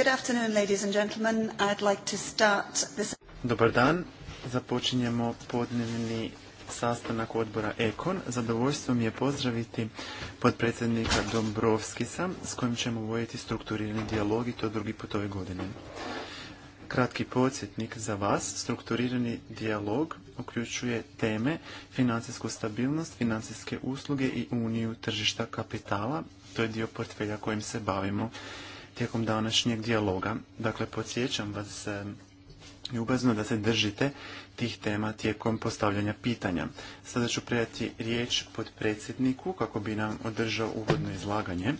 Good afternoon, ladies Dobar dan. Započinjemo podnevni sastanak odbora Ekon. Zadovoljstvo mi je pozdraviti podpredsjednika Dombrovskisa s kojim ćemo voditi strukturirani dijalog i to drugi put ove godine. Kratki podsjetnik za vas. Strukturirani dijalog uključuje teme financijsku stabilnost, financijske usluge i uniju tržišta kapitala. To je dio portfelja kojim se bavimo tijekom današnjeg dijaloga. Dakle, podsjećam vas e, ljubazno da se držite tih tema tijekom postavljanja pitanja. Sada ću predati riječ predsjedniku kako bi nam održao uvodno izlaganje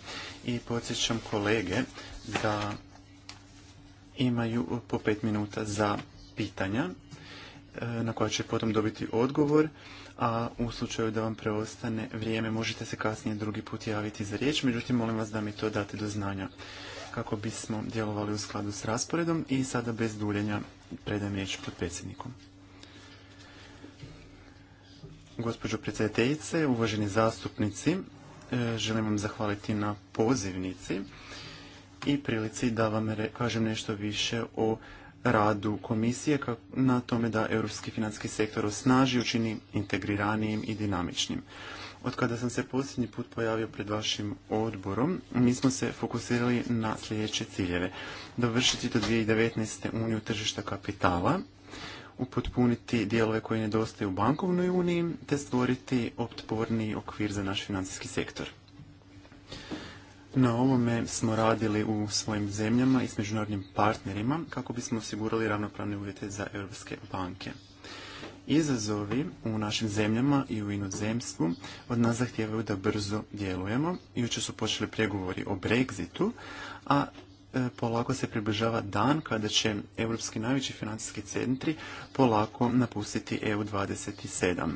i podsjećam kolege da imaju po pet minuta za pitanja e, na koja će potom dobiti odgovor, a u slučaju da vam preostane vrijeme možete se kasnije drugi put javiti za riječ, međutim molim vas da mi to date do znanja kako bismo djelovali u skladu s rasporedom i sada bez duljenja predajem riječ predsjednikom. Gospođo predsjedateljice, uvaženi zastupnici, e, želim vam zahvaliti na pozivnici i prilici da vam kažem nešto više o radu komisije na tome da europski financijski sektor osnaži, učini integriranijim i dinamičnim. Od kada sam se posljednji put pojavio pred vašim odborom, mi smo se fokusirali na sljedeće ciljeve. Dovršiti do 2019. uniju tržišta kapitala, upotpuniti dijelove koji nedostaju u bankovnoj uniji, te stvoriti optporni okvir za naš financijski sektor. Na ovome smo radili u svojim zemljama i s međunarodnim partnerima kako bismo osigurali ravnopravne uvjete za europske banke. Izazovi u našim zemljama i u inozemstvu od nas zahtijevaju da brzo djelujemo. Jučer su počeli pregovori o Brexitu, a e, polako se približava dan kada će europski najveći financijski centri polako napustiti EU27.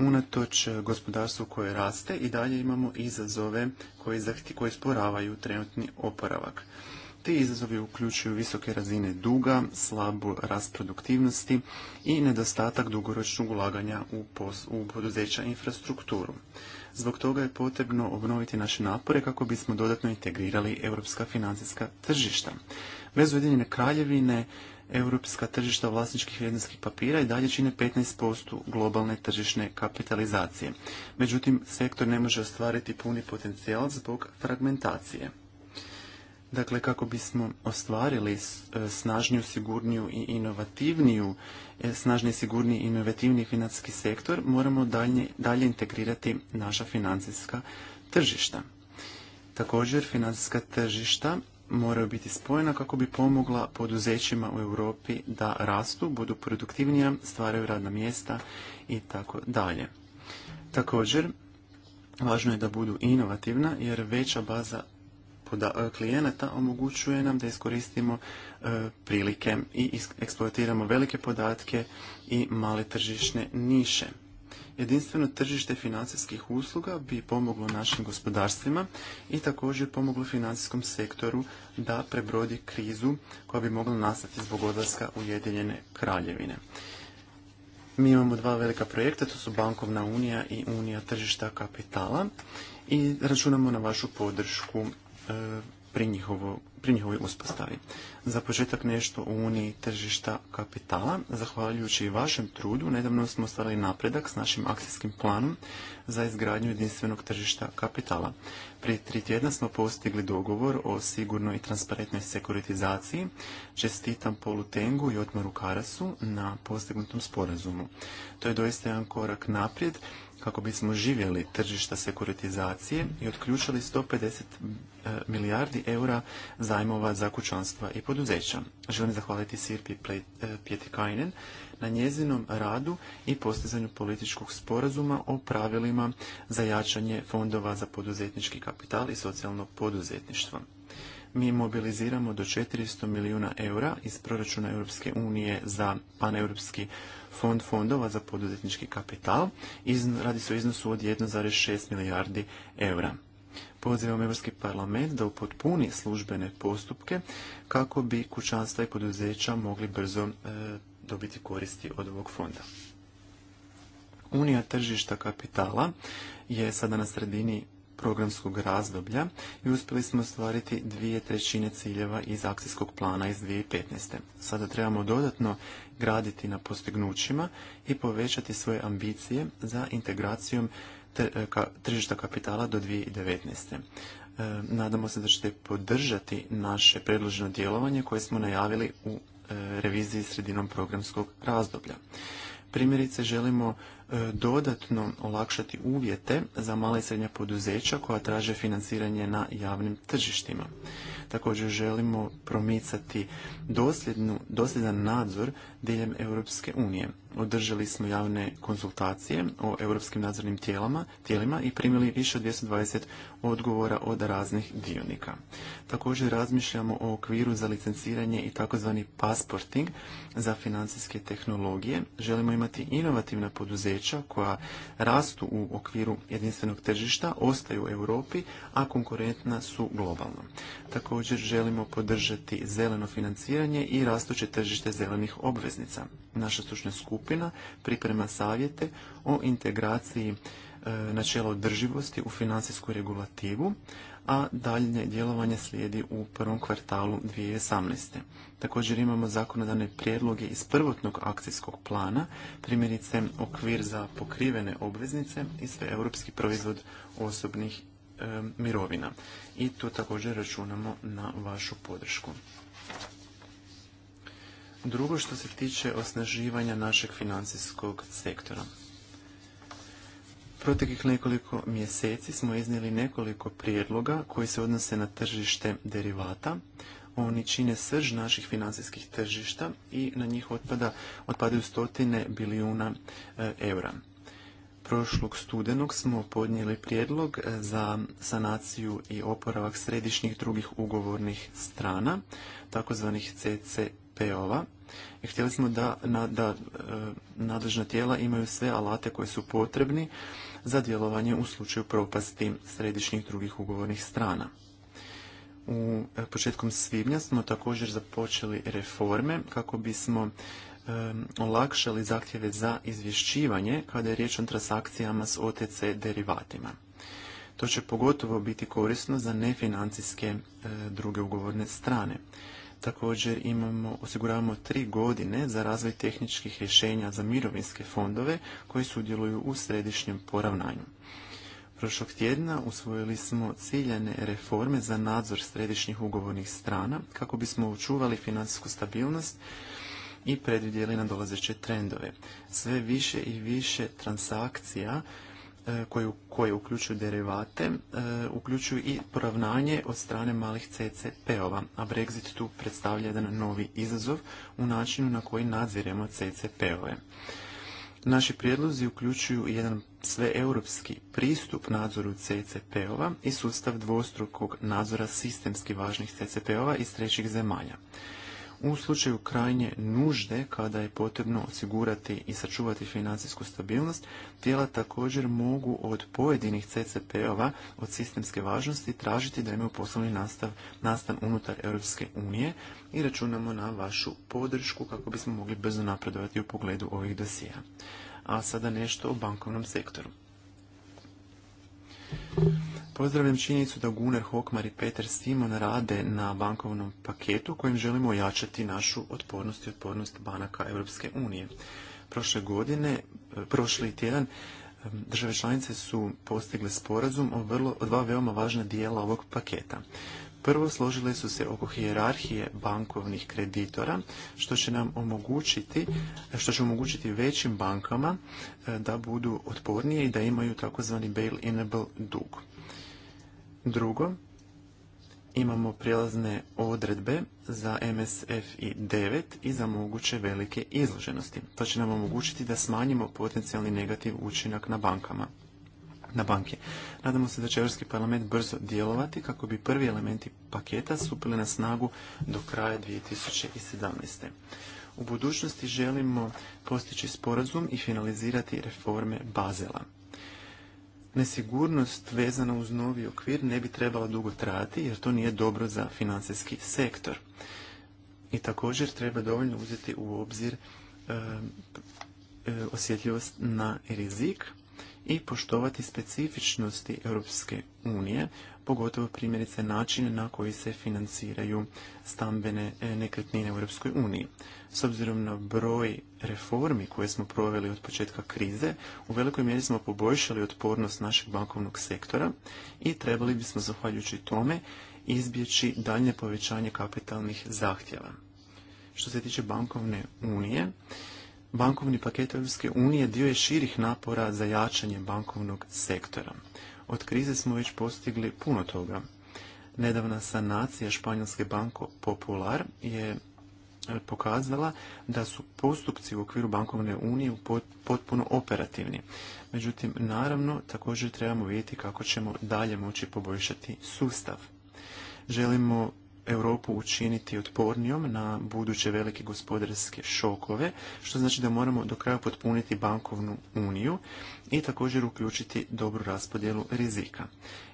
Unatoč gospodarstvu koje raste i dalje imamo izazove koji, koji sporavaju trenutni oporavak. Ti izazovi uključuju visoke razine duga, slabu rast produktivnosti i nedostatak dugoročnog ulaganja u, pos, u poduzeća infrastrukturu. Zbog toga je potrebno obnoviti naše napore kako bismo dodatno integrirali europska financijska tržišta. Bez Ujedinjene kraljevine europska tržišta vlasničkih vrijednosnih papira i dalje čine 15% globalne tržišne kapitalizacije. Međutim, sektor ne može ostvariti puni potencijal zbog fragmentacije. Dakle, kako bismo ostvarili e, snažniju, sigurniju i inovativniju, e, snažniji, sigurniji i inovativniji financijski sektor, moramo dalje, dalje integrirati naša financijska tržišta. Također, financijska tržišta moraju biti spojena kako bi pomogla poduzećima u Europi da rastu, budu produktivnija, stvaraju radna mjesta i tako dalje. Također, važno je da budu inovativna jer veća baza da e, klijenata omogućuje nam da iskoristimo e, prilike i eksploatiramo velike podatke i male tržišne niše. Jedinstveno tržište financijskih usluga bi pomoglo našim gospodarstvima i također pomoglo financijskom sektoru da prebrodi krizu koja bi mogla nastati zbog odlaska Ujedinjene kraljevine. Mi imamo dva velika projekta, to su Bankovna unija i Unija tržišta kapitala i računamo na vašu podršku E, pri, njihovoj uspostavi. Za početak nešto o Uniji tržišta kapitala. Zahvaljujući vašem trudu, nedavno smo ostvarili napredak s našim akcijskim planom za izgradnju jedinstvenog tržišta kapitala. Prije tri tjedna smo postigli dogovor o sigurnoj i transparentnoj sekuritizaciji. Čestitam Polu Tengu i Otmaru Karasu na postignutom sporazumu. To je doista jedan korak naprijed kako bismo živjeli tržišta sekuritizacije i otključili 150 e, milijardi eura zajmova za kućanstva i poduzeća. Želim zahvaliti Sirpi e, Pjetikainen na njezinom radu i postizanju političkog sporazuma o pravilima za jačanje fondova za poduzetnički kapital i socijalno poduzetništvo mi mobiliziramo do 400 milijuna eura iz proračuna Europske unije za paneuropski fond fondova za poduzetnički kapital. Radi se o iznosu od 1,6 milijardi eura. Pozivam Europski parlament da upotpuni službene postupke kako bi kućanstva i poduzeća mogli brzo e, dobiti koristi od ovog fonda. Unija tržišta kapitala je sada na sredini programskog razdoblja i uspjeli smo ostvariti dvije trećine ciljeva iz akcijskog plana iz 2015. Sada trebamo dodatno graditi na postignućima i povećati svoje ambicije za integracijom e, tržišta kapitala do 2019. E, nadamo se da ćete podržati naše predloženo djelovanje koje smo najavili u e, reviziji sredinom programskog razdoblja. Primjerice želimo E, dodatno olakšati uvjete za male i srednja poduzeća koja traže financiranje na javnim tržištima. Također želimo promicati dosljedan nadzor diljem Europske unije. Održali smo javne konzultacije o europskim nadzornim tijelima i primili više od 220 odgovora od raznih dionika. Također razmišljamo o okviru za licenciranje i takozvani pasporting za financijske tehnologije. Želimo imati inovativna poduzeća poduzeća koja rastu u okviru jedinstvenog tržišta ostaju u Europi, a konkurentna su globalno. Također želimo podržati zeleno financiranje i rastuće tržište zelenih obveznica. Naša stručna skupina priprema savjete o integraciji e, načela održivosti u financijsku regulativu, a daljnje djelovanje slijedi u prvom kvartalu 2018. Također imamo zakonodavne prijedloge iz prvotnog akcijskog plana, primjerice okvir za pokrivene obveznice i sve europski proizvod osobnih e, mirovina. I tu također računamo na vašu podršku. Drugo što se tiče osnaživanja našeg financijskog sektora. Proteklih nekoliko mjeseci smo iznijeli nekoliko prijedloga koji se odnose na tržište derivata. Oni čine srž naših financijskih tržišta i na njih otpada, otpadaju stotine bilijuna eh, eura. Prošlog studenog smo podnijeli prijedlog eh, za sanaciju i oporavak središnjih drugih ugovornih strana, takozvanih CCP-ova, i htjeli smo da, da eh, nadležna tijela imaju sve alate koji su potrebni za djelovanje u slučaju propasti središnjih drugih ugovornih strana. U e, početkom svibnja smo također započeli reforme kako bismo e, olakšali zahtjeve za izvješćivanje kada je riječ o transakcijama s OTC derivatima. To će pogotovo biti korisno za nefinancijske e, druge ugovorne strane. Također imamo, osiguravamo tri godine za razvoj tehničkih rješenja za mirovinske fondove koji sudjeluju u središnjem poravnanju. Prošlog tjedna usvojili smo ciljane reforme za nadzor središnjih ugovornih strana kako bismo očuvali financijsku stabilnost i predvidjeli nadolazeće trendove. Sve više i više transakcija E, koje, uključuju derivate, e, uključuju i poravnanje od strane malih CCP-ova, a Brexit tu predstavlja jedan novi izazov u načinu na koji nadziremo CCP-ove. Naši prijedlozi uključuju jedan sveeuropski pristup nadzoru CCP-ova i sustav dvostrukog nadzora sistemski važnih CCP-ova iz trećih zemalja u slučaju krajnje nužde kada je potrebno osigurati i sačuvati financijsku stabilnost, tijela također mogu od pojedinih CCP-ova od sistemske važnosti tražiti da imaju poslovni nastav, nastan unutar Europske unije i računamo na vašu podršku kako bismo mogli brzo napredovati u pogledu ovih dosija. A sada nešto o bankovnom sektoru. Pozdravljam činjenicu da Gunnar Hokmar i Peter Simon rade na bankovnom paketu kojim želimo ojačati našu otpornost i otpornost banaka Europske unije. Prošle godine, e, prošli tjedan, e, države članice su postigle sporazum o, vrlo, o dva veoma važna dijela ovog paketa. Prvo, složile su se oko hijerarhije bankovnih kreditora, što će nam omogućiti, što će omogućiti većim bankama e, da budu otpornije i da imaju takozvani bail-inable dug. Drugo, imamo prijelazne odredbe za MSF i 9 i za moguće velike izloženosti. To će nam omogućiti da smanjimo potencijalni negativ učinak na bankama na banke. Nadamo se da će Europski parlament brzo djelovati kako bi prvi elementi paketa stupili na snagu do kraja 2017. U budućnosti želimo postići sporazum i finalizirati reforme Bazela. Nesigurnost vezana uz novi okvir ne bi trebala dugo trajati jer to nije dobro za financijski sektor. I također treba dovoljno uzeti u obzir e, e, osjetljivost na rizik i poštovati specifičnosti Europske unije, pogotovo primjerice način na koji se financiraju stambene e, nekretnine u Europskoj uniji. S obzirom na broj reformi koje smo proveli od početka krize, u velikoj mjeri smo poboljšali otpornost našeg bankovnog sektora i trebali bismo, zahvaljujući tome, izbjeći dalje povećanje kapitalnih zahtjeva. Što se tiče bankovne unije, bankovni paket Europske unije dio je širih napora za jačanje bankovnog sektora. Od krize smo već postigli puno toga. Nedavna sanacija španjolske banko Popular je pokazala da su postupci u okviru bankovne unije potpuno operativni. Međutim, naravno, također trebamo vidjeti kako ćemo dalje moći poboljšati sustav. Želimo Europu učiniti otpornijom na buduće velike gospodarske šokove, što znači da moramo do kraja potpuniti bankovnu uniju i također uključiti dobru raspodjelu rizika.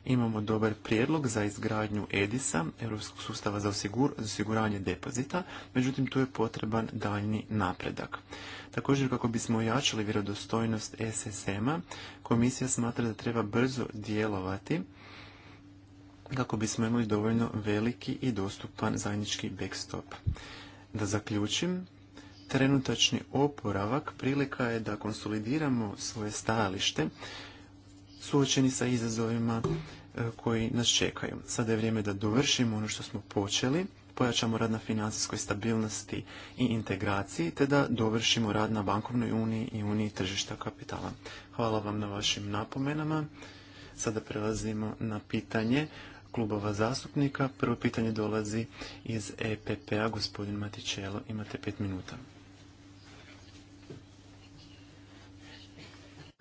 Imamo dobar prijedlog za izgradnju EDISA, Europskog sustava za osiguranje depozita, međutim tu je potreban daljni napredak. Također kako bismo ojačali vjerodostojnost SSM-a, komisija smatra da treba brzo djelovati kako bismo imali dovoljno veliki i dostupan zajednički backstop. Da zaključim, trenutačni oporavak prilika je da konsolidiramo svoje stajalište suočeni sa izazovima e, koji nas čekaju. Sada je vrijeme da dovršimo ono što smo počeli, pojačamo rad na financijskoj stabilnosti i integraciji, te da dovršimo rad na bankovnoj uniji i uniji tržišta kapitala. Hvala vam na vašim napomenama. Sada prelazimo na pitanje klubova zastupnika. Prvo pitanje dolazi iz EPP-a, gospodin Matičelo, imate pet minuta.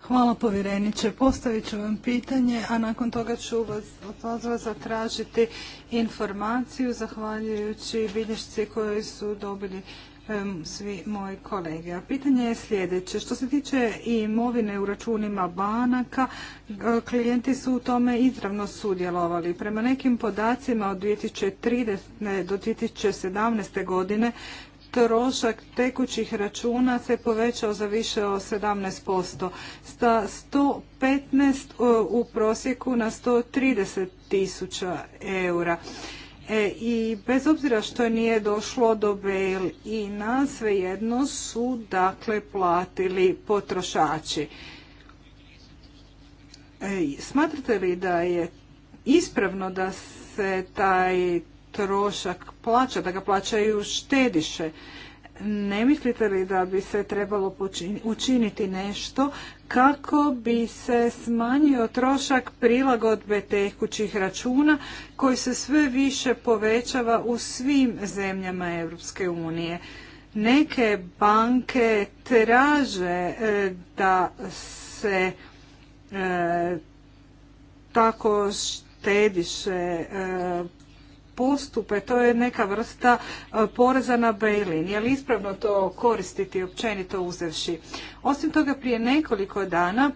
Hvala povjereniče. Postavit ću vam pitanje, a nakon toga ću vas, od zatražiti informaciju zahvaljujući bilješci koje su dobili svi moji kolege. pitanje je sljedeće. Što se tiče imovine u računima banaka, klijenti su u tome izravno sudjelovali. Prema nekim podacima od 2030. do 2017. godine trošak tekućih računa se povećao za više od 17%, Sto 115 e, u prosjeku na 130 tisuća eura. E, i bez obzira što nije došlo do bail na svejedno su dakle platili potrošači. E, smatrate li da je ispravno da se taj trošak plaća, da ga plaćaju štediše? Ne mislite li da bi se trebalo učiniti nešto kako bi se smanjio trošak prilagodbe tekućih računa koji se sve više povećava u svim zemljama Europske unije. Neke banke traže e, da se e, tako štediše e, postupe, to je neka vrsta e, poreza na bail-in. Je li ispravno to koristiti općenito uzevši? Osim toga, prije nekoliko dana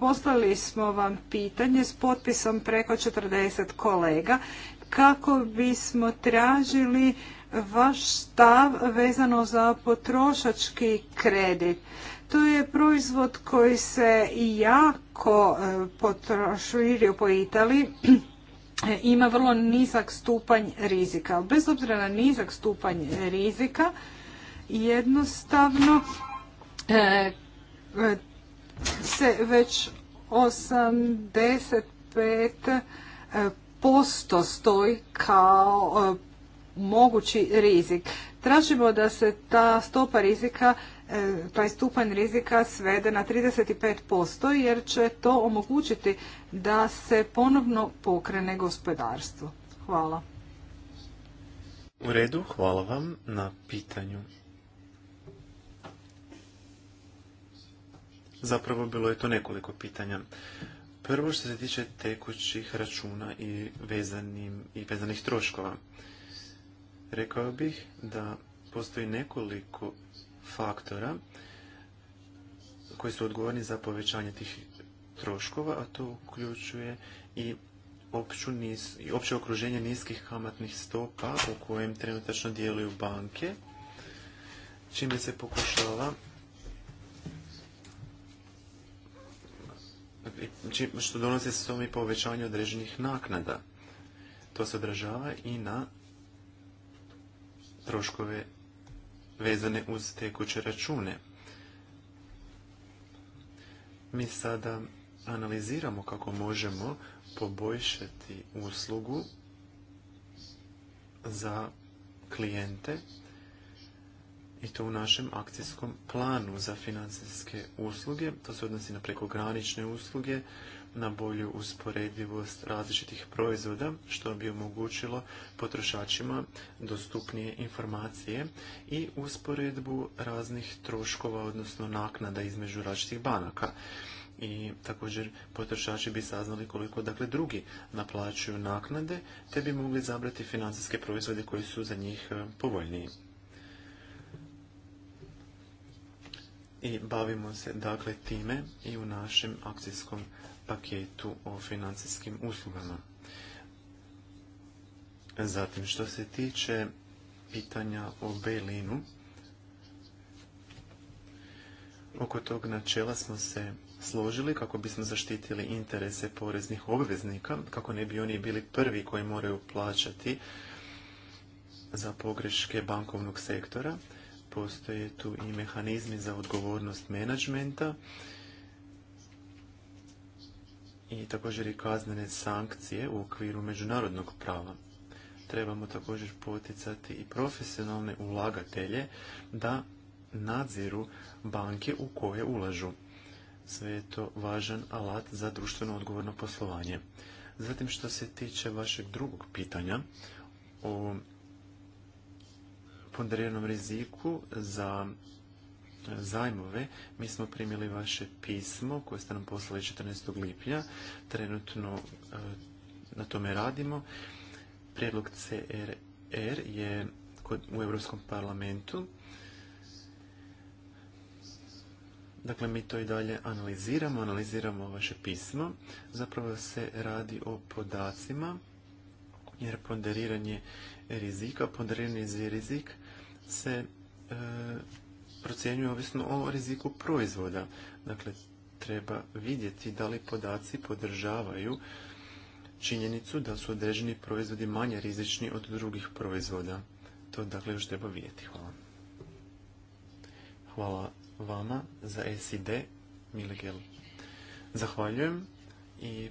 poslali smo vam pitanje s potpisom preko 40 kolega kako bismo tražili vaš stav vezano za potrošački kredit. To je proizvod koji se jako e, potroširio po Italiji E, ima vrlo nizak stupanj rizika. Bez obzira na nizak stupanj rizika, jednostavno e, e, se već 85% posto stoji kao mogući rizik. Tražimo da se ta stopa rizika E, taj stupanj rizika svede na 35% jer će to omogućiti da se ponovno pokrene gospodarstvo. Hvala. U redu, hvala vam na pitanju. Zapravo bilo je to nekoliko pitanja. Prvo što se tiče tekućih računa i, vezanim, i vezanih troškova. Rekao bih da postoji nekoliko faktora koji su odgovorni za povećanje tih troškova, a to uključuje i opće okruženje niskih kamatnih stopa u kojem trenutačno djeluju banke, čime se pokušava što donosi se i povećanje određenih naknada. To se odražava i na troškove vezane uz tekuće račune. Mi sada analiziramo kako možemo poboljšati uslugu za klijente i to u našem akcijskom planu za financijske usluge. To se odnosi na prekogranične usluge, na bolju usporedivost različitih proizvoda, što bi omogućilo potrošačima dostupnije informacije i usporedbu raznih troškova, odnosno naknada između različitih banaka i također potrošači bi saznali koliko dakle drugi naplaćuju naknade te bi mogli zabrati financijske proizvode koji su za njih e, povoljniji. I bavimo se dakle time i u našem akcijskom paketu o financijskim uslugama. Zatim, što se tiče pitanja o Belinu, oko tog načela smo se složili kako bismo zaštitili interese poreznih obveznika, kako ne bi oni bili prvi koji moraju plaćati za pogreške bankovnog sektora. Postoje tu i mehanizmi za odgovornost menadžmenta i također i kaznene sankcije u okviru međunarodnog prava. Trebamo također poticati i profesionalne ulagatelje da nadziru banke u koje ulažu. Sve je to važan alat za društveno odgovorno poslovanje. Zatim što se tiče vašeg drugog pitanja o ponderiranom riziku za zajmove, mi smo primili vaše pismo koje ste nam poslali 14. lipnja. Trenutno e, na tome radimo. Prijedlog CRR je u Europskom parlamentu. Dakle, mi to i dalje analiziramo, analiziramo vaše pismo. Zapravo se radi o podacima, jer ponderiranje rizika, ponderiranje rizik se e, procjenjuje ovisno o riziku proizvoda. Dakle, treba vidjeti da li podaci podržavaju činjenicu da su određeni proizvodi manje rizični od drugih proizvoda. To dakle još treba vidjeti. Hvala. Hvala vama za SID Miligel. Zahvaljujem i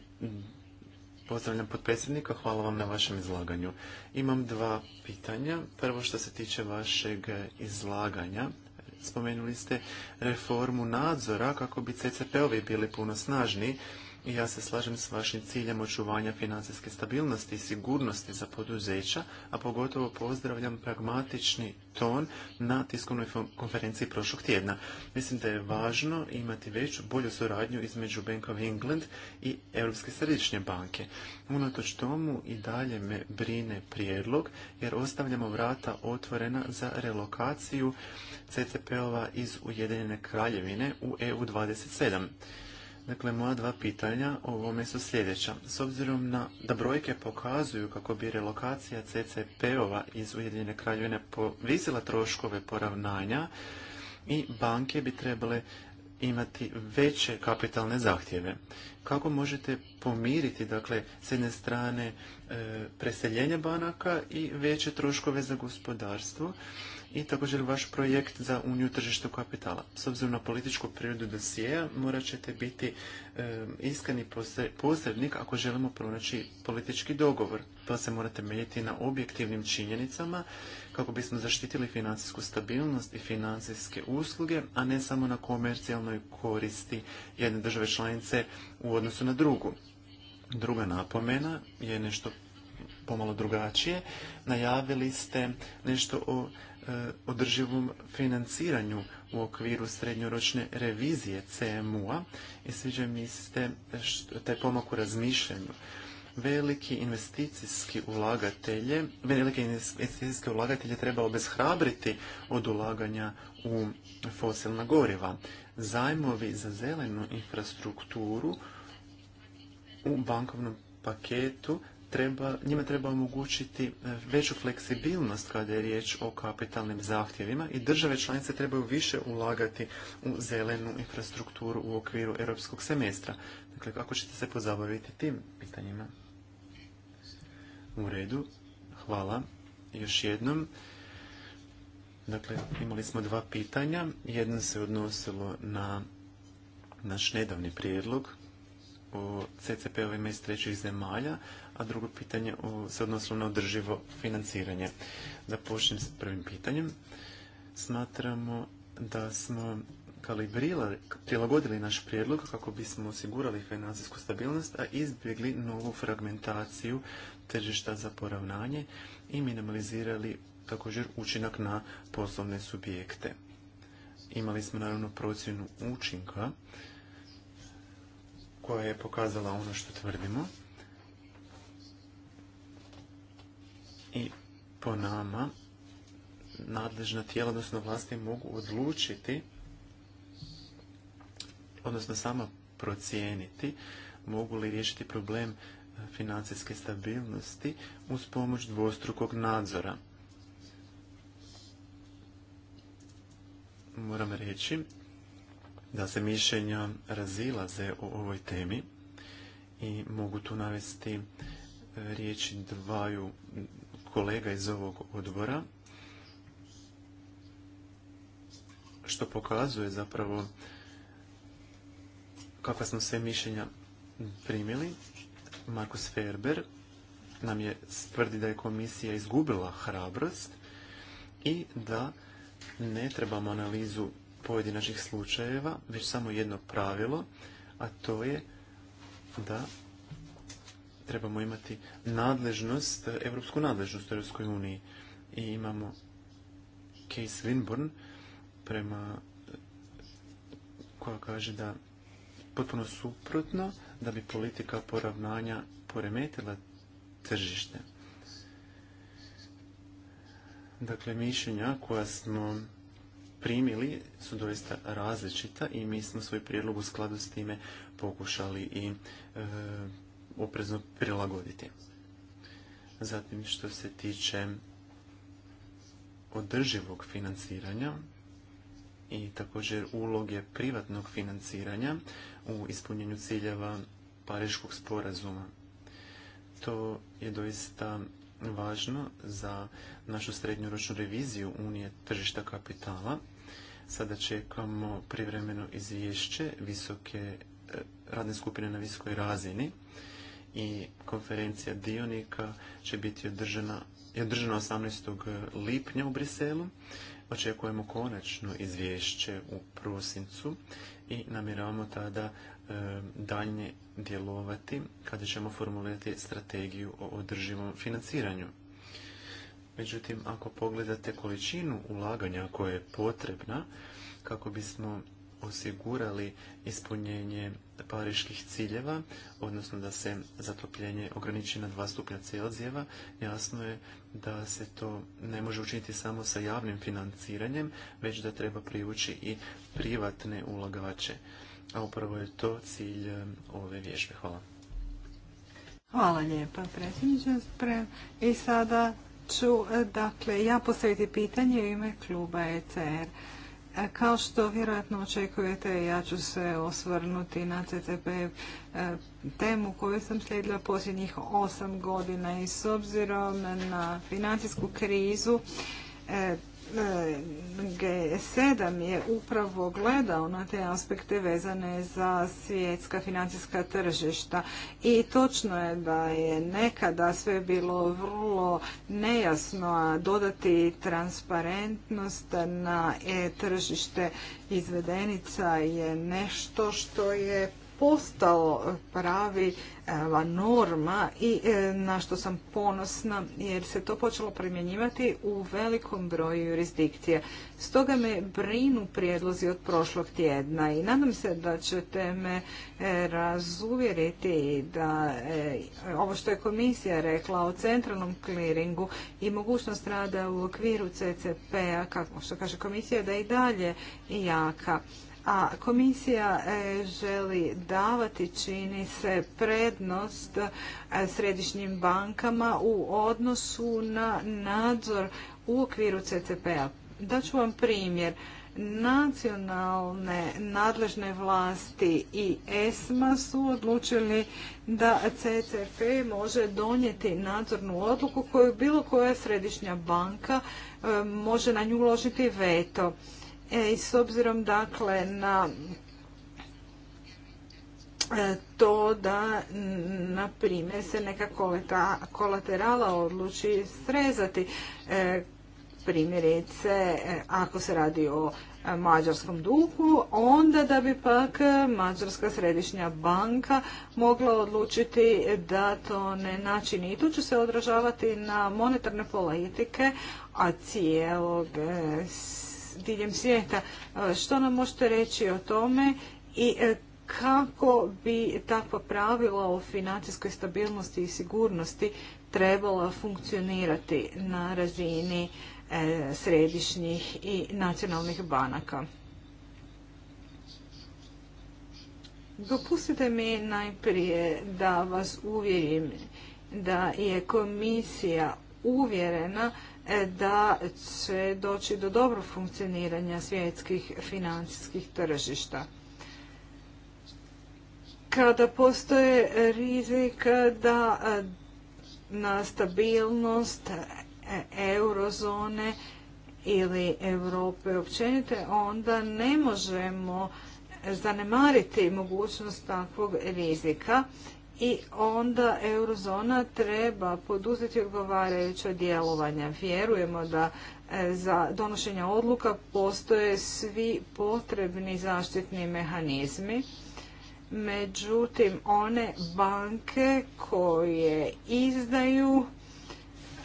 pozdravljam potpredsjednika, hvala vam na vašem izlaganju. Imam dva pitanja. Prvo što se tiče vašeg izlaganja spomenuli ste reformu nadzora kako bi CCP-ovi bili puno snažniji i ja se slažem s vašim ciljem očuvanja financijske stabilnosti i sigurnosti za poduzeća, a pogotovo pozdravljam pragmatični ton na tiskovnoj konferenciji prošlog tjedna. Mislim da je važno imati veću, bolju suradnju između Bank of England i Europske središnje banke. Unatoč tomu i dalje me brine prijedlog, jer ostavljamo vrata otvorena za relokaciju CCP-ova iz Ujedinjene kraljevine u EU 27. Dakle, moja dva pitanja o ovome su sljedeća. S obzirom na da brojke pokazuju kako bi relokacija CCP-ova iz Ujedinjene kraljevine povisila troškove poravnanja i banke bi trebale imati veće kapitalne zahtjeve. Kako možete pomiriti, dakle, s jedne strane e, preseljenje banaka i veće troškove za gospodarstvo, i također vaš projekt za Uniju tržištu kapitala. S obzirom na političku prirodu dosijeja, morat ćete biti iskani posrednik ako želimo pronaći politički dogovor. To se morate temeljiti na objektivnim činjenicama kako bismo zaštitili financijsku stabilnost i financijske usluge, a ne samo na komercijalnoj koristi jedne države članice u odnosu na drugu. Druga napomena je nešto pomalo drugačije. Najavili ste nešto o E, održivom financiranju u okviru srednjoročne revizije CMU-a i sviđa mi se taj pomak u razmišljanju. Veliki investicijski ulagatelje, velike investicijske ulagatelje treba obeshrabriti od ulaganja u fosilna goriva. Zajmovi za zelenu infrastrukturu u bankovnom paketu treba, njima treba omogućiti e, veću fleksibilnost kada je riječ o kapitalnim zahtjevima i države članice trebaju više ulagati u zelenu infrastrukturu u okviru europskog semestra. Dakle, kako ćete se pozabaviti tim pitanjima? U redu, hvala još jednom. Dakle, imali smo dva pitanja. Jedno se odnosilo na naš nedavni prijedlog o CCP-ovima iz trećih zemalja, a drugo pitanje se odnosilo na održivo financiranje. Da počnem s prvim pitanjem. Smatramo da smo kalibrirali, prilagodili naš prijedlog kako bismo osigurali financijsku stabilnost, a izbjegli novu fragmentaciju tržišta za poravnanje i minimalizirali također učinak na poslovne subjekte. Imali smo naravno procjenu učinka koja je pokazala ono što tvrdimo. I po nama nadležna tijela, odnosno vlasti, mogu odlučiti, odnosno samo procijeniti, mogu li riješiti problem financijske stabilnosti uz pomoć dvostrukog nadzora. Moram reći da se mišljenja razilaze o ovoj temi i mogu tu navesti e, riječi dvaju kolega iz ovog odbora, što pokazuje zapravo kakva smo sve mišljenja primili. Markus Ferber nam je tvrdi da je komisija izgubila hrabrost i da ne trebamo analizu pojedinačnih slučajeva, već samo jedno pravilo, a to je da trebamo imati nadležnost, evropsku nadležnost u Europskoj uniji. I imamo case Winburn prema koja kaže da potpuno suprotno da bi politika poravnanja poremetila tržište. Dakle, mišljenja koja smo primili su doista različita i mi smo svoj prijedlog u skladu s time pokušali i e, oprezno prilagoditi. Zatim što se tiče održivog financiranja i također uloge privatnog financiranja u ispunjenju ciljeva Pariškog sporazuma. To je doista važno za našu srednjoročnu reviziju Unije tržišta kapitala. Sada čekamo privremeno izvješće visoke eh, radne skupine na visokoj razini i konferencija dionika će biti održana, je održana 18. lipnja u Briselu. Očekujemo konačno izvješće u prosincu i namjeravamo tada E, dalje djelovati kada ćemo formulirati strategiju o održivom financiranju. Međutim, ako pogledate količinu ulaganja koja je potrebna kako bismo osigurali ispunjenje pariških ciljeva, odnosno da se zatopljenje ograniči na dva stupnja Celzijeva, jasno je da se to ne može učiniti samo sa javnim financiranjem, već da treba privući i privatne ulagače a upravo je to cilj ove vježbe. Hvala. Hvala lijepa, predsjedniče. I sada ću, e, dakle, ja postaviti pitanje u ime kluba ECR. E, kao što vjerojatno očekujete, ja ću se osvrnuti na CCP e, temu koju sam slijedila posljednjih osam godina i s obzirom na financijsku krizu G7 je upravo gledao na te aspekte vezane za svjetska financijska tržišta i točno je da je nekada sve bilo vrlo nejasno, a dodati transparentnost na e tržište izvedenica je nešto što je postao pravi norma i e, na što sam ponosna jer se to počelo primjenjivati u velikom broju jurisdikcije. Stoga me brinu prijedlozi od prošlog tjedna i nadam se da ćete me e, razuvjeriti da e, ovo što je komisija rekla o centralnom kliringu i mogućnost rada u okviru CCP-a, kako što kaže komisija, da je i dalje jaka a komisija e, želi davati, čini se, prednost e, središnjim bankama u odnosu na nadzor u okviru CCP-a. Daću vam primjer. Nacionalne nadležne vlasti i ESMA su odlučili da CCP može donijeti nadzornu odluku koju bilo koja središnja banka e, može na nju uložiti veto. E, I s obzirom dakle na e, to da na primjer se neka kolaterala odluči srezati e, primjerice ako se radi o mađarskom duhu, onda da bi pak Mađarska središnja banka mogla odlučiti da to ne načini. I tu će se odražavati na monetarne politike, a cijelog diljem svijeta. E, što nam možete reći o tome i e, kako bi takva pravila o financijskoj stabilnosti i sigurnosti trebala funkcionirati na razini e, središnjih i nacionalnih banaka. Dopustite mi najprije da vas uvjerim da je komisija uvjerena da će doći do dobro funkcioniranja svjetskih financijskih tržišta. Kada postoje rizik da na stabilnost eurozone ili Europe općenite, onda ne možemo zanemariti mogućnost takvog rizika i onda eurozona treba poduzeti odgovarajuće djelovanja. Vjerujemo da e, za donošenje odluka postoje svi potrebni zaštitni mehanizmi. Međutim, one banke koje izdaju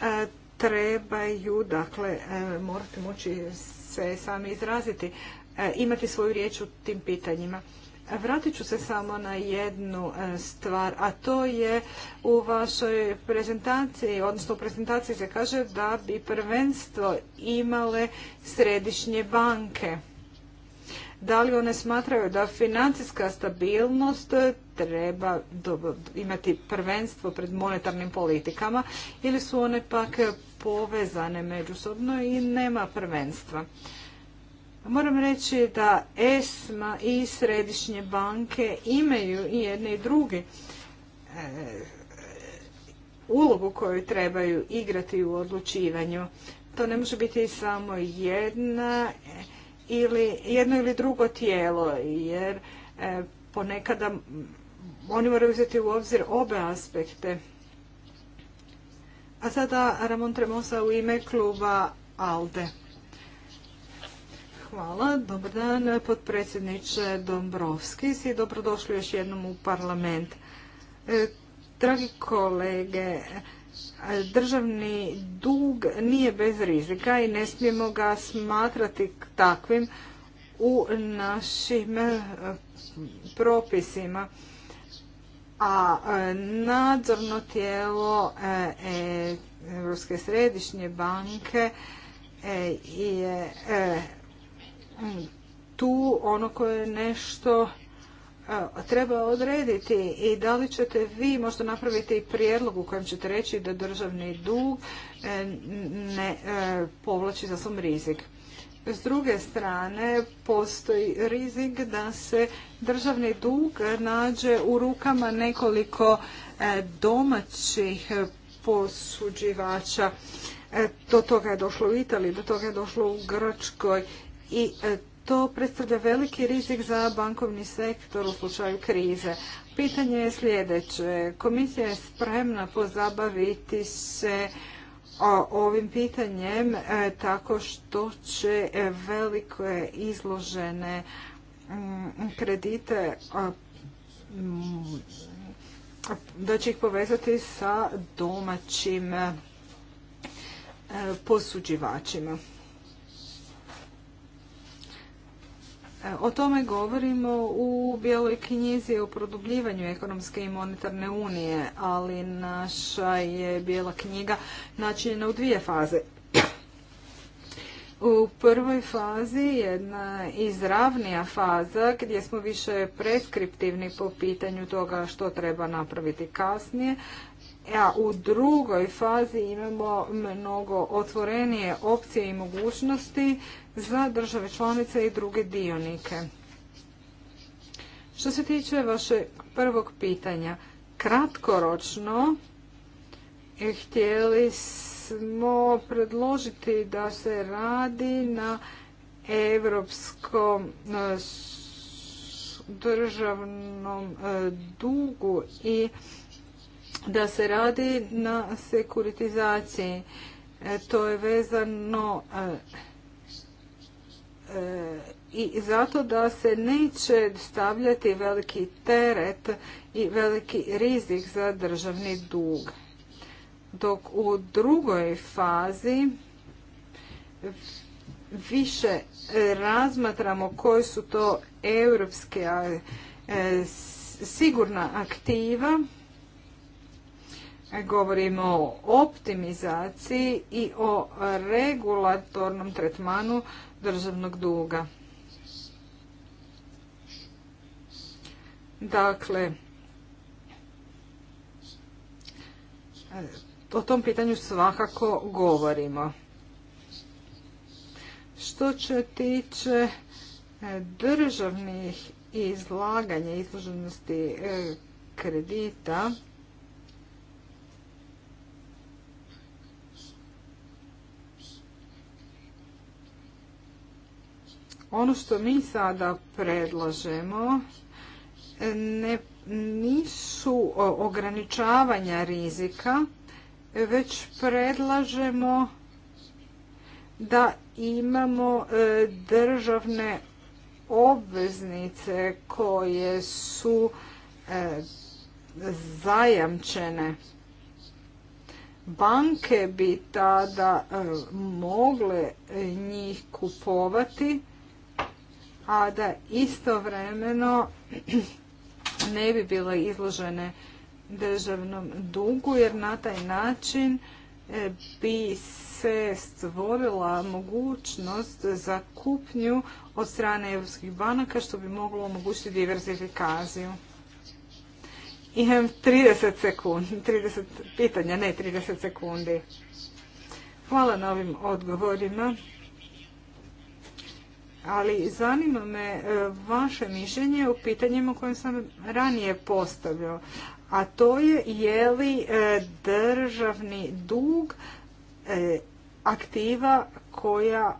e, trebaju, dakle, e, morate moći se sami izraziti, imati svoju riječ u tim pitanjima. Vratit ću se samo na jednu e, stvar, a to je u vašoj prezentaciji, odnosno u prezentaciji se kaže da bi prvenstvo imale središnje banke. Da li one smatraju da financijska stabilnost treba imati prvenstvo pred monetarnim politikama ili su one pak povezane međusobno i nema prvenstva? Moram reći da ESMA i središnje banke imaju i jedne i druge e, ulogu koju trebaju igrati u odlučivanju. To ne može biti samo jedna e, ili jedno ili drugo tijelo, jer e, ponekada oni moraju uzeti u obzir obe aspekte. A sada Ramon Tremosa u ime kluba ALDE. Hvala. Dobar dan, potpredsjedniče Dombrovskis i dobrodošli još jednom u parlament. E, dragi kolege, državni dug nije bez rizika i ne smijemo ga smatrati takvim u našim e, propisima. A e, nadzorno tijelo Europske središnje banke je tu ono koje nešto e, treba odrediti i da li ćete vi možda napraviti prijedlog u kojem ćete reći da državni dug e, ne e, povlači za svom rizik. S druge strane, postoji rizik da se državni dug nađe u rukama nekoliko domaćih posuđivača. Do toga je došlo u Italiji, do toga je došlo u Grčkoj i e, to predstavlja veliki rizik za bankovni sektor u slučaju krize. Pitanje je sljedeće. Komisija je spremna pozabaviti se ovim pitanjem e, tako što će e, velike izložene mm, kredite mm, da će ih povezati sa domaćim posuđivačima. O tome govorimo u bijeloj knjizi o produbljivanju ekonomske i monetarne unije, ali naša je bijela knjiga načinjena u dvije faze. U prvoj fazi jedna izravnija faza gdje smo više preskriptivni po pitanju toga što treba napraviti kasnije, a u drugoj fazi imamo mnogo otvorenije opcije i mogućnosti za države članice i druge dionike. Što se tiče vaše prvog pitanja, kratkoročno e, htjeli smo predložiti da se radi na evropskom e, državnom e, dugu i da se radi na sekuritizaciji. E, to je vezano e, e, i zato da se neće stavljati veliki teret i veliki rizik za državni dug. Dok u drugoj fazi više razmatramo koje su to europske sigurna aktiva govorimo o optimizaciji i o regulatornom tretmanu državnog duga. Dakle, o tom pitanju svakako govorimo. Što će tiče e, državnih izlaganja, izloženosti e, kredita, Ono što mi sada predlažemo nisu ograničavanja rizika, već predlažemo da imamo e, državne obveznice koje su e, zajamčene. Banke bi tada e, mogle njih kupovati a da istovremeno ne bi bile izložene državnom dugu jer na taj način e, bi se stvorila mogućnost za kupnju od strane europskih banaka što bi moglo omogućiti diversifikaciju. Imam 30 sekundi, 30 pitanja, ne 30 sekundi. Hvala na ovim odgovorima ali zanima me e, vaše mišljenje o pitanjima koje sam ranije postavio, a to je je li e, državni dug e, aktiva koja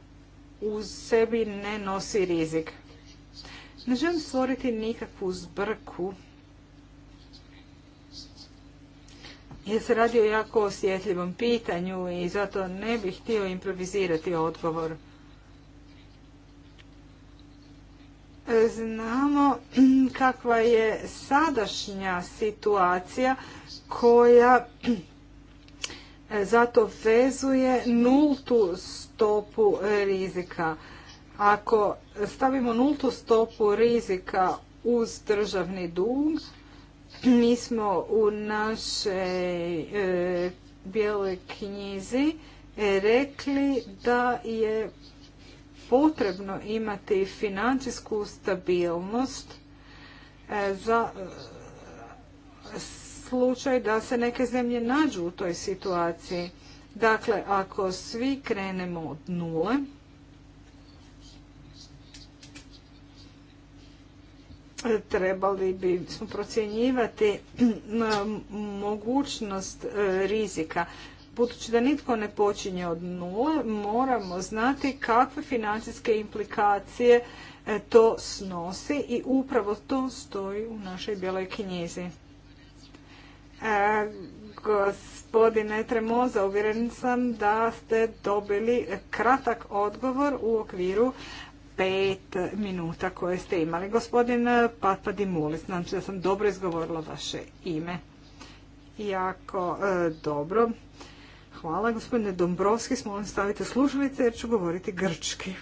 u sebi ne nosi rizik. Ne želim stvoriti nikakvu zbrku jer se radi o jako osjetljivom pitanju i zato ne bih htio improvizirati odgovor. znamo mm, kakva je sadašnja situacija koja mm, zato vezuje nultu stopu rizika. Ako stavimo nultu stopu rizika uz državni dug, mm, mi smo u našoj e, bijeloj knjizi rekli da je potrebno imati financijsku stabilnost e, za e, slučaj da se neke zemlje nađu u toj situaciji. Dakle, ako svi krenemo od nule, trebali bi smo procjenjivati mogućnost e, rizika. Budući da nitko ne počinje od nula, moramo znati kakve financijske implikacije e, to snosi i upravo to stoji u našoj bijeloj knjizi. E, gospodine Tremoza, uvjeren sam da ste dobili kratak odgovor u okviru pet minuta koje ste imali. Gospodin Papadimulis, znam se da sam dobro izgovorila vaše ime. Jako e, dobro. Hvala. Gospodine Dombrovski, molim stavite slušalice jer ću govoriti grčki.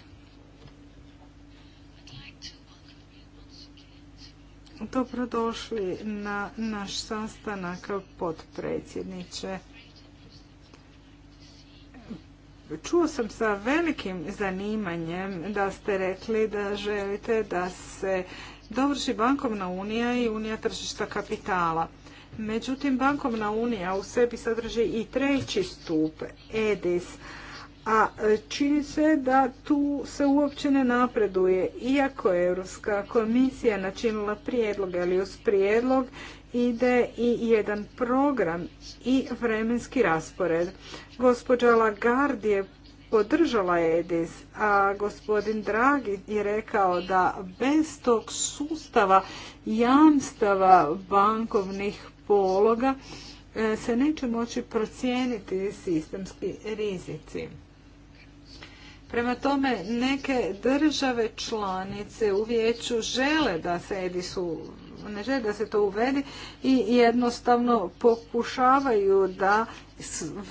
Dobrodošli na naš sastanak potpredsjedniče. Čuo sam sa velikim zanimanjem da ste rekli da želite da se dovrši bankovna unija i unija tržišta kapitala. Međutim, bankovna unija u sebi sadrži i treći stup, EDIS, e a e, čini se da tu se uopće ne napreduje, iako je Europska komisija načinila prijedlog, ali uz prijedlog ide i jedan program i vremenski raspored. Gospođa Lagarde je podržala EDIS, e a gospodin Dragi je rekao da bez tog sustava jamstava bankovnih pologa e, se neće moći procijeniti sistemski rizici. Prema tome, neke države članice u vijeću žele da se Edisu ne žele da se to uvedi i jednostavno pokušavaju da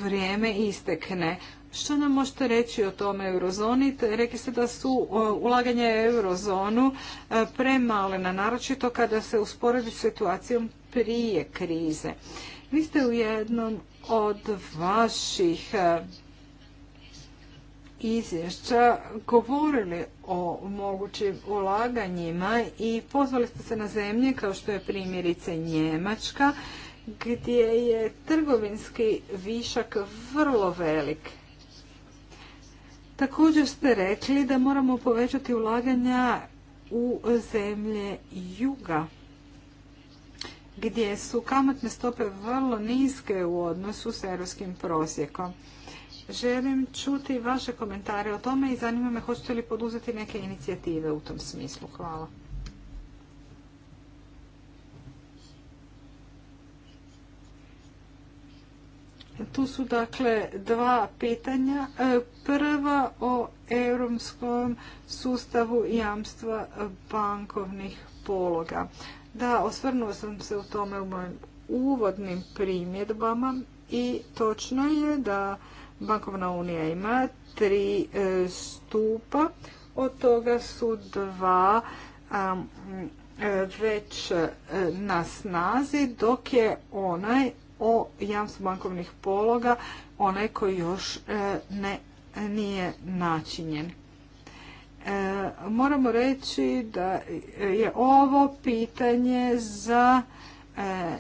vrijeme istekne. Što nam možete reći o tome eurozoni? Rekli ste da su ulaganje eurozonu e, premale, naročito kada se usporedi situacijom prije krize. Vi ste u jednom od vaših e, izvješća govorili o mogućim ulaganjima i pozvali ste se na zemlje kao što je primjerice Njemačka gdje je trgovinski višak vrlo velik. Također ste rekli da moramo povećati ulaganja u zemlje juga gdje su kamatne stope vrlo niske u odnosu s europskim prosjekom. Želim čuti vaše komentare o tome i zanima me hoćete li poduzeti neke inicijative u tom smislu. Hvala. Tu su dakle dva pitanja. E, prva o europskom sustavu jamstva bankovnih pologa. Da, osvrnuo sam se u tome u mojim uvodnim primjedbama i točno je da Bankovna unija ima tri e, stupa, od toga su dva e, već e, na snazi, dok je onaj o jamstvu bankovnih pologa onaj koji još ne, nije načinjen. E, moramo reći da je ovo pitanje za e,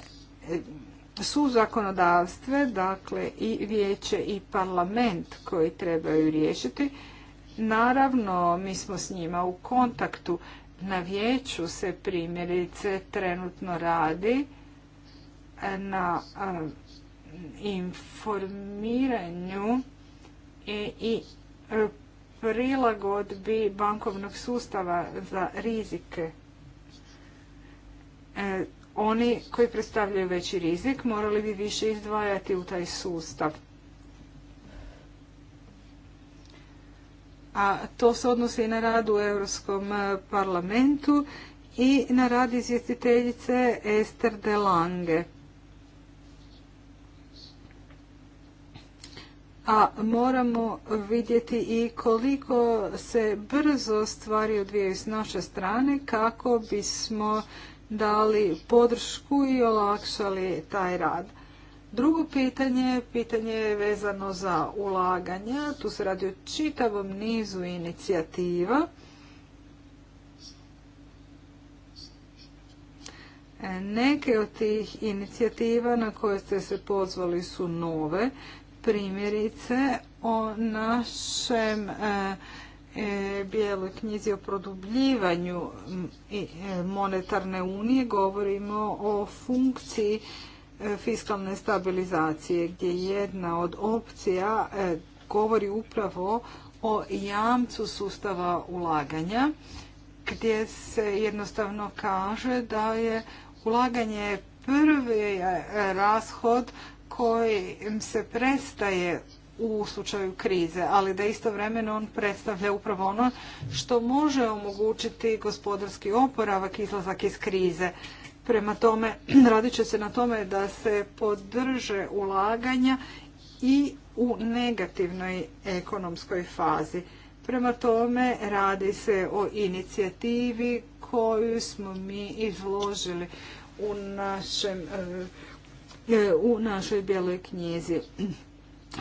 su zakonodavstve, dakle i vijeće i parlament koji trebaju riješiti. Naravno, mi smo s njima u kontaktu. Na vijeću se primjerice trenutno radi e, na informiranju i prilagodbi bankovnog sustava za rizike. E, oni koji predstavljaju veći rizik morali bi više izdvajati u taj sustav. A to se odnosi i na rad u Europskom e, parlamentu i na rad izvjestiteljice Ester de Lange. a moramo vidjeti i koliko se brzo stvari odvijaju s naše strane kako bismo dali podršku i olakšali taj rad. Drugo pitanje, pitanje je vezano za ulaganja. Tu se radi o čitavom nizu inicijativa. Neke od tih inicijativa na koje ste se pozvali su nove primjerice o našem e, e, bijeloj knjizi o produbljivanju e, monetarne unije govorimo o funkciji fiskalne stabilizacije gdje jedna od opcija govori upravo o jamcu sustava ulaganja gdje se jednostavno kaže da je ulaganje prvi rashod kojim se prestaje u slučaju krize, ali da istovremeno on predstavlja upravo ono što može omogućiti gospodarski oporavak, izlazak iz krize. Prema tome, radit će se na tome da se podrže ulaganja i u negativnoj ekonomskoj fazi. Prema tome, radi se o inicijativi koju smo mi izložili u našem e, E, u našoj bijeloj knjizi.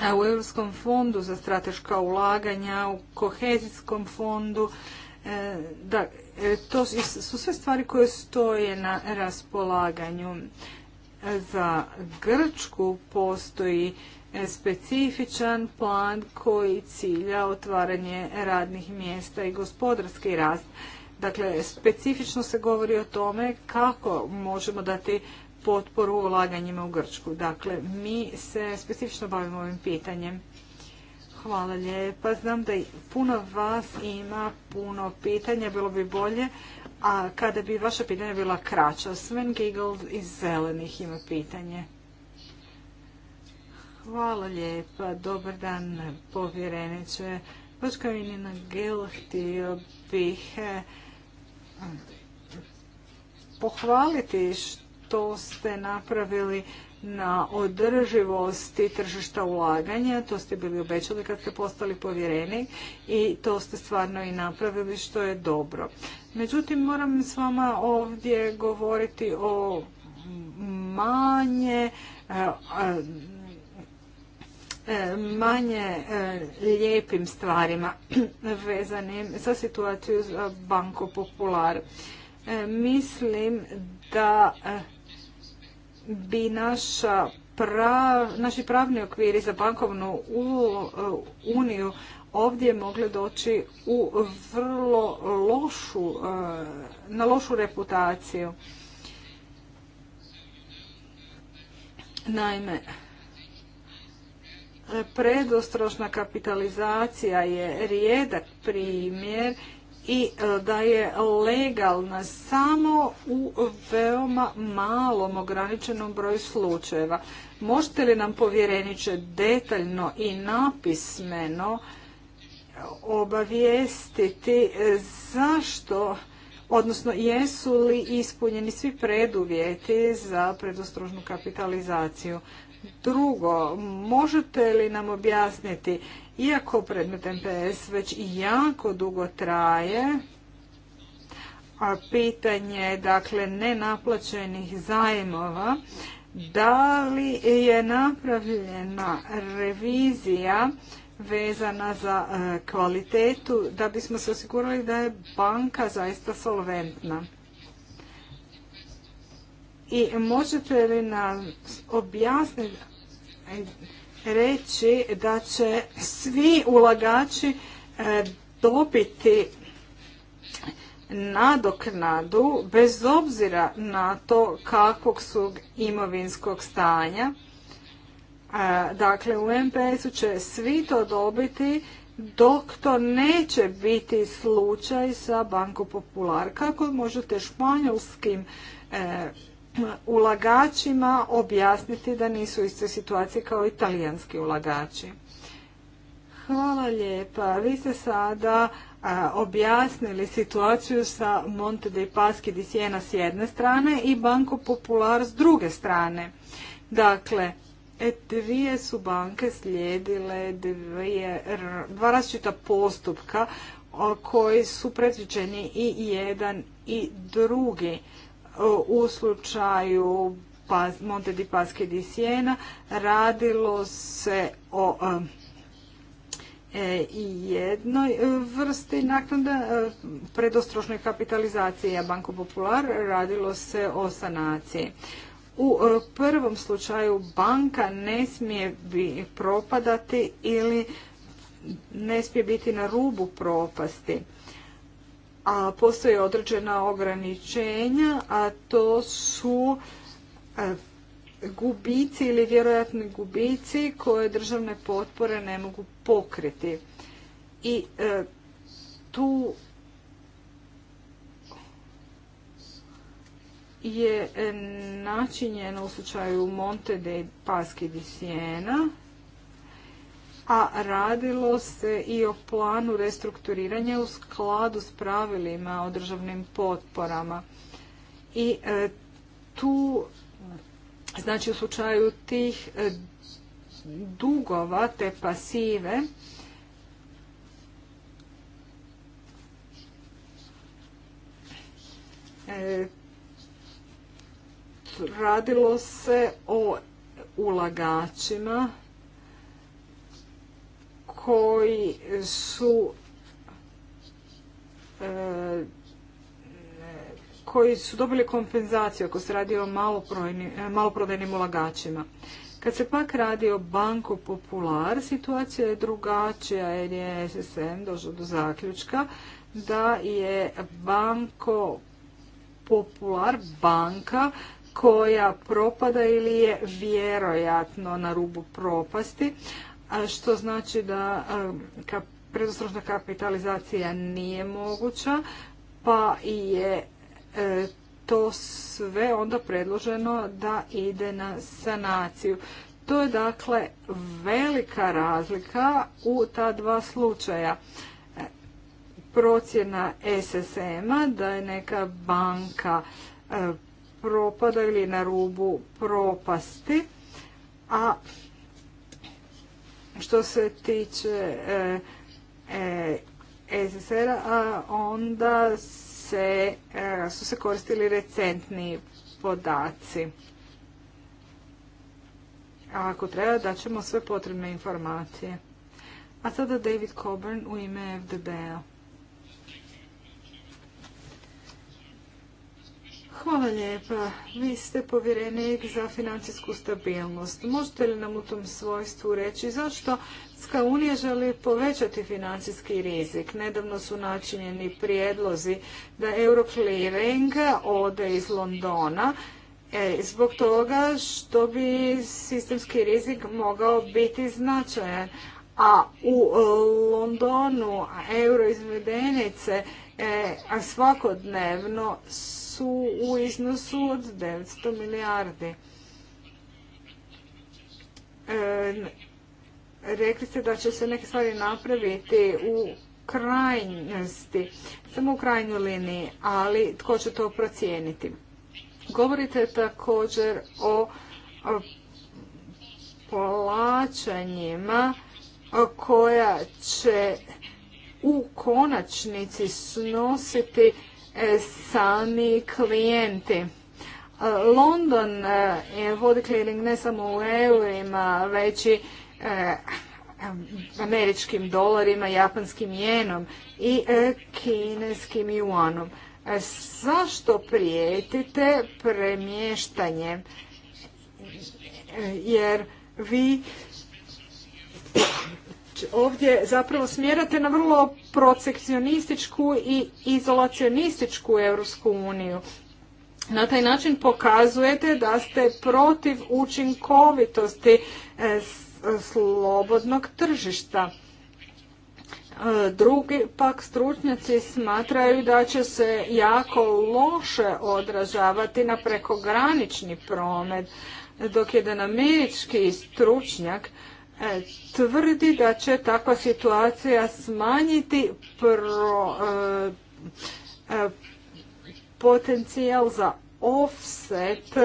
A u Europskom fondu za strateška ulaganja, u kohezijskom fondu, e, da, e, to su sve stvari koje stoje na raspolaganju. Za Grčku postoji specifičan plan koji cilja otvaranje radnih mjesta i gospodarski rast. Dakle, specifično se govori o tome kako možemo dati potporu ulaganjima u Grčku. Dakle, mi se specifično bavimo ovim pitanjem. Hvala lijepa. Znam da puno vas ima puno pitanja. Bilo bi bolje a kada bi vaša pitanja bila kraća. Sven Giggle iz Zelenih ima pitanje. Hvala lijepa. Dobar dan, povjereniče. Baš kao i Nina htio bih eh, pohvaliti što što ste napravili na održivosti tržišta ulaganja. To ste bili obećali kad ste postali povjereni i to ste stvarno i napravili što je dobro. Međutim, moram s vama ovdje govoriti o manje e, manje e, lijepim stvarima vezanim za situaciju za Banko Popular. E, mislim da bi naša prav, naši pravni okviri za bankovnu e, uniju ovdje mogle doći u vrlo lošu, e, na lošu reputaciju. Naime, predostrošna kapitalizacija je rijedak primjer i e, da je legalna samo u veoma malom ograničenom broju slučajeva. Možete li nam povjereniče detaljno i napismeno obavijestiti e, zašto, odnosno jesu li ispunjeni svi preduvjeti za predostrožnu kapitalizaciju? Drugo, možete li nam objasniti iako predmet MPS već jako dugo traje, a pitanje dakle nenaplaćenih zajmova, da li je napravljena revizija vezana za e, kvalitetu da bismo se osigurali da je banka zaista solventna. I možete li nam objasniti reći da će svi ulagači e, dobiti nadoknadu bez obzira na to kakvog su imovinskog stanja. E, dakle, u MPS-u će svi to dobiti dok to neće biti slučaj sa Banko Popular. Kako možete španjolskim e, ulagačima objasniti da nisu u istoj situaciji kao italijanski ulagači. Hvala lijepa. Vi ste sada objasnili situaciju sa Monte dei Paschi di Siena s jedne strane i Banco Popular s druge strane. Dakle, e, dvije su banke slijedile dva različita postupka koji su predviđeni i jedan i drugi u slučaju pa- Monte di Paschi di Siena radilo se o e, i jednoj vrsti naknada e, predostrošnoj kapitalizaciji Banko Popular radilo se o sanaciji. U e, prvom slučaju banka ne smije propadati ili ne smije biti na rubu propasti a postoje određena ograničenja, a to su e, gubici ili vjerojatni gubici koje državne potpore ne mogu pokriti. I e, tu je e, načinjeno u slučaju Monte de Paschi di Siena a radilo se i o planu restrukturiranja u skladu s pravilima o državnim potporama. I e, tu, znači u slučaju tih e, dugova, te pasive, e, radilo se o ulagačima koji su e, koji su dobili kompenzaciju ako se radi o e, maloprodajnim ulagačima. Kad se pak radi o banko Popular, situacija je drugačija jer je SSM došao do zaključka da je Banko Popular banka koja propada ili je vjerojatno na rubu propasti, što znači da predostrožna kapitalizacija nije moguća, pa je e, to sve onda predloženo da ide na sanaciju. To je dakle velika razlika u ta dva slučaja. E, procjena SSM-a da je neka banka e, propada ili na rubu propasti, a što se tiče e, e, SSR-a, onda e, su se koristili recentni podaci. ako treba, daćemo sve potrebne informacije. A sada David Coburn u ime FDB-a. Hvala lijepa. Vi ste povjerenik za financijsku stabilnost. Možete li nam u tom svojstvu reći zašto ska unija želi povećati financijski rizik? Nedavno su načinjeni prijedlozi da Euroclearing ode iz Londona e, zbog toga što bi sistemski rizik mogao biti značajan. A u e, Londonu euro e, svakodnevno su u iznosu od 900 milijarde. rekli ste da će se neke stvari napraviti u krajnosti, samo u krajnjoj liniji, ali tko će to procijeniti? Govorite također o plaćanjima koja će u konačnici snositi E, sami klijenti. E, London e, vodi clearing ne samo u eurima, već i američkim dolarima, japanskim jenom i kineskim juanom. Zašto prijetite premještanje? Jer vi Znači, ovdje zapravo smjerate na vrlo procekcionističku i izolacionističku Europsku uniju. Na taj način pokazujete da ste protiv učinkovitosti e, slobodnog tržišta. E, drugi pak stručnjaci smatraju da će se jako loše odražavati na prekogranični promet, dok jedan američki stručnjak E, tvrdi da će takva situacija smanjiti e, e, potencijal za offset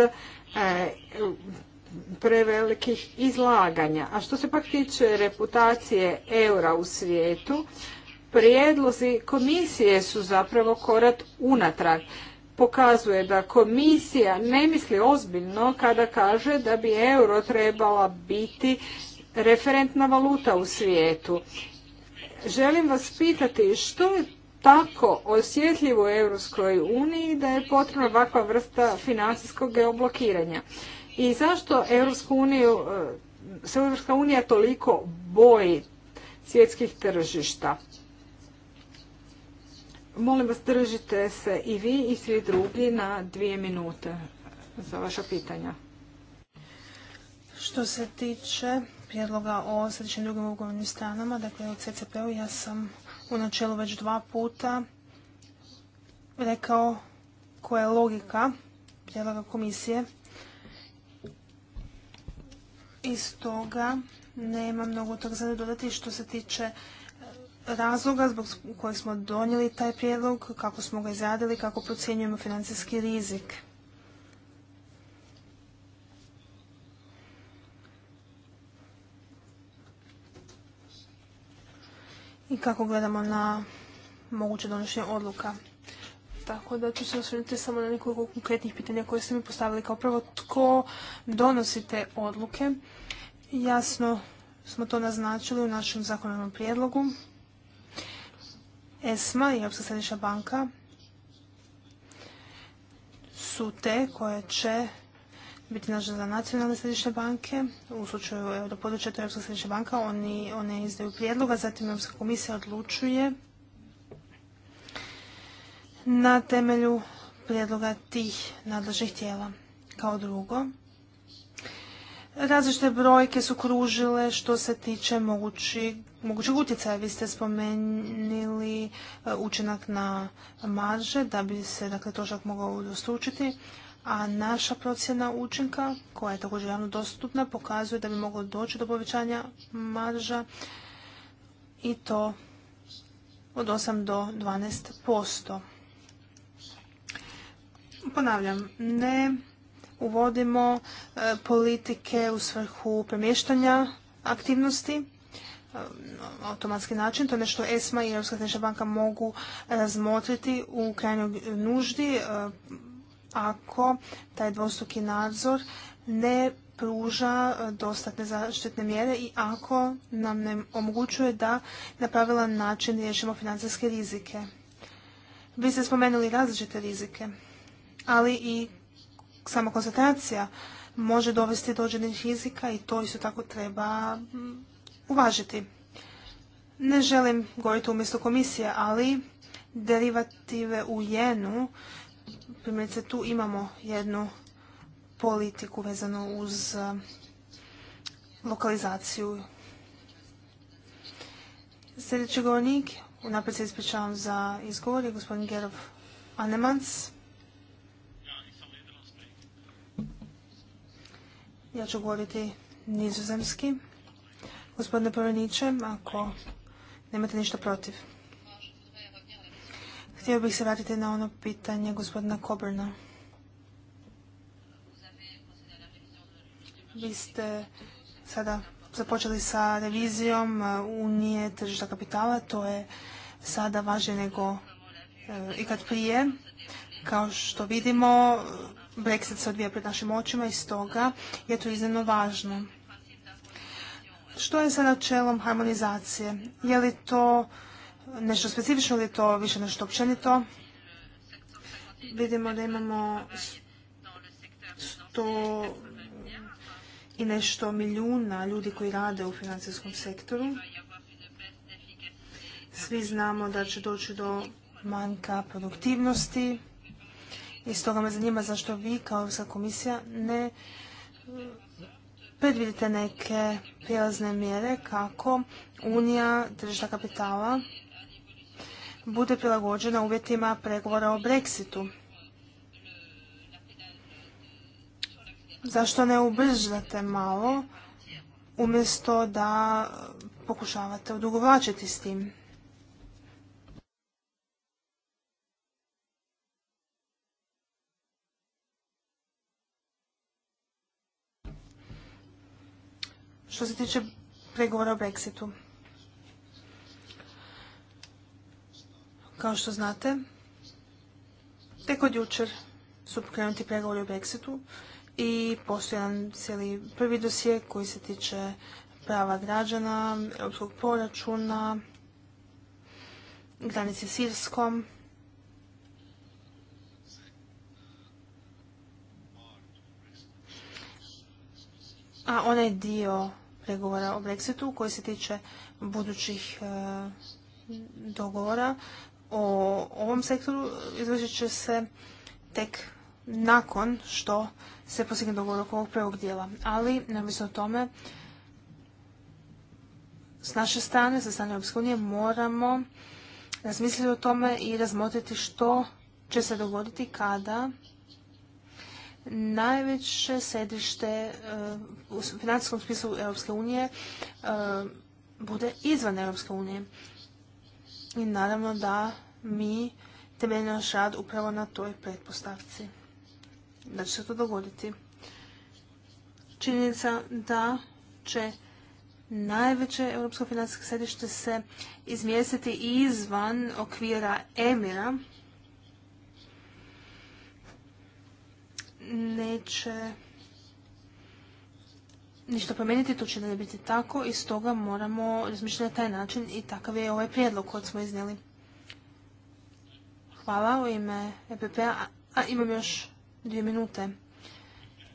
prevelikih izlaganja. A što se pak tiče reputacije eura u svijetu, prijedlozi komisije su zapravo korak unatrag. Pokazuje da komisija ne misli ozbiljno kada kaže da bi euro trebala biti referentna valuta u svijetu. Želim vas pitati što je tako osjetljivo u Europskoj uniji da je potrebna ovakva vrsta financijskog geoblokiranja. I zašto Europsku uniju, e, Europska unija toliko boji svjetskih tržišta? Molim vas, držite se i vi i svi drugi na dvije minute za vaša pitanja. Što se tiče prijedloga o središnjim drugim ugovornim stranama, dakle o CCP-u, ja sam u načelu već dva puta rekao koja je logika prijedloga komisije. I toga nema mnogo toga za dodati što se tiče razloga zbog kojeg smo donijeli taj prijedlog, kako smo ga izradili, kako procjenjujemo financijski rizik. i kako gledamo na moguće donošenje odluka. Tako da ću se osvrnuti samo na nekoliko konkretnih pitanja koje ste mi postavili. Kao prvo, tko donosi te odluke? Jasno smo to naznačili u našem zakonovnom prijedlogu. ESMA i Europska središnja banka su te koje će biti nadležna za nacionalne središnje banke. U slučaju europodručja to je Europska središnja banka, oni, one izdaju prijedloga, zatim Europska komisija odlučuje na temelju prijedloga tih nadležnih tijela. Kao drugo, različite brojke su kružile što se tiče mogućeg utjecaja. Vi ste spomenuli e, učinak na marže da bi se dakle, trošak mogao udostručiti a naša procjena učinka, koja je također javno dostupna, pokazuje da bi moglo doći do povećanja marža i to od 8 do 12%. Ponavljam, ne uvodimo e, politike u svrhu premještanja aktivnosti, e, automatski način. To je nešto ESMA i Europska banka mogu e, razmotriti u krajnjoj nuždi ako taj dvostruki nadzor ne pruža e, dostatne zaštitne mjere i ako nam ne omogućuje da na pravilan način riješimo financijske rizike. Vi ste spomenuli različite rizike, ali i sama koncentracija može dovesti do određenih rizika i to isto tako treba uvažiti. Ne želim govoriti umjesto komisije, ali derivative u jenu primjerice tu imamo jednu politiku vezanu uz e, lokalizaciju. Sljedeći govornik, unaprijed se ispričavam za izgovor, je gospodin Gerov Anemans. Ja ću govoriti nizozemski. Gospodine Prveniće, ako nemate ništa protiv. Htio bih se vratiti na ono pitanje gospodina Kobrna. Vi ste sada započeli sa revizijom uh, Unije tržišta kapitala. To je sada važnije nego uh, ikad prije. Kao što vidimo, Brexit se odvija pred našim očima i stoga je to iznimno važno. Što je sa načelom harmonizacije? Je li to nešto specifično li je to više nešto općenito? Vidimo da imamo sto i nešto milijuna ljudi koji rade u financijskom sektoru. Svi znamo da će doći do manjka produktivnosti i stoga me zanima zašto vi kao Europska komisija ne e, predvidite neke prijelazne mjere kako Unija tržišta kapitala bude prilagođena uvjetima pregovora o Brexitu? Zašto ne ubržate malo umjesto da pokušavate odugovlačiti s tim? Što se tiče pregovora o Brexitu. Kao što znate, tek od jučer su pokrenuti pregovori o Brexitu i postoji jedan cijeli prvi dosije koji se tiče prava građana, europskog proračuna, granice s Irskom. A onaj dio pregovora o Brexitu koji se tiče budućih e, dogovora o ovom sektoru izvršit će se tek nakon što se postigne dogovor oko ovog prvog dijela. Ali, neovisno o tome, s naše strane, sa strane Europske unije, moramo razmisliti o tome i razmotriti što će se dogoditi kada najveće sedište e, u financijskom smislu Europske unije e, bude izvan Europske unije. I naravno da mi temeljimo naš upravo na toj pretpostavci. Da će se to dogoditi. Činjenica da će najveće europsko financijsko središte se izmjestiti izvan okvira emira neće ništa promijeniti, to će ne biti tako i stoga moramo razmišljati na taj način i takav je ovaj prijedlog koji smo iznijeli. Hvala u ime EPP-a. A, imam još dvije minute,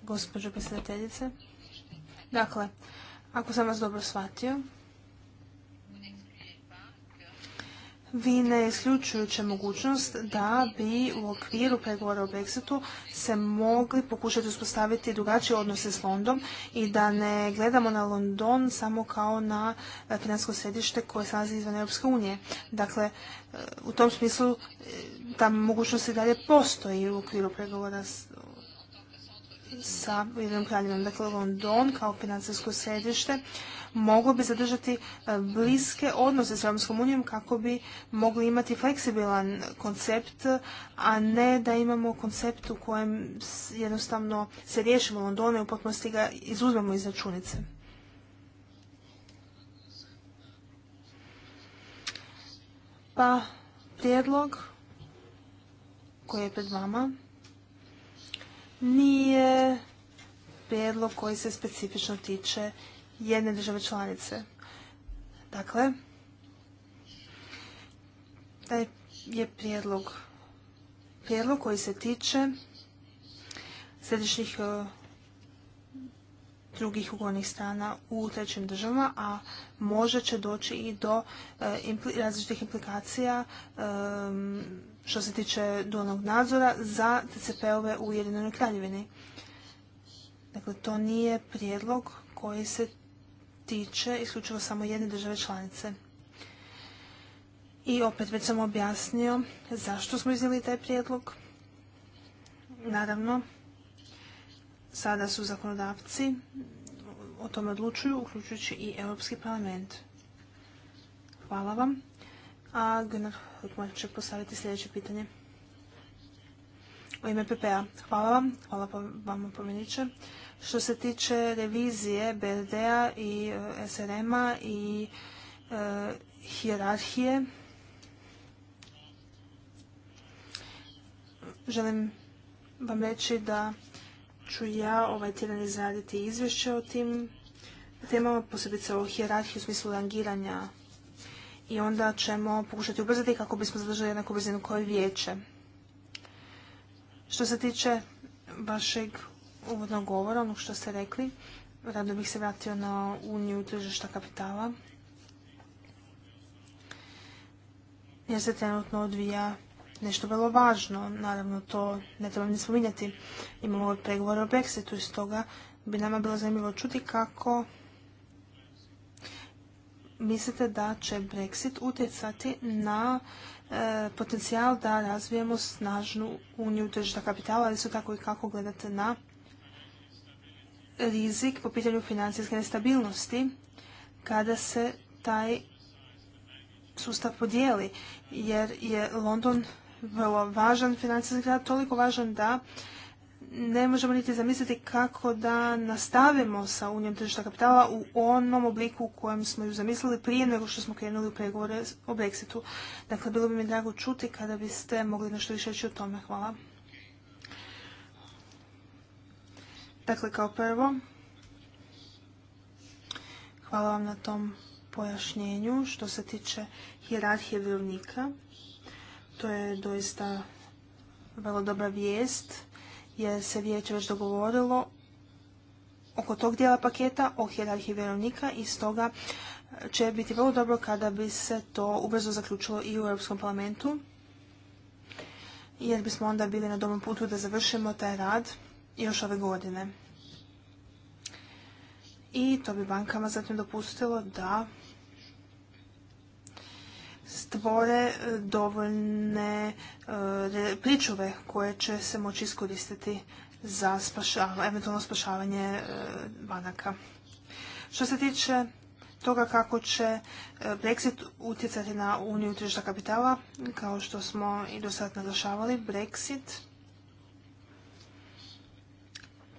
gospođo predsjedateljice. Dakle, ako sam vas dobro shvatio, vi ne isključujuće mogućnost da bi u okviru pregovora o Brexitu se mogli pokušati uspostaviti drugačije odnose s Londom i da ne gledamo na London samo kao na e, financijsko središte koje se izvan Europske unije. Dakle, e, u tom smislu e, ta mogućnost i dalje postoji u okviru pregovora s sa Ujedinom Dakle, London kao financijsko središte moglo bi zadržati e, bliske odnose s Europskom unijom kako bi mogli imati fleksibilan koncept, a ne da imamo koncept u kojem jednostavno se riješimo Londone i u potpunosti ga izuzmemo iz računice. Pa, prijedlog koji je pred vama nije prijedlog koji se specifično tiče jedne države članice. Dakle, taj je prijedlog, prijedlog koji se tiče središnjih e, drugih ugovornih strana u trećim državama, a može će doći i do e, različitih implikacija e, što se tiče dualnog nadzora za TCP-ove u Jedinoj kraljevini. Dakle, to nije prijedlog koji se tiče isključivo samo jedne države članice. I opet već sam objasnio zašto smo iznijeli taj prijedlog. Naravno, sada su zakonodavci o tome odlučuju, uključujući i Europski parlament. Hvala vam. A Gunnar Hukman će postaviti sljedeće pitanje. U ime PPA. Hvala vam. Hvala vam, pomeniče. Što se tiče revizije BRD-a i e, SRM-a i e, hijerarhije, želim vam reći da ću ja ovaj tjedan izraditi izvješće o tim temama, posebice o hijerarhiji u smislu rangiranja i onda ćemo pokušati ubrzati kako bismo zadržali jednako brzinu koje vijeće. Što se tiče vašeg uvodnog govora, ono što ste rekli. Rado bih se vratio na Uniju tržišta kapitala. Jer se trenutno odvija nešto vrlo važno. Naravno, to ne trebam ni spominjati. Imamo ovaj pregovore o Brexitu i stoga bi nama bilo zanimljivo čuti kako mislite da će Brexit utjecati na e, potencijal da razvijemo snažnu uniju tržišta kapitala, ali isto tako i kako gledate na rizik po pitanju financijske nestabilnosti kada se taj sustav podijeli, jer je London vrlo važan financijski grad, toliko važan da ne možemo niti zamisliti kako da nastavimo sa unijom tržišta kapitala u onom obliku u kojem smo ju zamislili prije nego što smo krenuli u pregovore o Brexitu. Dakle, bilo bi mi drago čuti kada biste mogli nešto više reći o tome. Hvala. Dakle, kao prvo, hvala vam na tom pojašnjenju što se tiče hjerarhije vjerovnika. To je doista vrlo dobra vijest jer se vijeće već dogovorilo oko tog dijela paketa o hjerarhiji vjerovnika i stoga će biti vrlo dobro kada bi se to ubrzo zaključilo i u Europskom parlamentu jer bismo onda bili na dobrom putu da završimo taj rad još ove godine. I to bi bankama zatim dopustilo da stvore e, dovoljne e, pričuve koje će se moći iskoristiti za eventualno spašavanje e, banaka. Što se tiče toga kako će Brexit utjecati na uniju tržišta kapitala, kao što smo i do sad naglašavali, Brexit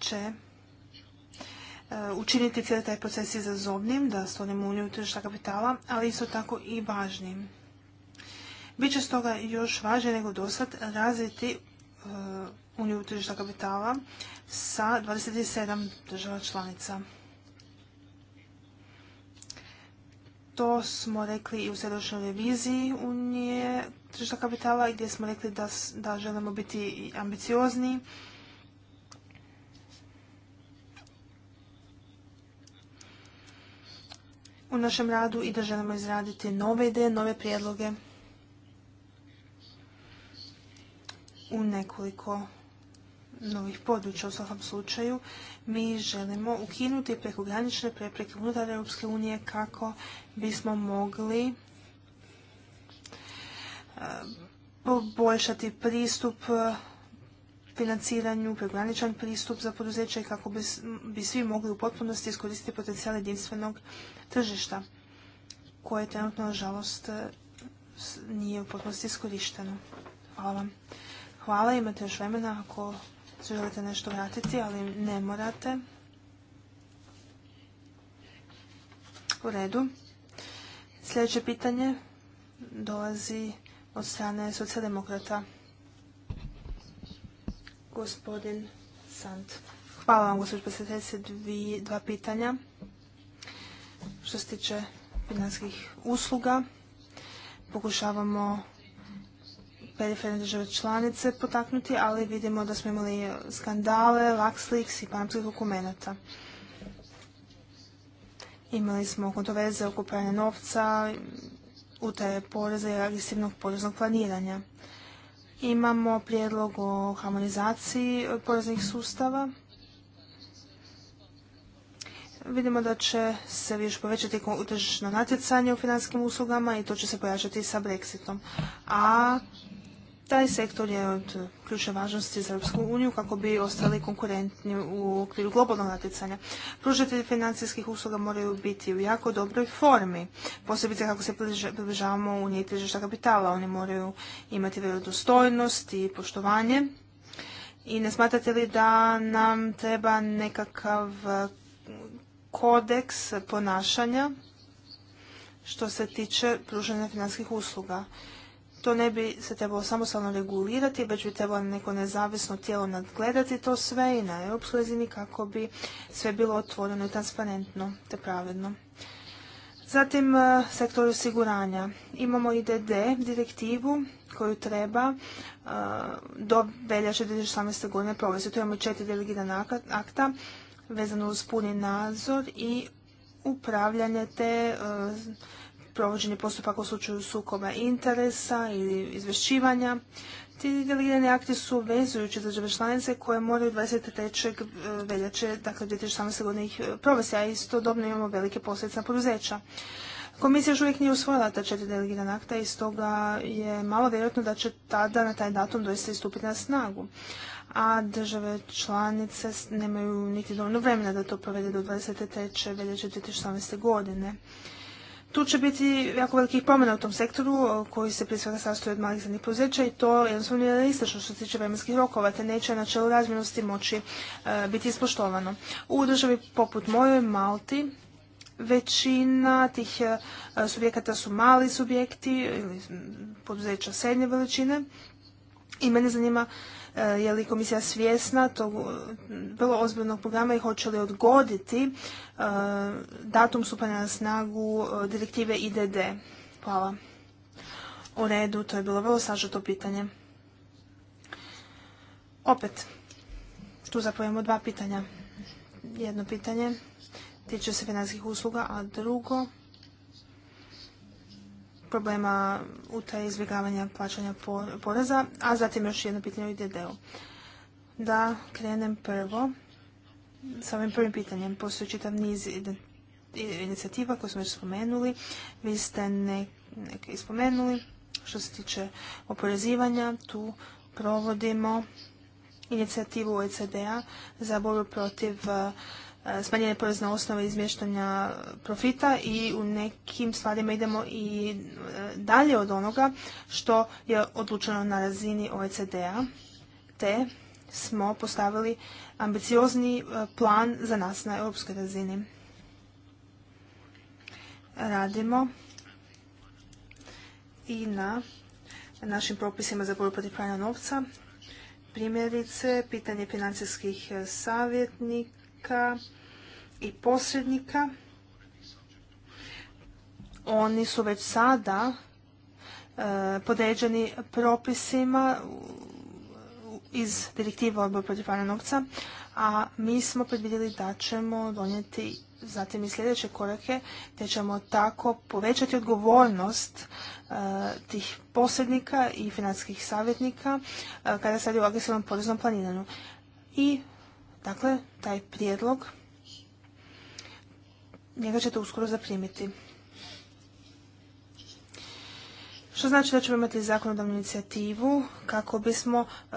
će e, učiniti cijeli taj proces izazovnim, da stvorimo uniju tržišta kapitala, ali isto tako i važnim. Biće stoga još važnije nego dosad razviti e, uniju tržišta kapitala sa 27 država članica. To smo rekli i u sljedećoj reviziji Unije tržišta kapitala gdje smo rekli da, da želimo biti ambiciozni u našem radu i da želimo izraditi nove ideje, nove prijedloge u nekoliko novih područja. U svakom slučaju mi želimo ukinuti prekogranične prepreke unutar Europske unije kako bismo mogli e, poboljšati pristup financiranju, pregraničan pristup za poduzeće i kako bi, svi mogli u potpunosti iskoristiti potencijal jedinstvenog tržišta koje trenutno, nažalost, e, nije u potpunosti iskorišteno. Hvala vam. Hvala, imate još vremena ako želite nešto vratiti, ali ne morate. U redu. Sljedeće pitanje dolazi od strane socijaldemokrata. Gospodin Sant. Hvala vam, gospođo predsjednice. Dva pitanja što se tiče financijskih usluga. Pokušavamo periferne države članice potaknuti, ali vidimo da smo imali skandale, LaxLeaks i panamskih dokumenata. Imali smo kontroverze oko pranja novca, utaje poreza i agresivnog poreznog planiranja. Imamo prijedlog o harmonizaciji poreznih sustava. Vidimo da će se više povećati tržišno natjecanje u financijskim uslugama i to će se pojačati sa Brexitom. A taj sektor je od ključne važnosti za Europsku uniju kako bi ostali konkurentni u okviru globalnog natjecanja. Pružatelji financijskih usluga moraju biti u jako dobroj formi, posebice kako se približavamo njih tržišta kapitala. Oni moraju imati vjerodostojnost i poštovanje. I ne smatrate li da nam treba nekakav eh, kodeks ponašanja što se tiče pružanja financijskih usluga? To ne bi se trebalo samostalno regulirati, već bi trebalo neko nezavisno tijelo nadgledati to sve i na europskoj kako bi sve bilo otvoreno i transparentno te pravedno. Zatim e, sektor osiguranja. Imamo i DD direktivu koju treba e, do veljače 2018. godine provesti. Tu imamo četiri delegirana akta vezano uz puni nadzor i upravljanje te e, provođenje postupaka u slučaju sukoba interesa ili izvješćivanja. Ti delegirani akti su obvezujući za države članice koje moraju 23. Eh, veljače, dakle 2018. godine ih eh, provesti, a dobno imamo velike posljedice na poduzeća. Komisija još uvijek nije usvojila ta četiri delegirana akta i stoga je malo vjerojatno da će tada na taj datum doista istupiti na snagu. A države članice nemaju niti dovoljno vremena da to provede do 23. veljače 2018. godine. Tu će biti jako velikih promjena u tom sektoru koji se prije svega sastoji od malih zadnjih poduzeća i to jednostavno je realistično što se tiče vremenskih rokova, te neće čelu razmjernosti moći e, biti ispoštovano. U državi poput mojoj Malti većina tih e, subjekata su mali subjekti ili poduzeća srednje veličine i mene zanima je li komisija svjesna tog vrlo ozbiljnog programa i hoće li odgoditi e, datum stupanja na snagu e, direktive IDD? Hvala. U redu, to je bilo vrlo sažeto pitanje. Opet, tu zapojemo dva pitanja. Jedno pitanje tiče se financijskih usluga, a drugo problema utaje izbjegavanja plaćanja poreza, a zatim još jedno pitanje u IDD-u. Da krenem prvo sa ovim prvim pitanjem. Postoji čitav niz inicijativa koje smo još spomenuli. Vi ste neke ispomenuli. Što se tiče oporezivanja, tu provodimo inicijativu OECD-a za borbu protiv E, smanjenje porezne osnove izmještanja profita i u nekim stvarima idemo i e, dalje od onoga što je odlučeno na razini OECD-a, te smo postavili ambiciozni e, plan za nas na europskoj razini. Radimo i na našim propisima za borbu protiv pranja novca. Primjerice, pitanje financijskih savjetnika, i posrednika. Oni su već sada e, podređeni propisima iz direktiva odbor protiv pranja novca, a mi smo predvidjeli da ćemo donijeti zatim i sljedeće korake, te ćemo tako povećati odgovornost e, tih posrednika i financijskih savjetnika e, kada se radi o agresivnom poreznom planiranju. I Dakle, taj prijedlog, njega ćete uskoro zaprimiti. Što znači da ćemo imati zakonodavnu inicijativu kako bismo e,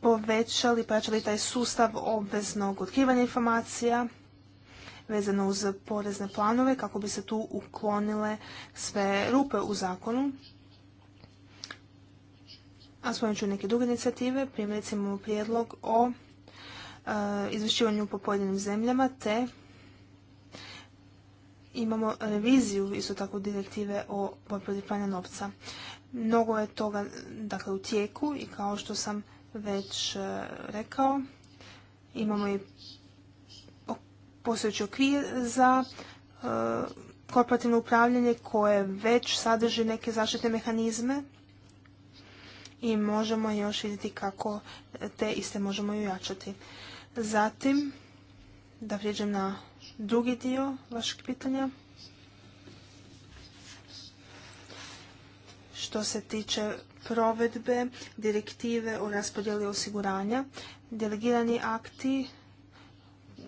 povećali, pojačali taj sustav obveznog otkrivanja informacija vezano uz porezne planove kako bi se tu uklonile sve rupe u zakonu. A spomenut ću neke druge inicijative, primjerice prijedlog o E, izvješćivanju po pojedinim zemljama, te imamo reviziju isto tako direktive o borbi novca. Mnogo je toga dakle, u tijeku i kao što sam već e, rekao, imamo i postojeći okvir za e, korporativno upravljanje koje već sadrži neke zaštitne mehanizme i možemo još vidjeti kako te iste možemo i ojačati. Zatim, da prijeđem na drugi dio vašeg pitanja. Što se tiče provedbe direktive o raspodjeli osiguranja, delegirani akti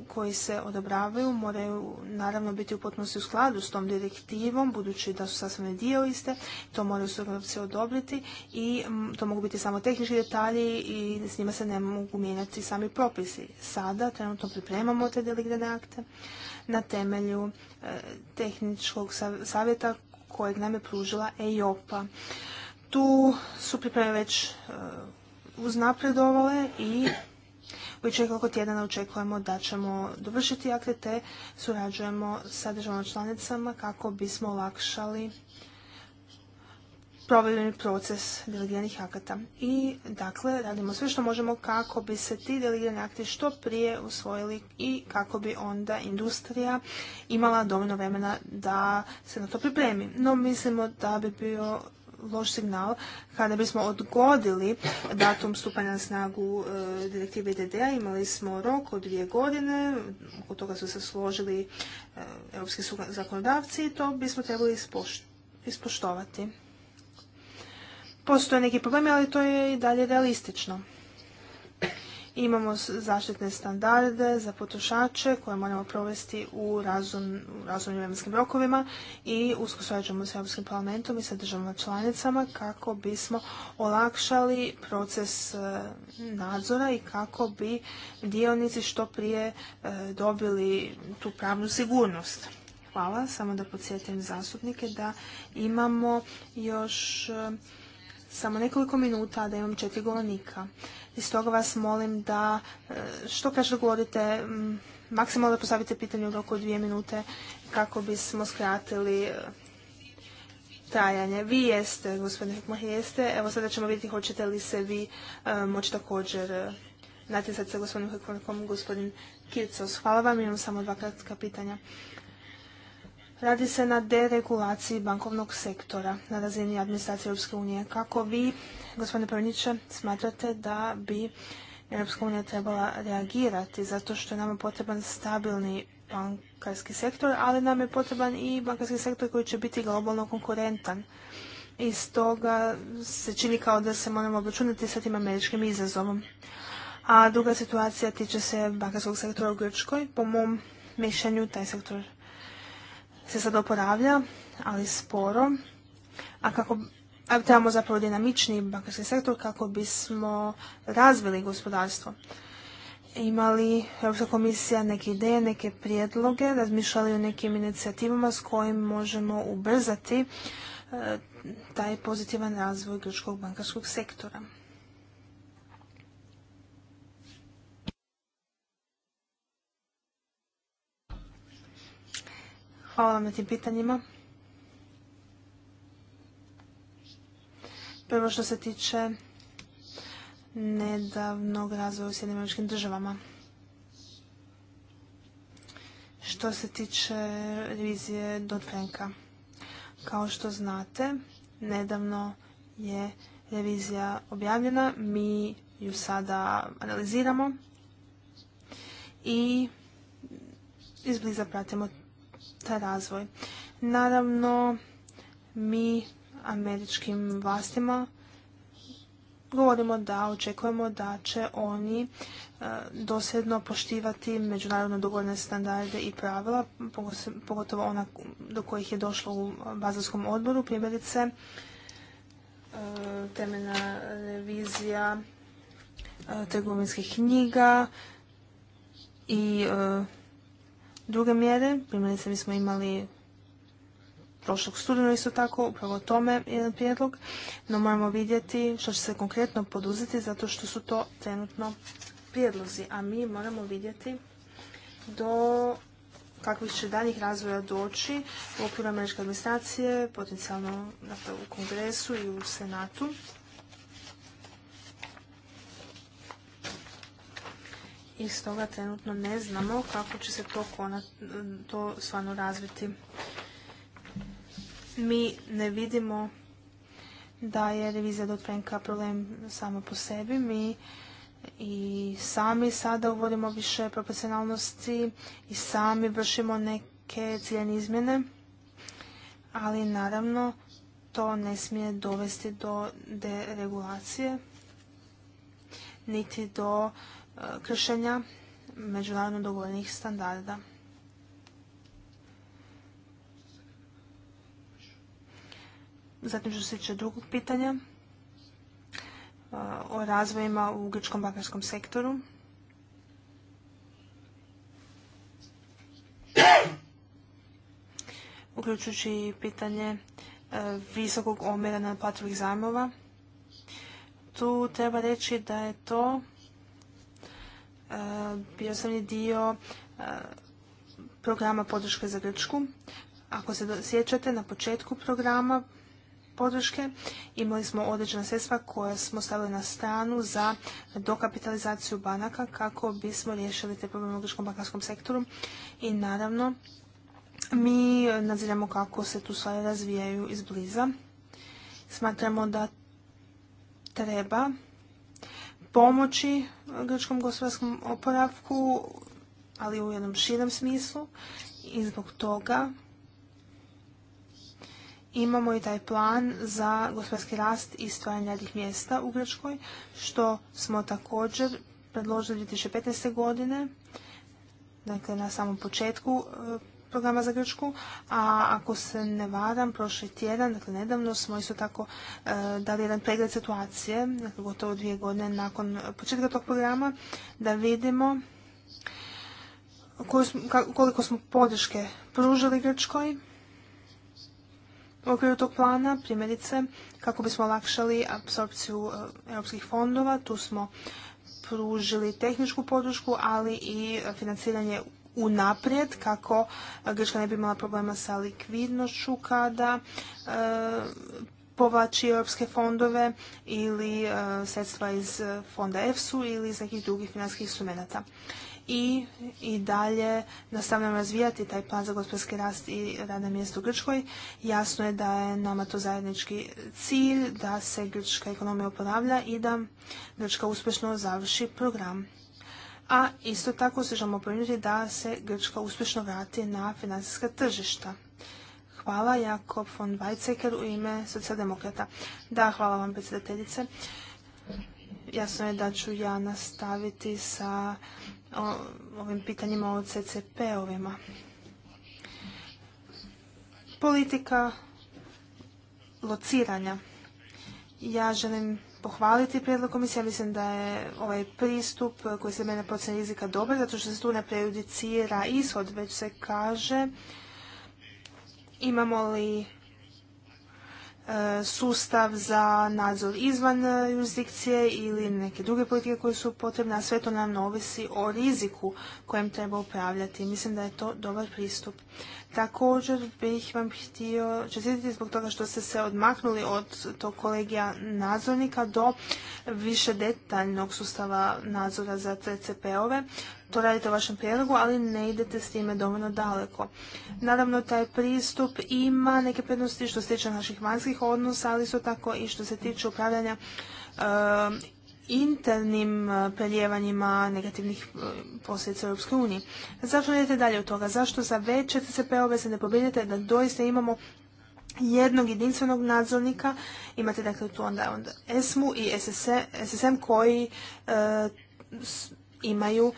koji se odobravaju moraju naravno biti u potpunosti u skladu s tom direktivom, budući da su sasvim dio iste, to moraju se odobriti i to mogu biti samo tehnički detalji i s njima se ne mogu mijenjati sami propisi. Sada trenutno pripremamo te delegirane akte na temelju e, tehničkog savjeta kojeg nam je pružila EIOPA. Tu su pripreme već e, uznapredovale i već nekoliko koliko tjedana očekujemo da ćemo dovršiti akte te surađujemo sa državama članicama kako bismo olakšali provedbeni proces delegiranih akata. I dakle, radimo sve što možemo kako bi se ti delegirani akti što prije usvojili i kako bi onda industrija imala dovoljno vremena da se na to pripremi. No mislimo da bi bio loš signal kada bismo odgodili datum stupanja na snagu e, direktive DDA. Imali smo rok od dvije godine, oko toga su se složili e, europski zakonodavci i to bismo trebali ispoštovati. Postoje neki problemi, ali to je i dalje realistično. Imamo zaštitne standarde za potrošače koje moramo provesti u razumnim vremenskim rokovima i usko surađujemo s Europskim parlamentom i sa državama članicama kako bismo olakšali proces e, nadzora i kako bi dionici što prije e, dobili tu pravnu sigurnost. Hvala. Samo da podsjetim zastupnike da imamo još e, samo nekoliko minuta, da imam četiri govornika i stoga vas molim da e, što kaže govorite maksimalno da postavite pitanje u roku dvije minute kako bismo skratili e, trajanje. Vi jeste, gospodine Hekmah, jeste. Evo sada ćemo vidjeti hoćete li se vi e, moći također natjecati sa gospodinom Hekmahom, gospodin Kircos. Hvala vam, imam samo dva kratka pitanja. Radi se na deregulaciji bankovnog sektora na razini administracije Europske unije. Kako vi, gospodine Prvniče, smatrate da bi Europska unija trebala reagirati zato što je nama potreban stabilni bankarski sektor, ali nam je potreban i bankarski sektor koji će biti globalno konkurentan. I stoga se čini kao da se moramo obračunati sa tim američkim izazovom. A druga situacija tiče se bankarskog sektora u Grčkoj. Po mom mišljenju taj sektor se sad oporavlja, ali sporo. A kako trebamo zapravo dinamični bankarski sektor kako bismo razvili gospodarstvo. Imali Europska komisija neke ideje, neke prijedloge, razmišljali o nekim inicijativama s kojim možemo ubrzati e, taj pozitivan razvoj grčkog bankarskog sektora. Hvala vam na tim pitanjima. Prvo što se tiče nedavnog razvoja u američkim državama. Što se tiče revizije Dodd Franka, kao što znate, nedavno je revizija objavljena, mi ju sada analiziramo i izbliza pratimo razvoj. Naravno, mi američkim vlastima govorimo da očekujemo da će oni e, dosljedno poštivati međunarodno dogodne standarde i pravila, pogotovo ona do kojih je došlo u bazarskom odboru, primjerice e, temeljna revizija e, trgovinskih knjiga i druge mjere. Primjerice, mi smo imali prošlog studenu isto tako, upravo tome jedan prijedlog, no moramo vidjeti što će se konkretno poduzeti zato što su to trenutno prijedlozi, a mi moramo vidjeti do kakvih će danjih razvoja doći u okviru američke administracije, potencijalno dakle, u kongresu i u senatu. i stoga trenutno ne znamo kako će se to, to stvarno razviti. Mi ne vidimo da je revizija dotpenka problem samo po sebi. Mi i sami sada uvodimo više profesionalnosti i sami vršimo neke ciljene izmjene, ali naravno to ne smije dovesti do deregulacije niti do kršenja međunarodno dogovorenih standarda. Zatim što se tiče drugog pitanja e, o razvojima u grčkom bankarskom sektoru. uključujući pitanje e, visokog omjera platovih zajmova. Tu treba reći da je to Eh, bio sam dio eh, programa podrške za Grčku. Ako se sjećate, na početku programa podrške imali smo određena sredstva koja smo stavili na stranu za dokapitalizaciju banaka kako bismo riješili te probleme u grčkom bankarskom sektoru i naravno mi nadziramo kako se tu stvari razvijaju izbliza. Smatramo da treba pomoći eh, grčkom gospodarskom oporavku, ali u jednom širem smislu. I zbog toga imamo i taj plan za gospodarski rast i stvaranje radnih mjesta u Grčkoj, što smo također predložili 2015. godine, dakle na samom početku eh, programa za Grčku, a ako se ne varam, prošli tjedan, dakle nedavno, smo isto tako e, dali jedan pregled situacije, dakle gotovo dvije godine nakon početka tog programa, da vidimo koliko smo podrške pružili Grčkoj u okviru tog plana, primjerice, kako bismo olakšali apsorpciju e, europskih fondova. Tu smo pružili tehničku podršku, ali i financiranje unaprijed kako Grčka ne bi imala problema sa likvidnošću kada e, povlači europske fondove ili e, sredstva iz fonda EFSU ili iz nekih drugih financijskih sumenata. I, I dalje nastavljamo razvijati taj plan za gospodarski rast i radna mjesto u Grčkoj. Jasno je da je nama to zajednički cilj, da se grčka ekonomija oporavlja i da Grčka uspješno završi program a isto tako se želimo da se Grčka uspješno vrati na financijska tržišta. Hvala, Jakob von Weizsäcker u ime socijaldemokrata. Da, hvala vam, predsjedateljice. Jasno je da ću ja nastaviti sa ovim pitanjima o CCP-ovima. Politika lociranja. Ja želim pohvaliti prijedlog komisije. Mislim da je ovaj pristup koji se mene procjena rizika dobar, zato što se tu ne prejudicira ishod, već se kaže imamo li e, sustav za nadzor izvan e, jurisdikcije ili neke druge politike koje su potrebne, a sve to nam ovisi o riziku kojem treba upravljati. Mislim da je to dobar pristup. Također bih vam htio čestititi zbog toga što ste se odmaknuli od tog kolegija nadzornika do više detaljnog sustava nadzora za CCP-ove. To radite u vašem prijedlogu, ali ne idete s time dovoljno daleko. Naravno, taj pristup ima neke prednosti što se tiče naših vanjskih odnosa, ali isto tako i što se tiče upravljanja internim e, preljevanjima negativnih e, posljedica Europske unije. Zašto ne idete dalje od toga? Zašto za veće CCP-ove se ne pobrinete da doista imamo jednog jedinstvenog nadzornika, imate dakle tu onda, onda ESMU i SSM e, koji imaju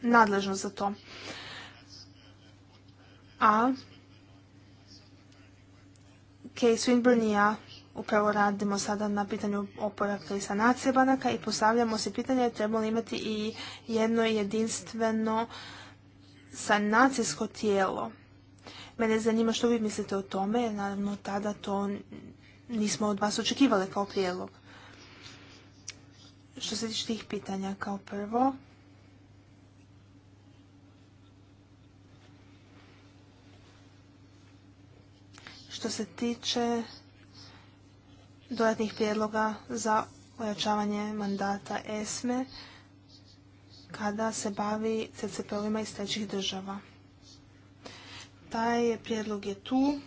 nadležnost za to. A Kay Swinburne i ja upravo radimo sada na pitanju oporavka i sanacije banaka i postavljamo se pitanje trebamo li imati i jedno jedinstveno sanacijsko tijelo. Mene zanima što vi mislite o tome, jer naravno tada to nismo od vas očekivali kao prijedlog. Što se tiče tih pitanja, kao prvo, što se tiče dodatnih prijedloga za ojačavanje mandata ESME kada se bavi CCP-ovima iz trećih država. Taj prijedlog je tu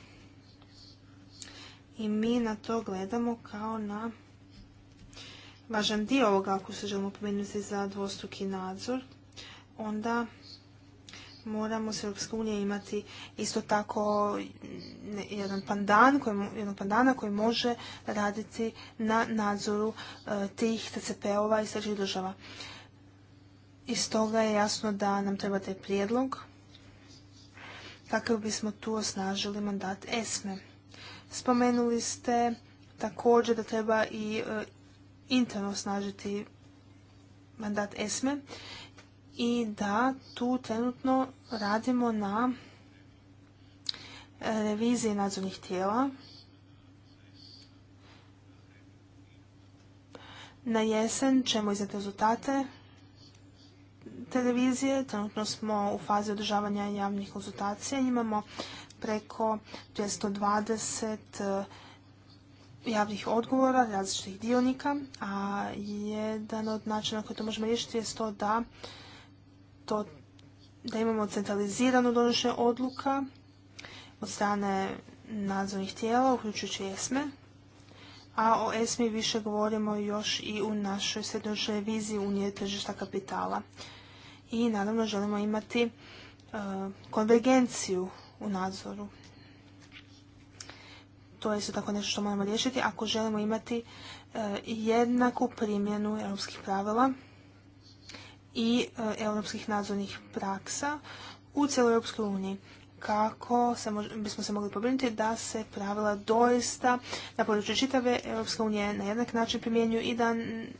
i mi na to gledamo kao na važan dio ovoga ako se želimo pomenuti za dvostruki nadzor, onda moramo s Europske unije imati isto tako jedan pandan jednog pandana koji može raditi na nadzoru e, tih TCP-ova i sređih država. I stoga je jasno da nam treba taj prijedlog kako bismo tu osnažili mandat ESME. Spomenuli ste također da treba i e, interno osnažiti mandat ESME i da tu trenutno radimo na e, reviziji nadzornih tijela Na jesen ćemo izdati rezultate televizije. Trenutno smo u fazi održavanja javnih konzultacija. Imamo preko 220 e, javnih odgovora različitih dionika, a jedan od načina koje to možemo riješiti je to da to da imamo centralizirano donošenje odluka od strane nadzornih tijela, uključujući ESME, a o ESME više govorimo još i u našoj srednjoj viziji Unije tržišta kapitala. I naravno želimo imati e, konvergenciju u nadzoru. To je isto tako nešto što moramo riješiti ako želimo imati e, jednaku primjenu europskih pravila i e, europskih nadzornih praksa u cijeloj Europskoj uniji kako bismo se mogli pobrinuti da se pravila doista na području čitave Europske unije na jednak način primjenjuju i da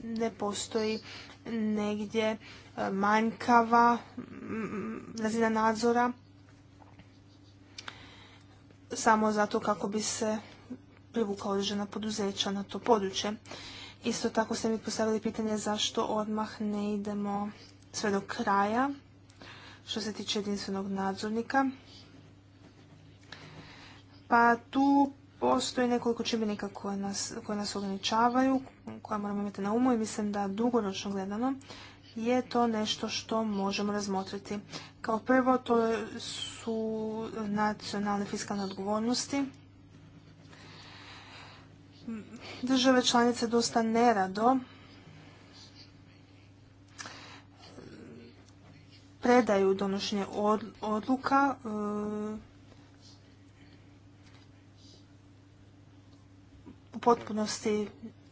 ne postoji negdje e, manjkava razina nadzora samo zato kako bi se privukla određena poduzeća na to područje. Isto tako ste mi postavili pitanje zašto odmah ne idemo sve do kraja što se tiče jedinstvenog nadzornika. Pa tu postoji nekoliko čimbenika koje nas, nas ograničavaju, koje moramo imati na umu i mislim da dugoročno gledano je to nešto što možemo razmotriti. Kao prvo to su nacionalne fiskalne odgovornosti države članice dosta nerado predaju donošenje odluka e, u potpunosti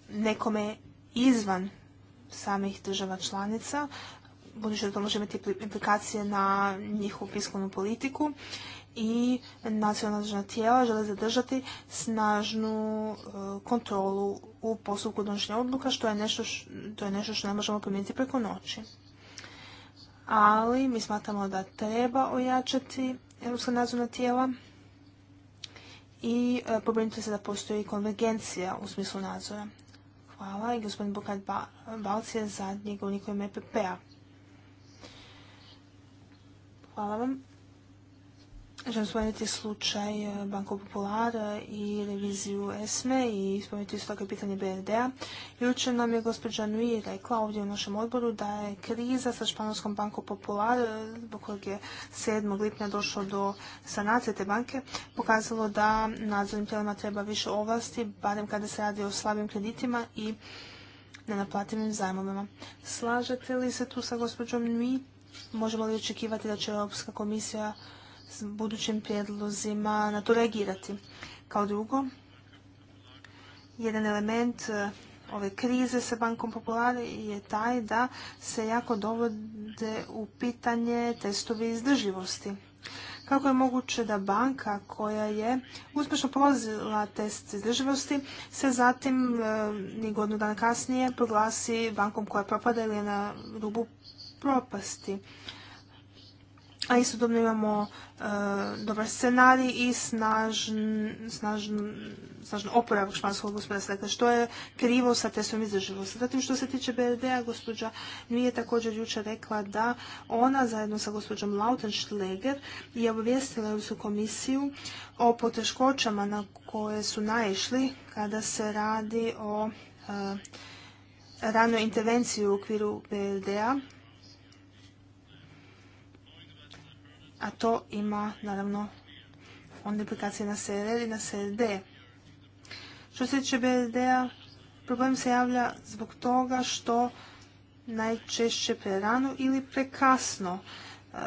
nekome izvan samih država članica, budući da to može imati implikacije na njihovu fiskalnu politiku i nacionalna tijela žele zadržati snažnu e, kontrolu u postupku donošenja odluka, što je nešto, to je nešto što ne možemo promijeniti preko noći. Ali mi smatramo da treba ojačati europska nadzorna tijela i e, pobrinuti se da postoji konvergencija u smislu nadzora. Hvala i gospodin Bukat Balci je zadnji govnik u MPP-a. E Hvala vam. Želim spomenuti slučaj e, Banko Populara i reviziju ESME i spomenuti isto tako pitanje BRD-a. Jučer nam je gospođa Nui rekla ovdje u našem odboru da je kriza sa španskom Banko Popular, e, zbog kojeg je 7. lipnja došlo do sanacije te banke, pokazalo da nadzornim tijelima treba više ovlasti, barem kada se radi o slabim kreditima i nenaplativim zajmovima. Slažete li se tu sa gospođom Nui? Možemo li očekivati da će Europska komisija s budućim prijedlozima na to reagirati. Kao drugo, jedan element e, ove krize sa bankom populari je taj da se jako dovode u pitanje testovi izdrživosti. Kako je moguće da banka koja je uspješno prolazila test izdrživosti se zatim e, ni godinu dana kasnije proglasi bankom koja propada ili je na rubu propasti? a istodobno imamo e, dobar scenarij i snažn, snažn, španskog gospodarstva. Dakle, što je krivo sa testom izdrživosti. Zatim, što se tiče BRD-a, gospođa nije također jučer rekla da ona zajedno sa gospođom Lautenschläger je obavijestila Europsku komisiju o poteškoćama na koje su naišli kada se radi o e, ranoj intervenciji u okviru BRD-a a to ima naravno onda implikacije na CRR i na CRD. Što se tiče BRD-a, problem se javlja zbog toga što najčešće prerano ili prekasno e,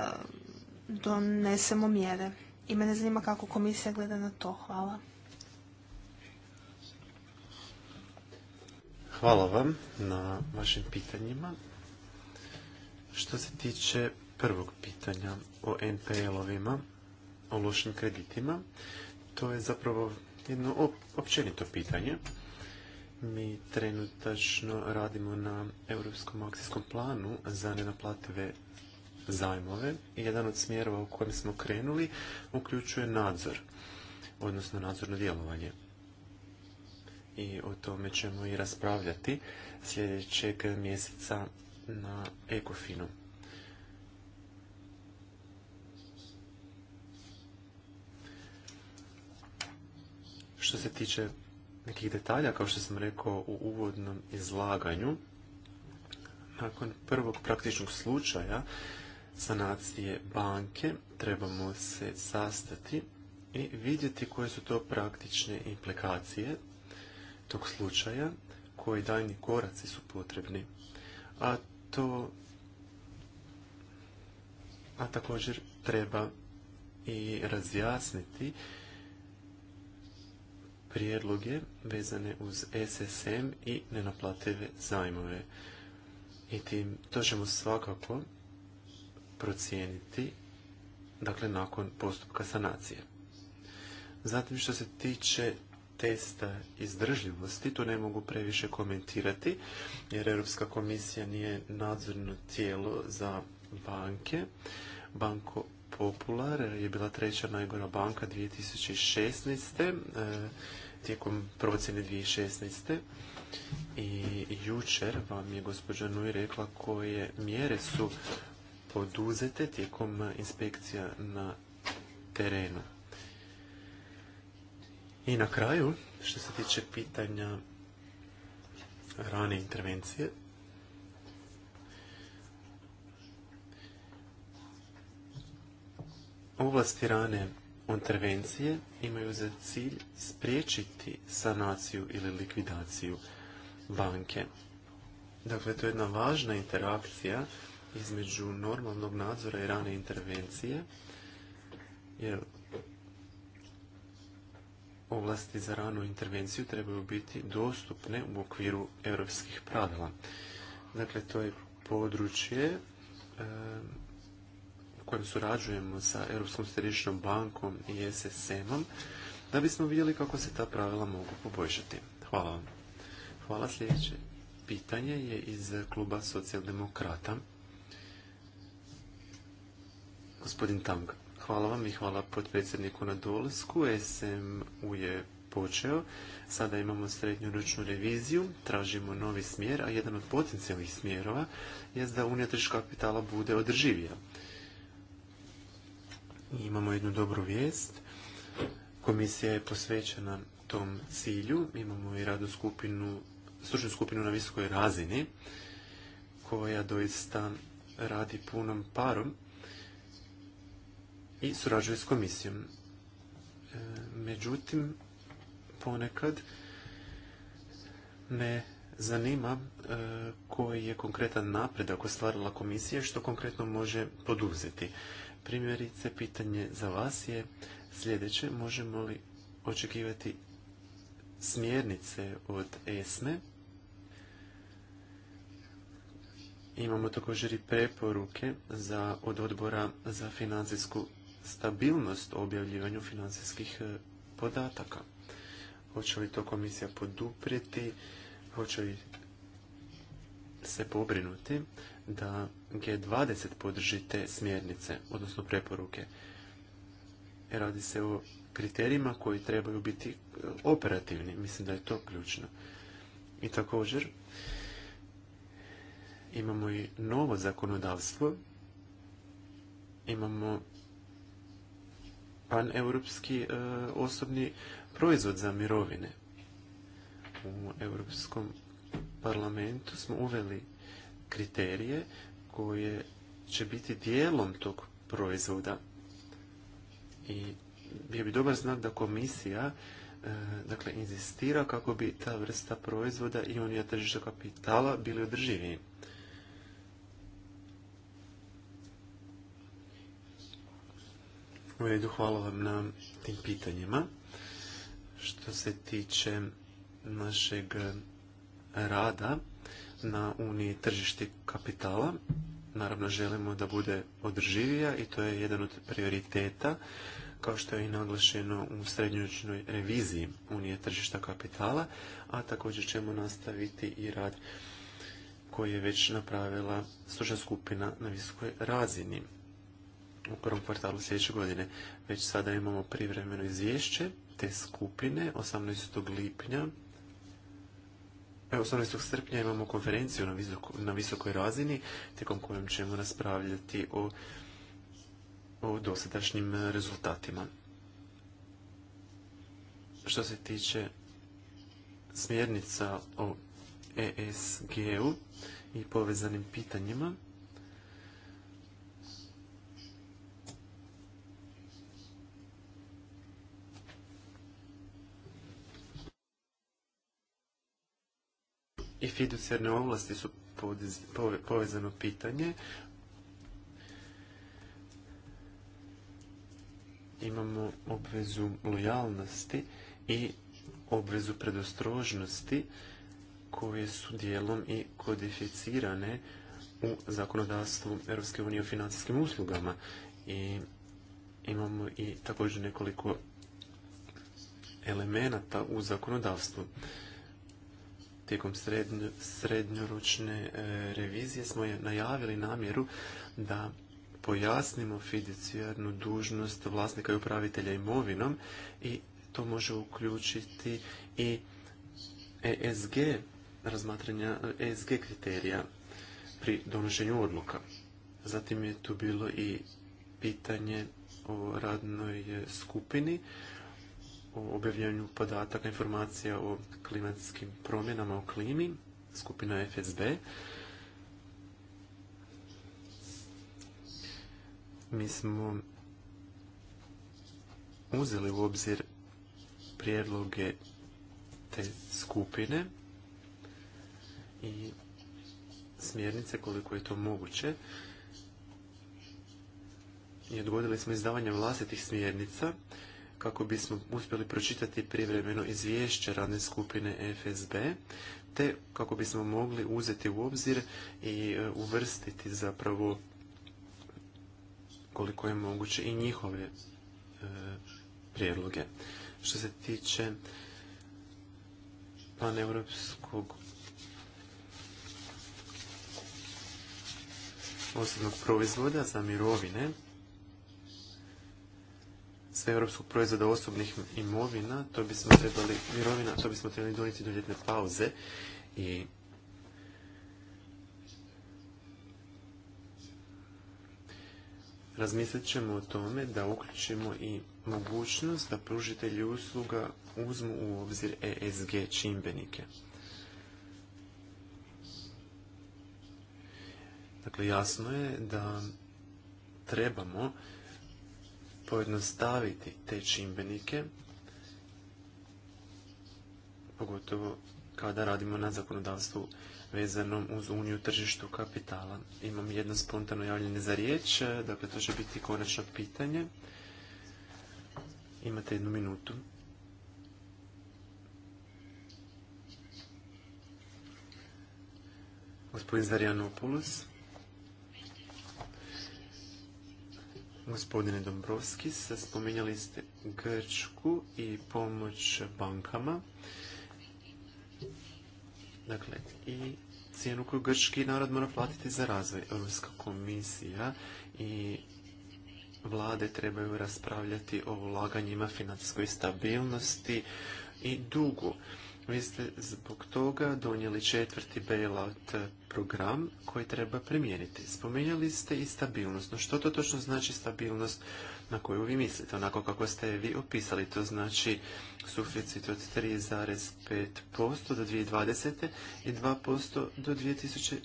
donesemo mjere. I mene zanima kako komisija gleda na to. Hvala. Hvala vam na vašim pitanjima. Što se tiče prvog pitanja o NPL-ovima, o lošim kreditima. To je zapravo jedno općenito pitanje. Mi trenutačno radimo na Europskom akcijskom planu za nenaplative zajmove i jedan od smjerova u kojem smo krenuli uključuje nadzor, odnosno nadzorno djelovanje. I o tome ćemo i raspravljati sljedećeg mjeseca na Ekofinu. Što se tiče nekih detalja, kao što sam rekao u uvodnom izlaganju, nakon prvog praktičnog slučaja sanacije banke trebamo se sastati i vidjeti koje su to praktične implikacije tog slučaja, koji daljni koraci su potrebni. A to a također treba i razjasniti prijedloge vezane uz SSM i nenaplative zajmove. I to ćemo svakako procijeniti dakle nakon postupka sanacije. Zatim što se tiče testa izdržljivosti, to ne mogu previše komentirati jer Europska komisija nije nadzorno tijelo za banke. Banko Popular je bila treća najgora banka 2016. E, tijekom procjene 2016. I jučer vam je gospođa Nui rekla koje mjere su poduzete tijekom inspekcija na terenu. I na kraju, što se tiče pitanja rane intervencije, Ovlasti rane intervencije imaju za cilj spriječiti sanaciju ili likvidaciju banke. Dakle, to je jedna važna interakcija između normalnog nadzora i rane intervencije, jer ovlasti za ranu intervenciju trebaju biti dostupne u okviru europskih pravila. Dakle, to je područje kojem surađujemo sa Europskom središnjom bankom i SSM-om, da bismo vidjeli kako se ta pravila mogu poboljšati. Hvala vam. Hvala sljedeće. Pitanje je iz kluba socijaldemokrata. Gospodin Tang, hvala vam i hvala potpredsjedniku na dolasku. SMU je počeo. Sada imamo srednju ručnu reviziju, tražimo novi smjer, a jedan od potencijalnih smjerova je da unija kapitala bude održivija imamo jednu dobru vijest. Komisija je posvećena tom cilju. Imamo i radnu skupinu, stručnu skupinu na visokoj razini koja doista radi punom parom i surađuje s komisijom. E, međutim, ponekad me zanima e, koji je konkretan napredak ostvarila komisija što konkretno može poduzeti. Primjerice, pitanje za vas je sljedeće. Možemo li očekivati smjernice od ESME? Imamo također i preporuke za, od odbora za financijsku stabilnost o objavljivanju financijskih e, podataka. Hoće li to komisija poduprijeti? Hoće li se pobrinuti da G20 podrži te smjernice, odnosno preporuke. Radi se o kriterijima koji trebaju biti e, operativni. Mislim da je to ključno. I također imamo i novo zakonodavstvo. Imamo paneuropski e, osobni proizvod za mirovine u europskom parlamentu smo uveli kriterije koje će biti dijelom tog proizvoda. I bio bi dobar znak da komisija e, dakle, inzistira kako bi ta vrsta proizvoda i unija tržišta kapitala bili održiviji. U redu, hvala vam na tim pitanjima. Što se tiče našeg rada na uniji tržišti kapitala. Naravno želimo da bude održivija i to je jedan od prioriteta kao što je i naglašeno u srednjočnoj reviziji Unije tržišta kapitala, a također ćemo nastaviti i rad koji je već napravila stručna skupina na visokoj razini u prvom kvartalu sljedeće godine. Već sada imamo privremeno izvješće te skupine 18. lipnja 18. srpnja imamo konferenciju na, visokoj razini, tijekom kojom ćemo raspravljati o, o dosadašnjim rezultatima. Što se tiče smjernica o ESG-u e i povezanim pitanjima, i fiducijarne ovlasti su povezano pitanje. Imamo obvezu lojalnosti i obvezu predostrožnosti koje su dijelom i kodificirane u zakonodavstvu EU o financijskim uslugama i imamo i također nekoliko elemenata u zakonodavstvu tijekom srednjoročne e, revizije smo najavili namjeru da pojasnimo fiducijarnu dužnost vlasnika i upravitelja imovinom i to može uključiti i ESG razmatranja ESG kriterija pri donošenju odluka. Zatim je tu bilo i pitanje o radnoj skupini o objavljanju podataka, informacija o klimatskim promjenama o klimi, skupina FSB. Mi smo uzeli u obzir prijedloge te skupine i smjernice koliko je to moguće i odgodili smo izdavanje vlastitih smjernica kako bismo uspjeli pročitati privremeno izvješće radne skupine FSB, te kako bismo mogli uzeti u obzir i e, uvrstiti zapravo koliko je moguće i njihove e, prijedloge. Što se tiče paneuropskog osobnog proizvoda za mirovine, sve europskog proizvoda osobnih imovina, to bismo trebali, mirovina, to bismo trebali donijeti do ljetne pauze i razmislit ćemo o tome da uključimo i mogućnost da pružitelji usluga uzmu u obzir ESG čimbenike. Dakle, jasno je da trebamo pojednostaviti te čimbenike, pogotovo kada radimo na zakonodavstvu vezanom uz uniju tržištu kapitala. Imam jedno spontano javljanje za riječ, e, dakle to će biti konačno pitanje. Imate jednu minutu. Gospodin Zarijanopoulos. Gospodine Dombrovski, spominjali ste Grčku i pomoć bankama. Dakle, i cijenu koju grčki narod mora platiti za razvoj. Europska komisija i vlade trebaju raspravljati o ulaganjima financijskoj stabilnosti i dugu. Vi ste zbog toga donijeli četvrti bailout program koji treba primijeniti. Spomenjali ste i stabilnost. No što to točno znači stabilnost na koju vi mislite? Onako kako ste vi opisali, to znači suficit od 3,5% do 2020. i 2% do 2020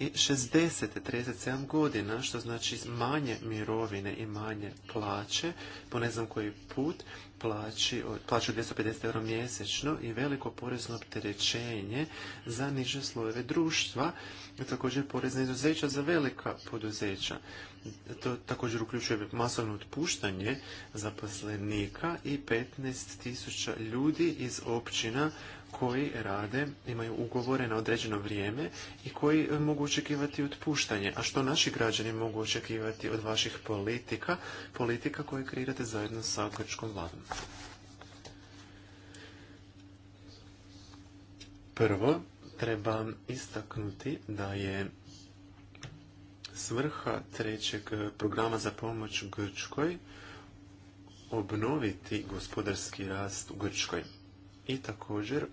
i 60, 37 godina, što znači manje mirovine i manje plaće, po ne znam koji put, plaću 250 euro mjesečno i veliko porezno opterećenje za niže slojeve društva, također porezne izuzeća za velika poduzeća to također uključuje masovno otpuštanje zaposlenika i tisuća ljudi iz općina koji rade, imaju ugovore na određeno vrijeme i koji e, mogu očekivati otpuštanje. A što naši građani mogu očekivati od vaših politika, politika koje kreirate zajedno sa grčkom vladom? Prvo, trebam istaknuti da je svrha trećeg e, programa za pomoć Grčkoj obnoviti gospodarski rast u Grčkoj i također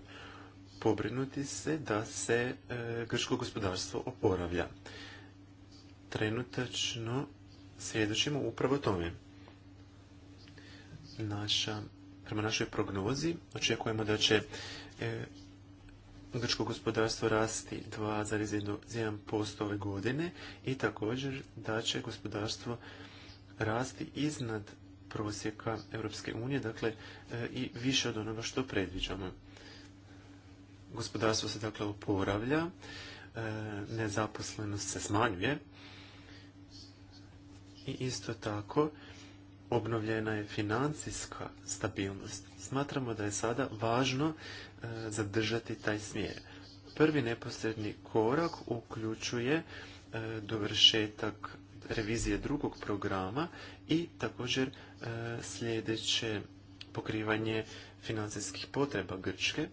pobrinuti se da se e, grčko gospodarstvo oporavlja. Trenutačno svjedočimo upravo tome. prema našoj prognozi očekujemo da će e, grčko gospodarstvo rasti 2,1% ove godine i također da će gospodarstvo rasti iznad prosjeka Europske unije, dakle e, i više od onoga što predviđamo. Gospodarstvo se dakle oporavlja, e, nezaposlenost se smanjuje i isto tako obnovljena je financijska stabilnost. Smatramo da je sada važno E, zadržati taj smjer. Prvi neposredni korak uključuje e, dovršetak revizije drugog programa i također e, sljedeće pokrivanje financijskih potreba Grčke.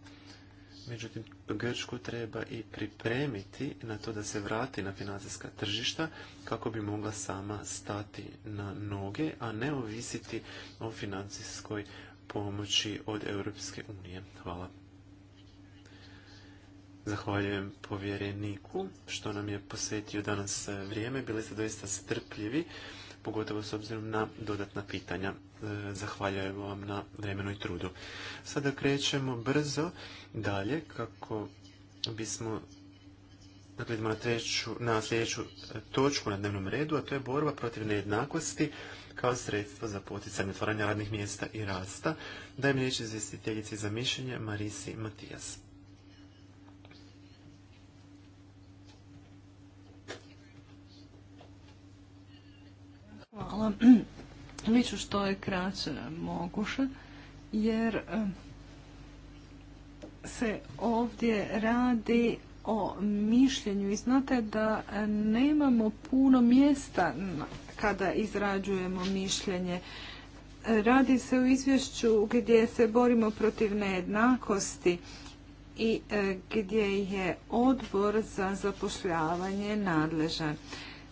Međutim, Grčku treba i pripremiti na to da se vrati na financijska tržišta kako bi mogla sama stati na noge, a ne ovisiti o financijskoj pomoći od Europske unije. Hvala. Zahvaljujem povjereniku što nam je posvetio danas e, vrijeme. Bili ste doista strpljivi, pogotovo s obzirom na dodatna pitanja. E, zahvaljujem vam na vremenu i trudu. Sada krećemo brzo dalje kako bismo gledamo dakle, na, treću, na sljedeću e, točku na dnevnom redu, a to je borba protiv nejednakosti kao sredstvo za poticanje otvaranja radnih mjesta i rasta. Dajem riječ izvjestiteljici za mišljenje Marisi Matijas. Hvala. ću što je kraće moguće, jer se ovdje radi o mišljenju i znate da nemamo puno mjesta kada izrađujemo mišljenje. Radi se o izvješću gdje se borimo protiv nejednakosti i e, gdje je odbor za zapošljavanje nadležan.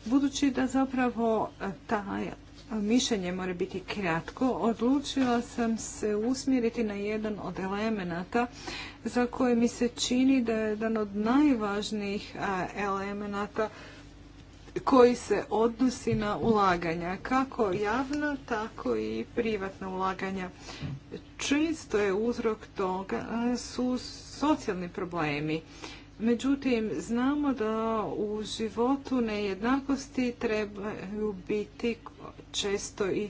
Budući da zapravo e, taj mišljenje mora biti kratko, odlučila sam se usmjeriti na jedan od elemenata za koje mi se čini da je jedan od najvažnijih e, elemenata koji se odnosi na ulaganja, kako javna, tako i privatna ulaganja. Čisto je uzrok toga e, su socijalni problemi. Međutim, znamo da u životu nejednakosti trebaju biti često i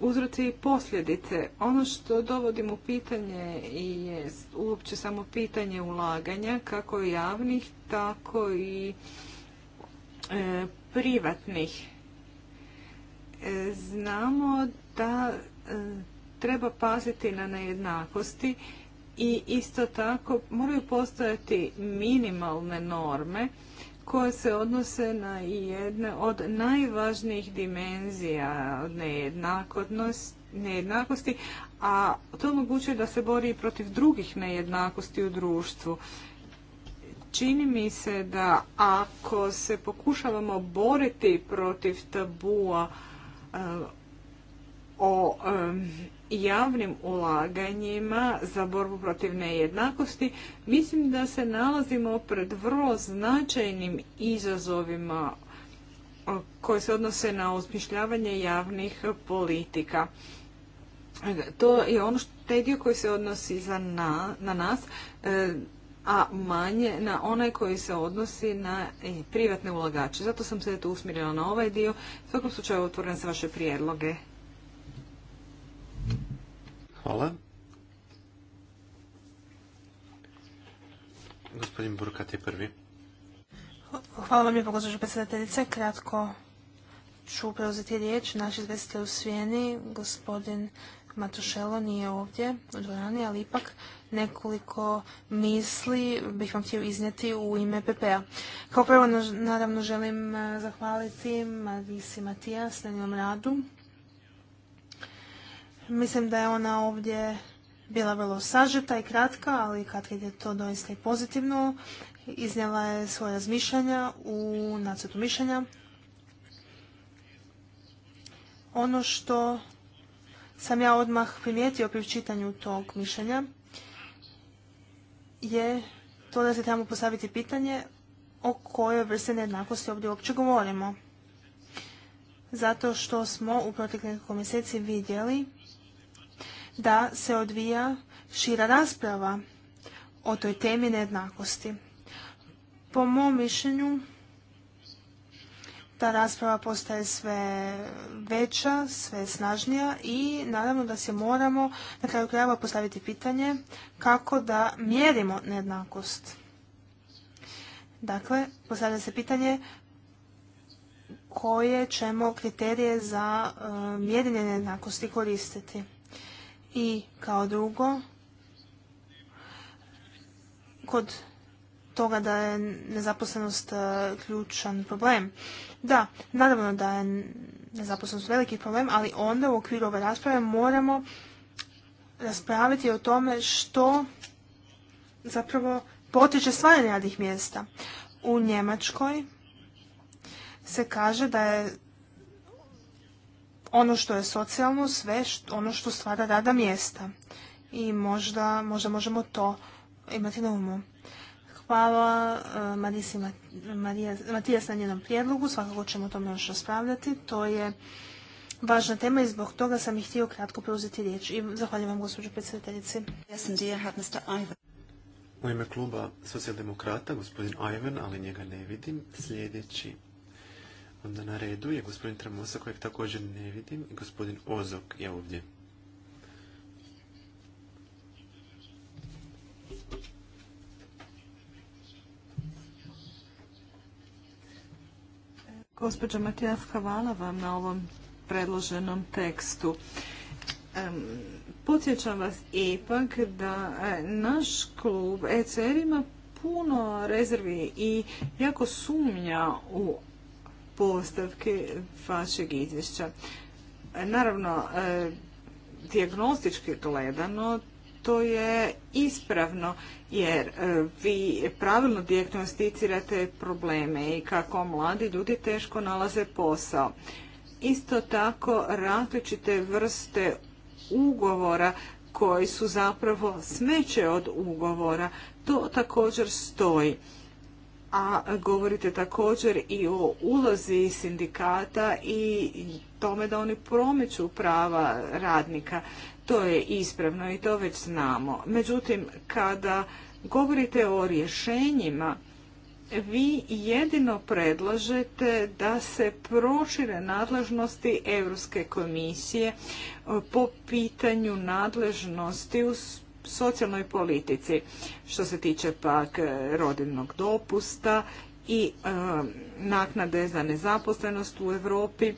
uzroci i posljedice. Ono što dovodim u pitanje je uopće samo pitanje ulaganja, kako javnih, tako i e, privatnih. E, znamo da e, treba paziti na nejednakosti i isto tako moraju postojati minimalne norme koje se odnose na jedne od najvažnijih dimenzija nejednakosti, a to omogućuje da se bori protiv drugih nejednakosti u društvu. Čini mi se da ako se pokušavamo boriti protiv tabua eh, o javnim ulaganjima za borbu protiv nejednakosti, mislim da se nalazimo pred vrlo značajnim izazovima koje se odnose na osmišljavanje javnih politika. To je ono što taj dio koji se odnosi za na, nas, e, a manje na onaj koji se odnosi na e, privatne ulagače. Zato sam se to usmjerila na ovaj dio. U svakom slučaju otvoren se vaše prijedloge. Hvala. Gospodin Burkat je prvi. Hvala vam lijepo, gospođo predsjedateljice. Kratko ću preuzeti riječ. Naš izvestitelj u Svijeni, gospodin Matošelo nije ovdje u dvorani, ali ipak nekoliko misli bih vam htio iznijeti u ime pp Kao prvo, naravno, želim eh, zahvaliti Marisi Matijas na njenom radu Mislim da je ona ovdje bila vrlo sažeta i kratka, ali kad je to doista i pozitivno, iznijela je svoje razmišljanja u nacrtu mišljenja. Ono što sam ja odmah primijetio pri čitanju tog mišljenja je to da se trebamo postaviti pitanje o kojoj vrsti nejednakosti ovdje uopće govorimo. Zato što smo u proteklih nekoliko mjeseci vidjeli da se odvija šira rasprava o toj temi nejednakosti. Po mom mišljenju, ta rasprava postaje sve veća, sve snažnija i naravno da se moramo na kraju krajeva postaviti pitanje kako da mjerimo nejednakost. Dakle, postavlja se pitanje koje ćemo kriterije za e, mjerenje nejednakosti koristiti. I kao drugo, kod toga da je nezaposlenost e, ključan problem. Da, naravno da je nezaposlenost veliki problem, ali onda u okviru ove rasprave moramo raspraviti o tome što zapravo potiče stvaranje radnih mjesta. U Njemačkoj se kaže da je ono što je socijalno, sve ono što stvara rada mjesta. I možda, možda možemo to imati na umu. Hvala e, Marisi Matijas na njenom prijedlogu, svakako ćemo o tome još raspravljati. To je važna tema i zbog toga sam ih htio kratko preuzeti riječ. I zahvaljujem vam, gospođo predsjedateljici. U kluba socijaldemokrata, gospodin Ivan, ali njega ne vidim, sljedeći Onda na redu je gospodin Tramosa kojeg također ne vidim i gospodin Ozok je ovdje. Gospođa Matijas, hvala vam na ovom predloženom tekstu. Podsjećam vas ipak da e, naš klub ECR ima puno rezervi i jako sumnja u postavke vašeg izvješća. E, naravno, e, dijagnostički gledano, to je ispravno jer e, vi pravilno dijagnosticirate probleme i kako mladi ljudi teško nalaze posao. Isto tako različite vrste ugovora koji su zapravo smeće od ugovora, to također stoji a govorite također i o ulozi sindikata i tome da oni promiču prava radnika. To je ispravno i to već znamo. Međutim, kada govorite o rješenjima, vi jedino predlažete da se prošire nadležnosti Europske komisije po pitanju nadležnosti u socijalnoj politici. Što se tiče pak e, rodinnog dopusta i e, naknade za nezaposlenost u Europi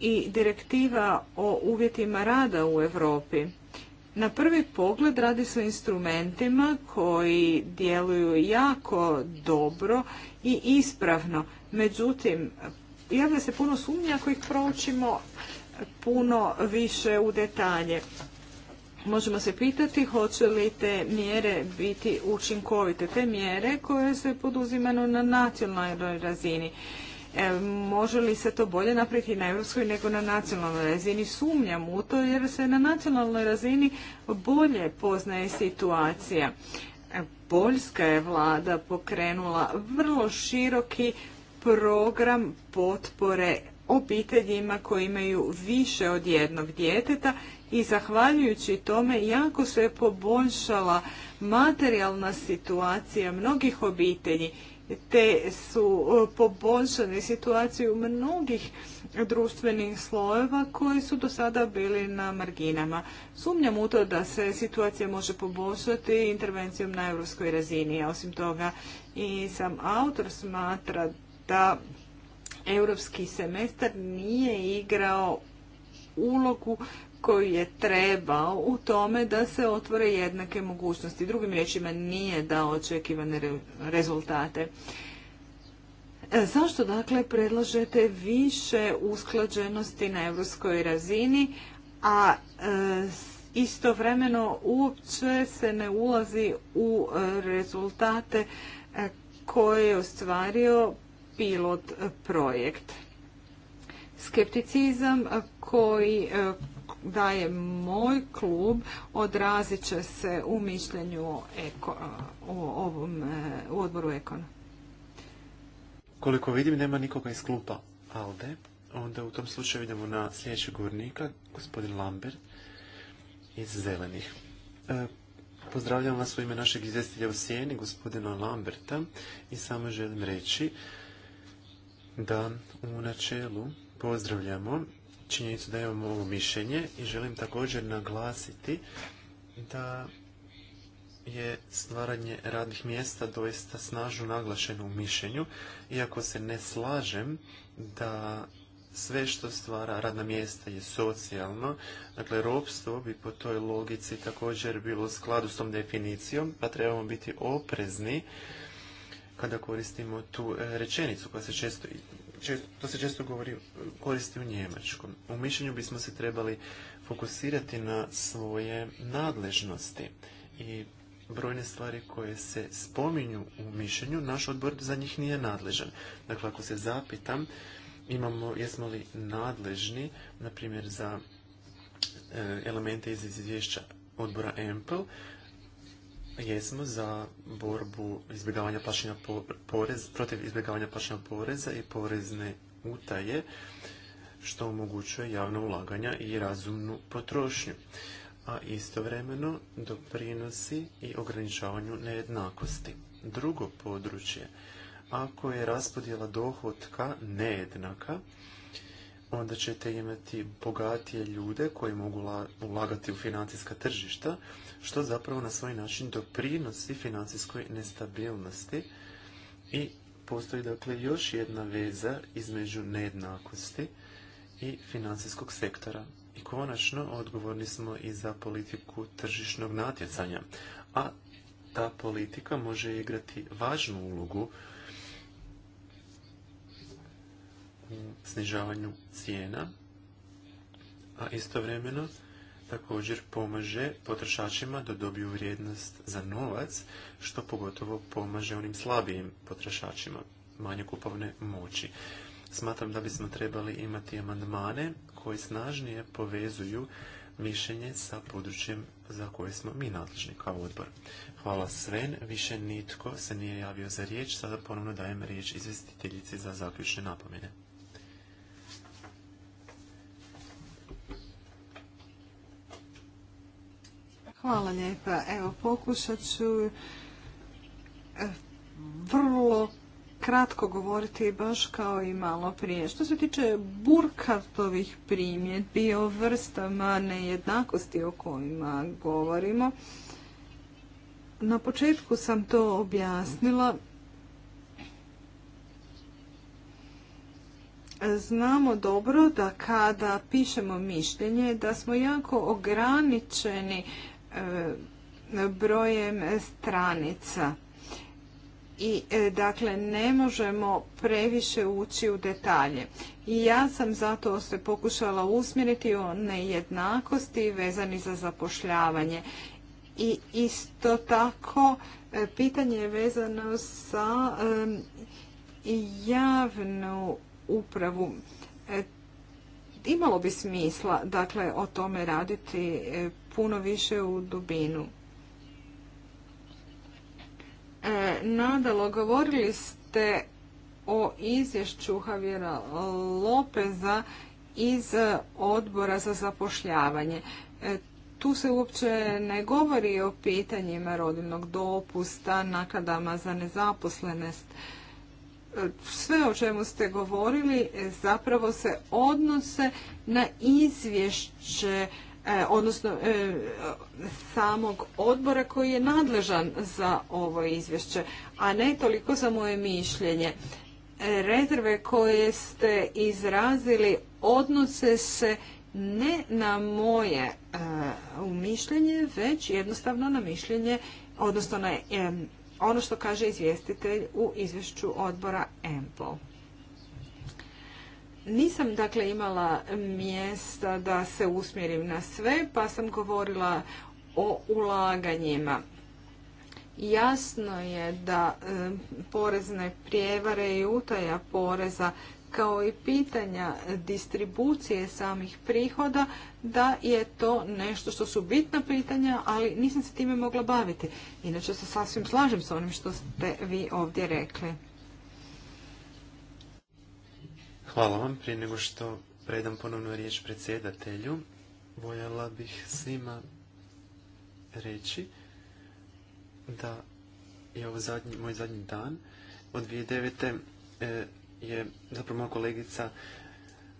i direktiva o uvjetima rada u Europi. Na prvi pogled radi se o instrumentima koji djeluju jako dobro i ispravno. Međutim, javlja se puno sumnja ako ih proučimo puno više u detalje. Možemo se pitati hoće li te mjere biti učinkovite, te mjere koje se poduzimano na nacionalnoj razini. E, može li se to bolje napraviti na europskoj nego na nacionalnoj razini? Sumnjam u to jer se na nacionalnoj razini bolje poznaje situacija. E, poljska je vlada pokrenula vrlo široki program potpore obiteljima koji imaju više od jednog djeteta i zahvaljujući tome jako se poboljšala materijalna situacija mnogih obitelji te su e, poboljšane situaciju mnogih društvenih slojeva koji su do sada bili na marginama. Sumnjam u to da se situacija može poboljšati intervencijom na europskoj razini. Osim toga i sam autor smatra da europski semestar nije igrao ulogu koji je trebao u tome da se otvore jednake mogućnosti. Drugim riječima nije dao očekivane rezultate. E, zašto dakle predlažete više usklađenosti na europskoj razini, a e, istovremeno uopće se ne ulazi u e, rezultate koje je ostvario pilot projekt? Skepticizam koji da je moj klub odrazit će se u mišljenju eko, ovom, e, u odboru ekona. Koliko vidim, nema nikoga iz klupa Alde. Onda u tom slučaju idemo na sljedećeg govornika, gospodin Lambert iz Zelenih. E, pozdravljam vas u ime našeg izvjestitelja u sjeni, gospodina Lamberta, i samo želim reći da u načelu pozdravljamo činjenicu da imamo ovo mišljenje i želim također naglasiti da je stvaranje radnih mjesta doista snažno naglašeno u mišljenju, iako se ne slažem da sve što stvara radna mjesta je socijalno. Dakle, ropstvo bi po toj logici također bilo u skladu s tom definicijom, pa trebamo biti oprezni kada koristimo tu e, rečenicu koja se često to se često govori, koristi u njemačkom. U mišljenju bismo se trebali fokusirati na svoje nadležnosti i brojne stvari koje se spominju u mišljenju, naš odbor za njih nije nadležan. Dakle, ako se zapitam, imamo, jesmo li nadležni, na primjer, za e, elemente iz izvješća odbora EMPL, jesmo za borbu izbjegavanja plaćanja poreza protiv izbjegavanja plaćanja poreza i porezne utaje, što omogućuje javna ulaganja i razumnu potrošnju, a istovremeno doprinosi i ograničavanju nejednakosti. Drugo područje, ako je raspodjela dohotka nejednaka, onda ćete imati bogatije ljude koji mogu ulagati u financijska tržišta, što zapravo na svoj način doprinosi financijskoj nestabilnosti i postoji dakle još jedna veza između nejednakosti i financijskog sektora. I konačno odgovorni smo i za politiku tržišnog natjecanja, a ta politika može igrati važnu ulogu u snižavanju cijena, a istovremeno također pomaže potrošačima da dobiju vrijednost za novac, što pogotovo pomaže onim slabijim potrošačima manje kupovne moći. Smatram da bismo trebali imati amandmane koji snažnije povezuju mišljenje sa područjem za koje smo mi nadležni kao odbor. Hvala Sven, više nitko se nije javio za riječ, sada ponovno dajem riječ izvjestiteljici za zaključne napomene. Hvala lijepa. Evo, pokušat ću e, vrlo kratko govoriti baš kao i malo prije. Što se tiče burkatovih primjedbi o vrstama nejednakosti o kojima govorimo, na početku sam to objasnila. Znamo dobro da kada pišemo mišljenje da smo jako ograničeni E, brojem stranica. I e, dakle ne možemo previše ući u detalje. I ja sam zato se pokušala usmjeriti o nejednakosti vezani za zapošljavanje. I isto tako e, pitanje je vezano sa javnu upravu. Imalo bi smisla dakle o tome raditi puno više u dubinu. E, nadalo, govorili ste o izvješću Javiera Lopeza iz e, odbora za zapošljavanje. E, tu se uopće ne govori o pitanjima rodinog dopusta, nakadama za nezaposlenost. Sve o čemu ste govorili zapravo se odnose na izvješće E, odnosno e, samog odbora koji je nadležan za ovo izvješće, a ne toliko za moje mišljenje. E, rezerve koje ste izrazili odnose se ne na moje mišljenje, već jednostavno na mišljenje, odnosno na ono što kaže izvjestitelj u izvješću odbora EMPO. Nisam dakle imala mjesta da se usmjerim na sve, pa sam govorila o ulaganjima. Jasno je da porezne prijevare i utaja poreza kao i pitanja distribucije samih prihoda, da je to nešto što su bitna pitanja, ali nisam se time mogla baviti. Inače se sasvim slažem sa onim što ste vi ovdje rekli. Hvala vam. Prije nego što predam ponovno riječ predsjedatelju, voljela bih svima reći da je ovo moj zadnji dan. Od 2009. E, je zapravo moja kolegica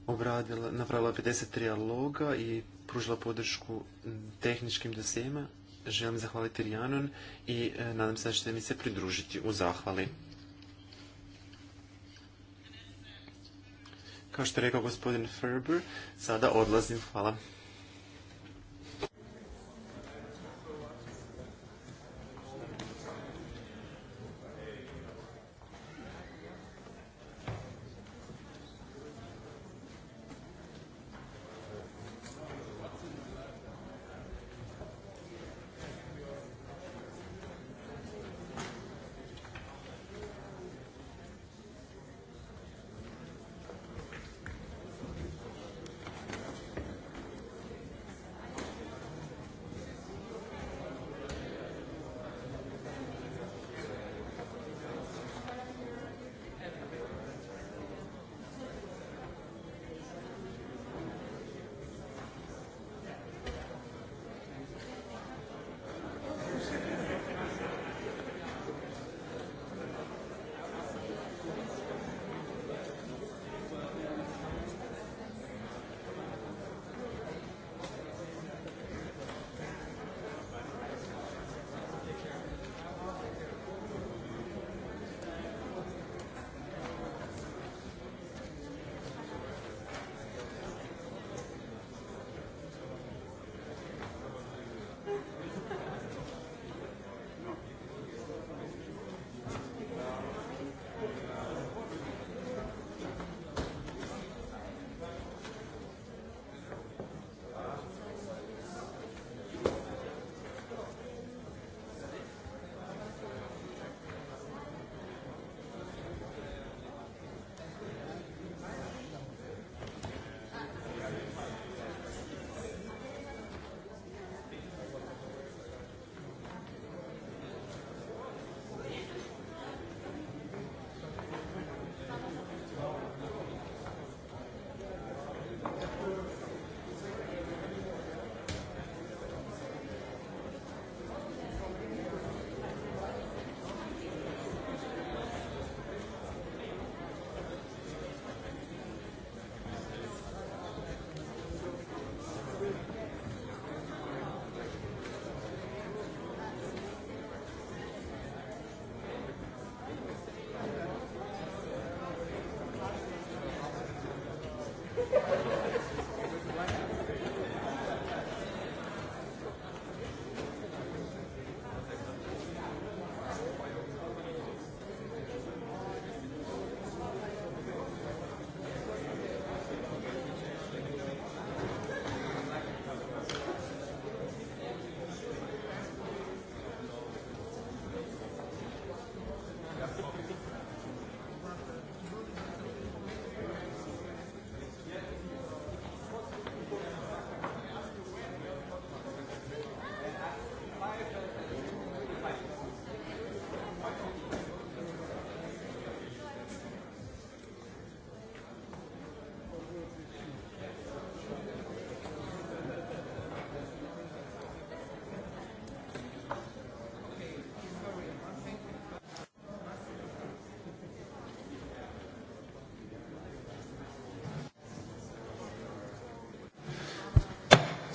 obradila, napravila 53 loga i pružila podršku tehničkim dosijema. Želim zahvaliti Rijanon i e, nadam se da ćete mi se pridružiti u zahvali. Kao što je rekao gospodin Ferber, sada odlazim. Hvala.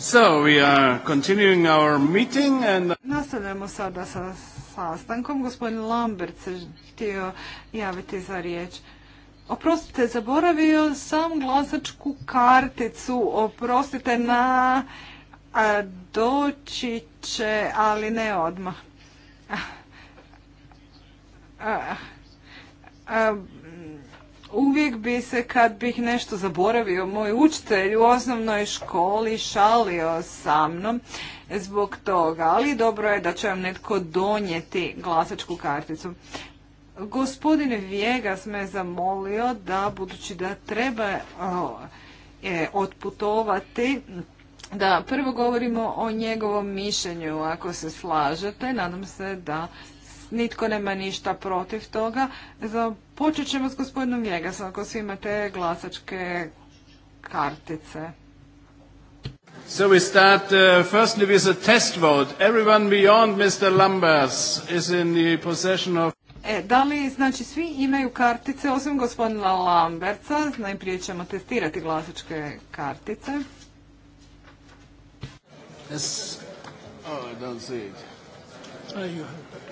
So we are uh, Nastavljamo sada sa sastankom. Gospodin Lambert se htio javiti za riječ. Oprostite, zaboravio sam glasačku karticu. Oprostite na... doći će, ali ne odmah. se kad bih nešto zaboravio. Moj učitelj u osnovnoj školi šalio sa mnom zbog toga, ali dobro je da će vam netko donijeti glasačku karticu. Gospodin Vjegas me zamolio da, budući da treba e, otputovati, da prvo govorimo o njegovom mišljenju, ako se slažete. Nadam se da nitko nema ništa protiv toga. Za Počet ćemo s gospodinom Vjegasom ako svi imate glasačke kartice. So we start uh, firstly with a test vote. Everyone beyond Mr. Lambers is in the possession of... E, da li, znači, svi imaju kartice, osim gospodina Lamberca, najprije ćemo testirati glasačke kartice. Yes. Oh, I don't see it.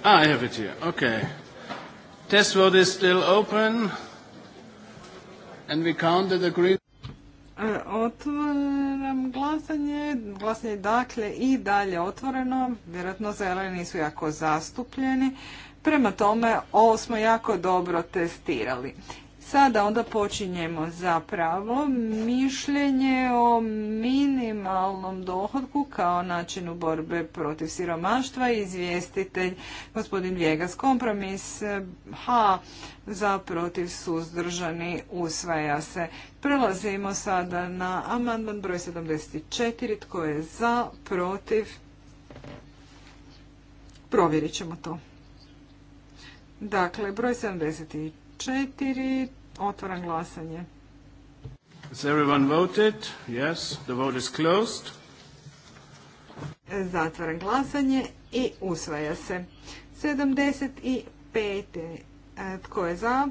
Ah, I have it here. Okay. Test vote still open. E, glasanje. Glasanje dakle i dalje otvoreno. Vjerojatno zeleni su jako zastupljeni. Prema tome, ovo smo jako dobro testirali. Sada onda počinjemo zapravo mišljenje o minimalnom dohodku kao načinu borbe protiv siromaštva. Izvjestitelj gospodin Vjegas kompromis ha, za protiv suzdržani usvaja se. Prelazimo sada na amandman broj 74. Tko je za, protiv? Provjerit ćemo to. Dakle, broj 74. Otvaram glasanje. Has everyone voted? Yes, the vote is closed. Zatvaram glasanje i usvaja se. 75. E, tko je za?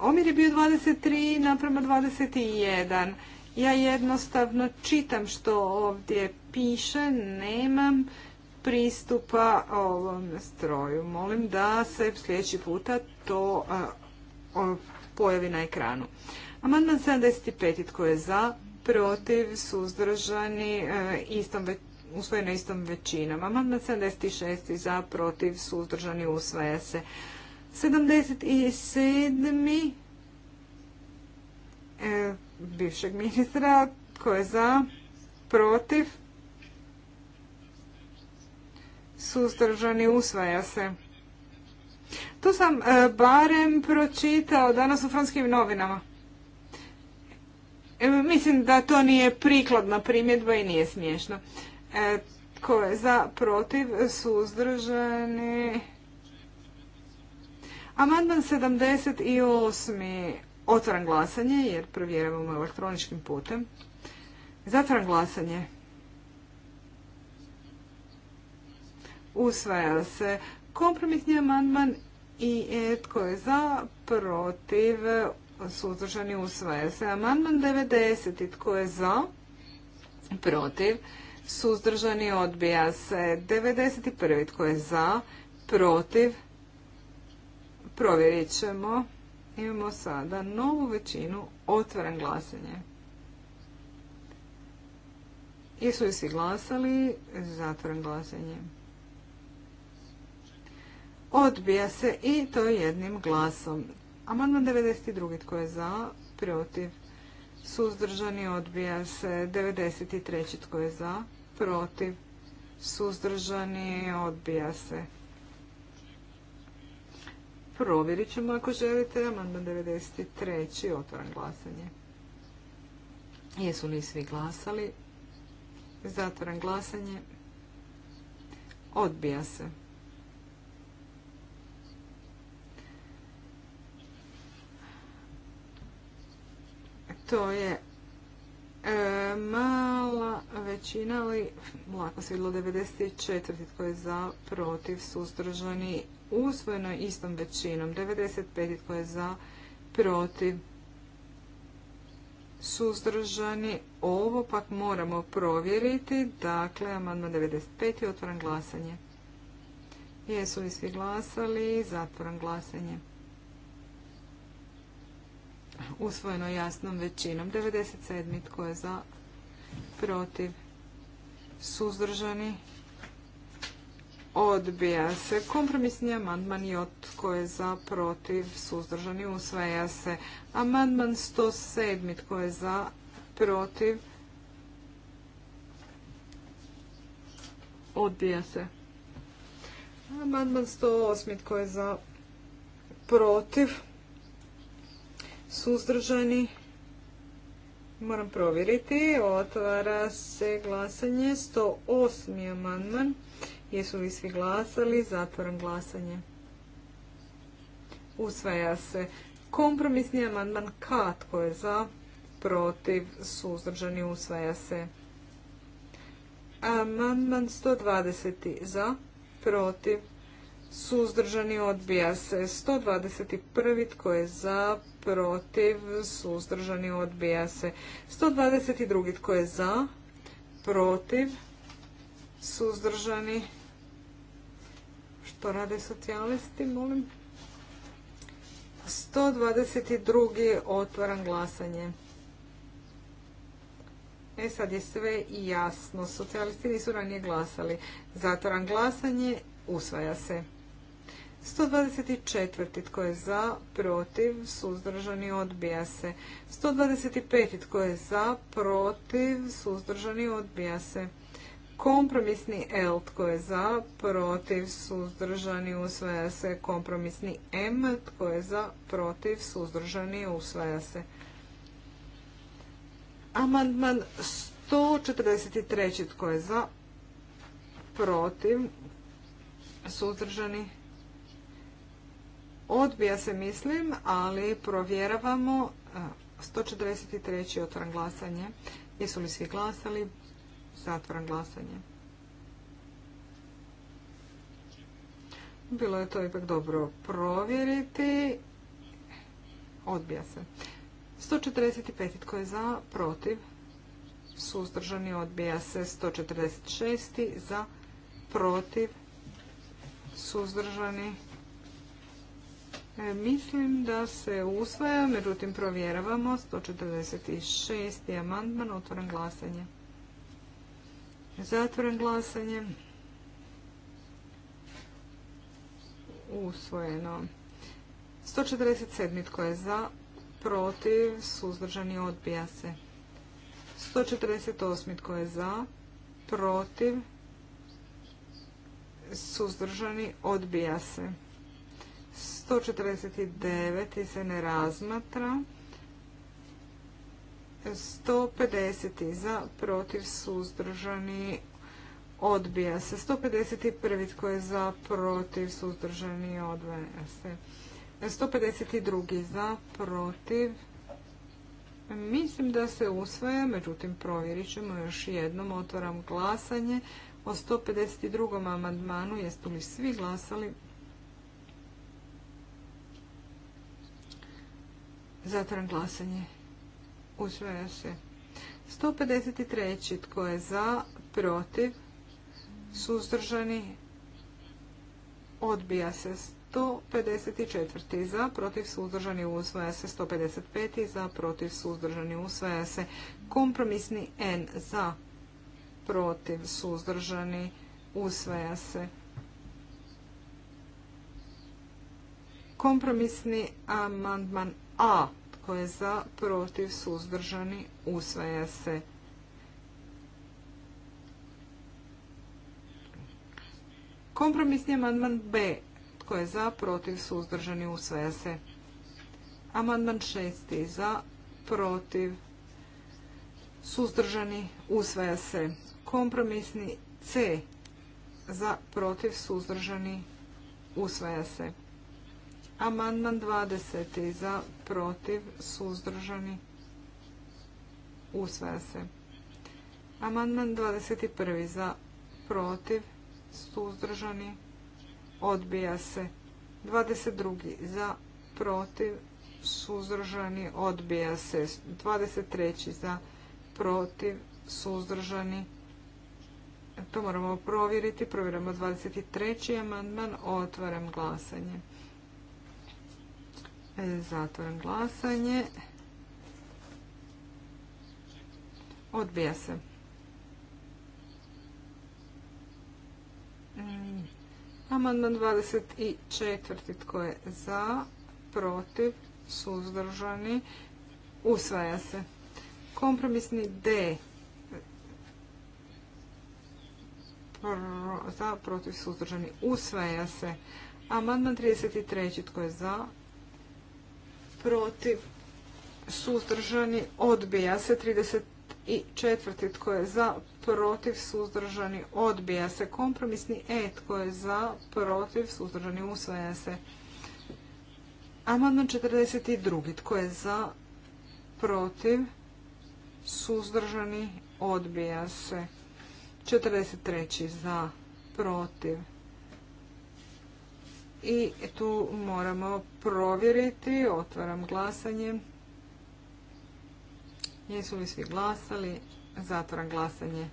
Omir je bio 23 naprema 21. Ja jednostavno čitam što ovdje piše, nemam pristupa ovom stroju. Molim da se sljedeći puta to pojavi na ekranu. Amandman 75. Tko je za? Protiv? Suzdržani? E, istom usvojeno istom većinom. Amandman 76. za, protiv, suzdržani, usvaja se. 77. E, bivšeg ministra, tko je za, protiv, suzdržani, usvaja se. To sam e, barem pročitao danas u franskim novinama. E, mislim da to nije prikladna primjedba i nije smiješno. E, tko je za, protiv, suzdržani... Amandman 78. Otvaram glasanje jer provjeravamo elektroničkim putem. Zatvaram glasanje. usvaja se. Kompromisni amandman i e, tko je za, protiv, suzdržani usvaja se. Amandman 90. Tko je za, protiv, suzdržani odbija se. 91. Tko je za, protiv, provjerit ćemo. Imamo sada novu većinu, otvoren glasanje. Jesu li svi glasali? Zatvoren glasanje. Odbija se i to jednim glasom. Amandman 92. Tko je za? Protiv. Suzdržani odbija se. 93. Tko je za? Protiv. Suzdržani odbija se. Provjerit ćemo ako želite. Amandman 93. otvoran glasanje. Jesu li svi glasali? Zatvoran glasanje. Odbija se. To je e, mala većina, ali lako se 94. Tko je za, protiv, suzdržani, usvojeno istom većinom. 95. Tko je za, protiv, suzdržani. Ovo pak moramo provjeriti. Dakle, amandman 95. Otvoram glasanje. Jesu li svi glasali? Zatvoram glasanje usvojeno jasnom većinom. 97. tko je za, protiv, suzdržani, odbija se. Kompromisni amandman od tko je za, protiv, suzdržani, usvaja se. Amandman 107. tko je za, protiv, odbija se. Amandman 108. tko je za, protiv, suzdržani? Moram provjeriti. Otvara se glasanje. 108. amandman. Jesu li svi glasali? Zatvoram glasanje. Usvaja se. Kompromisni amandman katko Tko je za? Protiv. Suzdržani. Usvaja se. Amandman 120. Za? Protiv suzdržani odbija se 121 tko je za protiv suzdržani odbija se 122 tko je za protiv suzdržani što rade socijalisti molim 122 otvaram glasanje E sad je sve jasno. Socijalisti nisu ranije glasali. Zatvaram glasanje usvaja se. 124. tko je za, protiv, suzdržani, odbija se. 125. tko je za, protiv, suzdržani, odbija se. Kompromisni L tko je za, protiv, suzdržani, usvaja se. Kompromisni M tko je za, protiv, suzdržani, usvaja se. Amandman 143. tko je za, protiv, suzdržani, Odbija se, mislim, ali provjeravamo 143. otvoran glasanje. Jesu li svi glasali? Zatvoran glasanje. Bilo je to ipak dobro provjeriti. Odbija se. 145. Tko je za? Protiv. Suzdržani odbija se. 146. Za? Protiv. Suzdržani E, mislim da se usvaja, međutim provjeravamo. 146. amandman, otvoren glasanje. Zatvoren glasanje. Usvojeno. 147. tko je za, protiv, suzdržani, odbija se. 148. tko je za, protiv, suzdržani, odbija se. 149. se ne razmatra. 150. za protiv suzdržani odbija se. 151. tko je za protiv suzdržani odbija se. 152. za protiv Mislim da se usvaja, međutim provjerit ćemo još jednom. Otvaram glasanje o 152. amandmanu. Jeste li svi glasali? Zatvaram glasanje. Usvaja se. 153. Tko je za? Protiv? Suzdržani? Odbija se. 154. Za? Protiv? Suzdržani? Usvaja se. 155. Za? Protiv? Suzdržani? Usvaja se. Kompromisni N. Za? Protiv? Suzdržani? Usvaja se. Kompromisni amandman a. Tko je za, protiv, suzdržani, usvaja se. Kompromisni amandman B. Tko je za, protiv, suzdržani, usvaja se. Amandman šesti. Za, protiv, suzdržani, usvaja se. Kompromisni C. Za, protiv, suzdržani, usvaja se. Amandman 20. za protiv suzdržani usvaja se. Amandman 21. za protiv suzdržani odbija se. 22. za protiv suzdržani odbija se. 23. za protiv suzdržani to moramo provjeriti. Provjeramo 23. amandman. Otvaram glasanje. E, zatvoren glasanje. Odbija se. E, amandman 24. Tko je za, protiv, suzdržani, usvaja se. Kompromisni D. za, protiv, suzdržani, usvaja se. Amandman 33. Tko je za, protiv, suzdržani, odbija se. 34. tko je za, protiv, suzdržani, odbija se. Kompromisni et tko je za, protiv, suzdržani, usvaja se. Amandman 42. tko je za, protiv, suzdržani, odbija se. 43. za, protiv, i tu moramo provjeriti. Otvaram glasanje. Jesu li svi glasali? Zatvaram glasanje.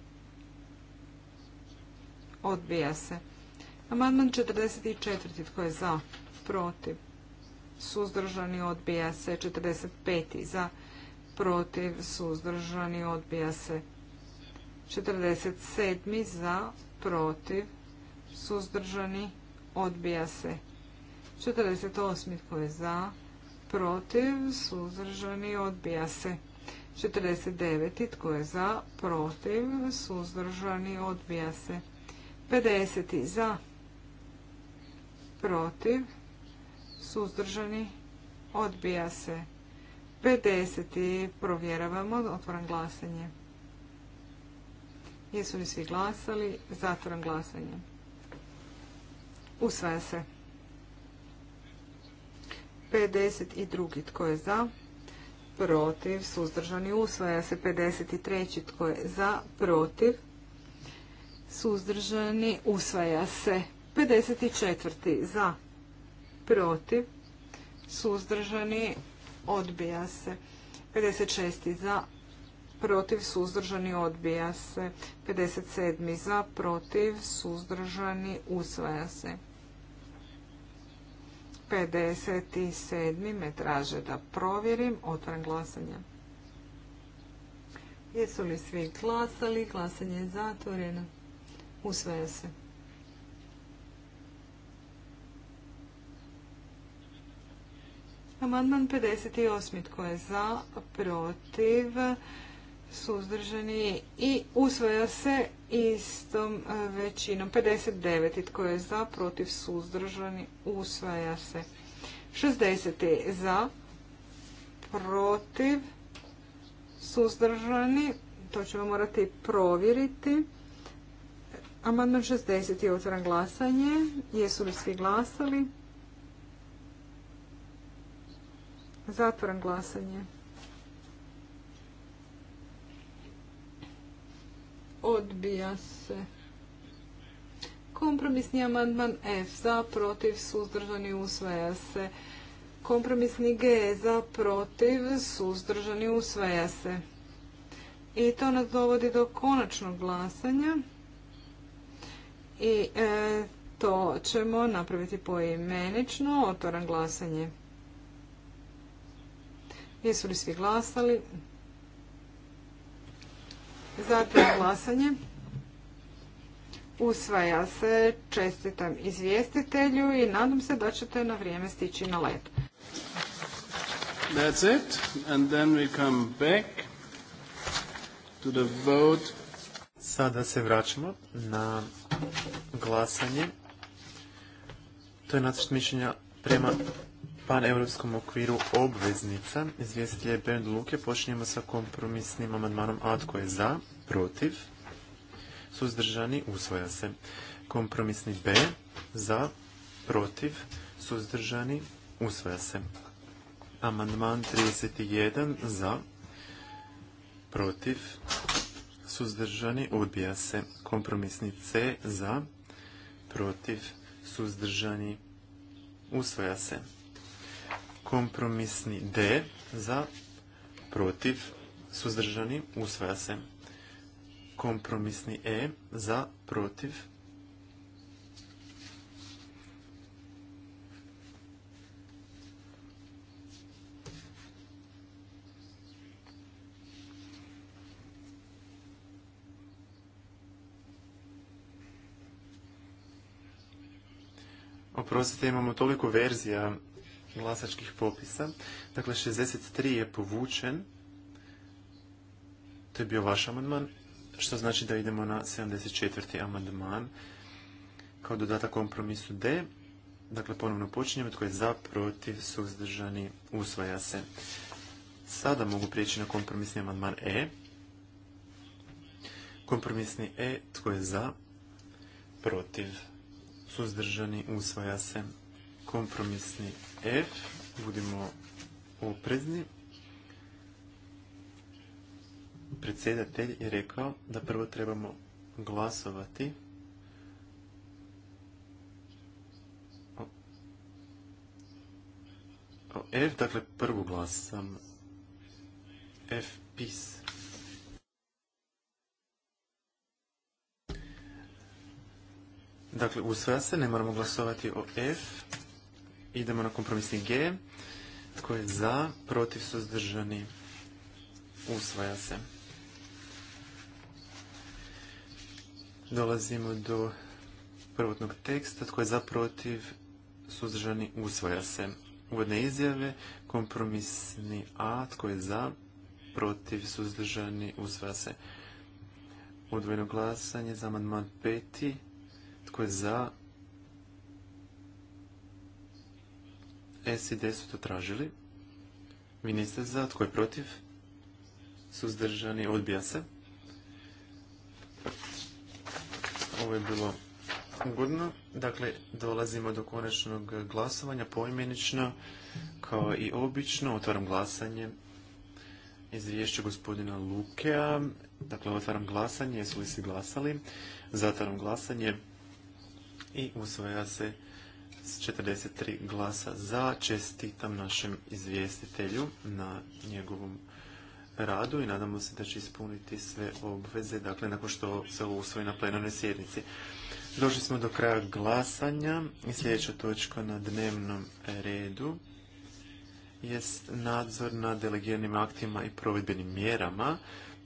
Odbija se. Amandman 44. Tko je za? Protiv. Suzdržani odbija se. 45. Za. Protiv. Suzdržani odbija se. 47. Za. Protiv. Suzdržani odbija se. 48. tko je za, protiv, suzdržani, odbija se. 49. tko je za, protiv, suzdržani, odbija se. 50. za, protiv, suzdržani, odbija se. 50. provjeravamo, otvoram glasanje. Jesu li svi glasali? Zatvoram glasanje. Usvaja se. 52. Tko je za? Protiv. Suzdržani. Usvaja se. 53. Tko je za? Protiv. Suzdržani. Usvaja se. 54. Za. Protiv. Suzdržani. Odbija se. 56. Za. Protiv. Suzdržani. Odbija se. 57. Za. Protiv. Suzdržani. Usvaja se. 57. me traže da provjerim. Otvaram glasanje. Jesu li svi glasali? Glasanje je zatvoreno. Usvaja se. Amandman 58. Tko je za, protiv, suzdržani i usvaja se istom e, većinom. 59. Tko je za, protiv, suzdržani, usvaja se. 60. Za, protiv, suzdržani, to ćemo morati provjeriti. Amandman 60 je otvoran glasanje. Jesu li svi glasali? Zatvoran glasanje. odbija se. Kompromisni amandman F za, protiv, suzdržani, usvaja se. Kompromisni G za, protiv, suzdržani, usvaja se. I to nas dovodi do konačnog glasanja. I e, to ćemo napraviti poimenično. Otvoram glasanje. Jesu li svi glasali? Zatim glasanje. Usvaja se, čestitam izvjestitelju i nadam se da ćete na vrijeme stići na let. That's it. And then we come back to the vote. Sada se vraćamo na glasanje. To je nacrt mišljenja prema europskom okviru obveznica. Izvjestitelj je Bernd Luke. Počinjemo sa kompromisnim amandmanom A tko je za, protiv, suzdržani, usvoja se. Kompromisni B za, protiv, suzdržani, usvoja se. Amandman 31 za, protiv, suzdržani, odbija se. Kompromisni C za, protiv, suzdržani, usvoja se. Kompromisni D za protiv suzdržani usvaja se. Kompromisni E za protiv Oprostite, imamo toliko verzija glasačkih popisa. Dakle, 63 je povučen. To je bio vaš amandman, što znači da idemo na 74. amandman kao dodatak kompromisu D. Dakle, ponovno počinjemo, tko je za, protiv, suzdržani, usvaja se. Sada mogu prijeći na kompromisni amandman E. Kompromisni E, tko je za, protiv, suzdržani, usvaja se kompromisni F, budimo oprezni. Predsjedatelj je rekao da prvo trebamo glasovati o, F, dakle prvu glasam F pis. Dakle, usvaja se, ne moramo glasovati o F. Idemo na kompromisni G. Tko je za, protiv, suzdržani, usvaja se. Dolazimo do prvotnog teksta. Tko je za, protiv, suzdržani, usvaja se. Uvodne izjave, kompromisni A. Tko je za, protiv, suzdržani, usvaja se. Odvojeno glasanje za amandman peti. Tko je za, D su to tražili. Vi niste za, tko je protiv? Suzdržani, odbija se. Ovo je bilo ugodno. Dakle, dolazimo do konačnog glasovanja, poimenično, kao i obično. Otvaram glasanje. Izvješće gospodina Lukea. Dakle, otvaram glasanje. Jesu li svi glasali? Zatvaram glasanje. I usvaja se 43 glasa za. Čestitam našem izvjestitelju na njegovom radu i nadamo se da će ispuniti sve obveze, dakle, nakon što se ovo usvoji na plenarnoj sjednici. Došli smo do kraja glasanja i sljedeća točka na dnevnom redu jest nadzor nad delegiranim aktima i provedbenim mjerama.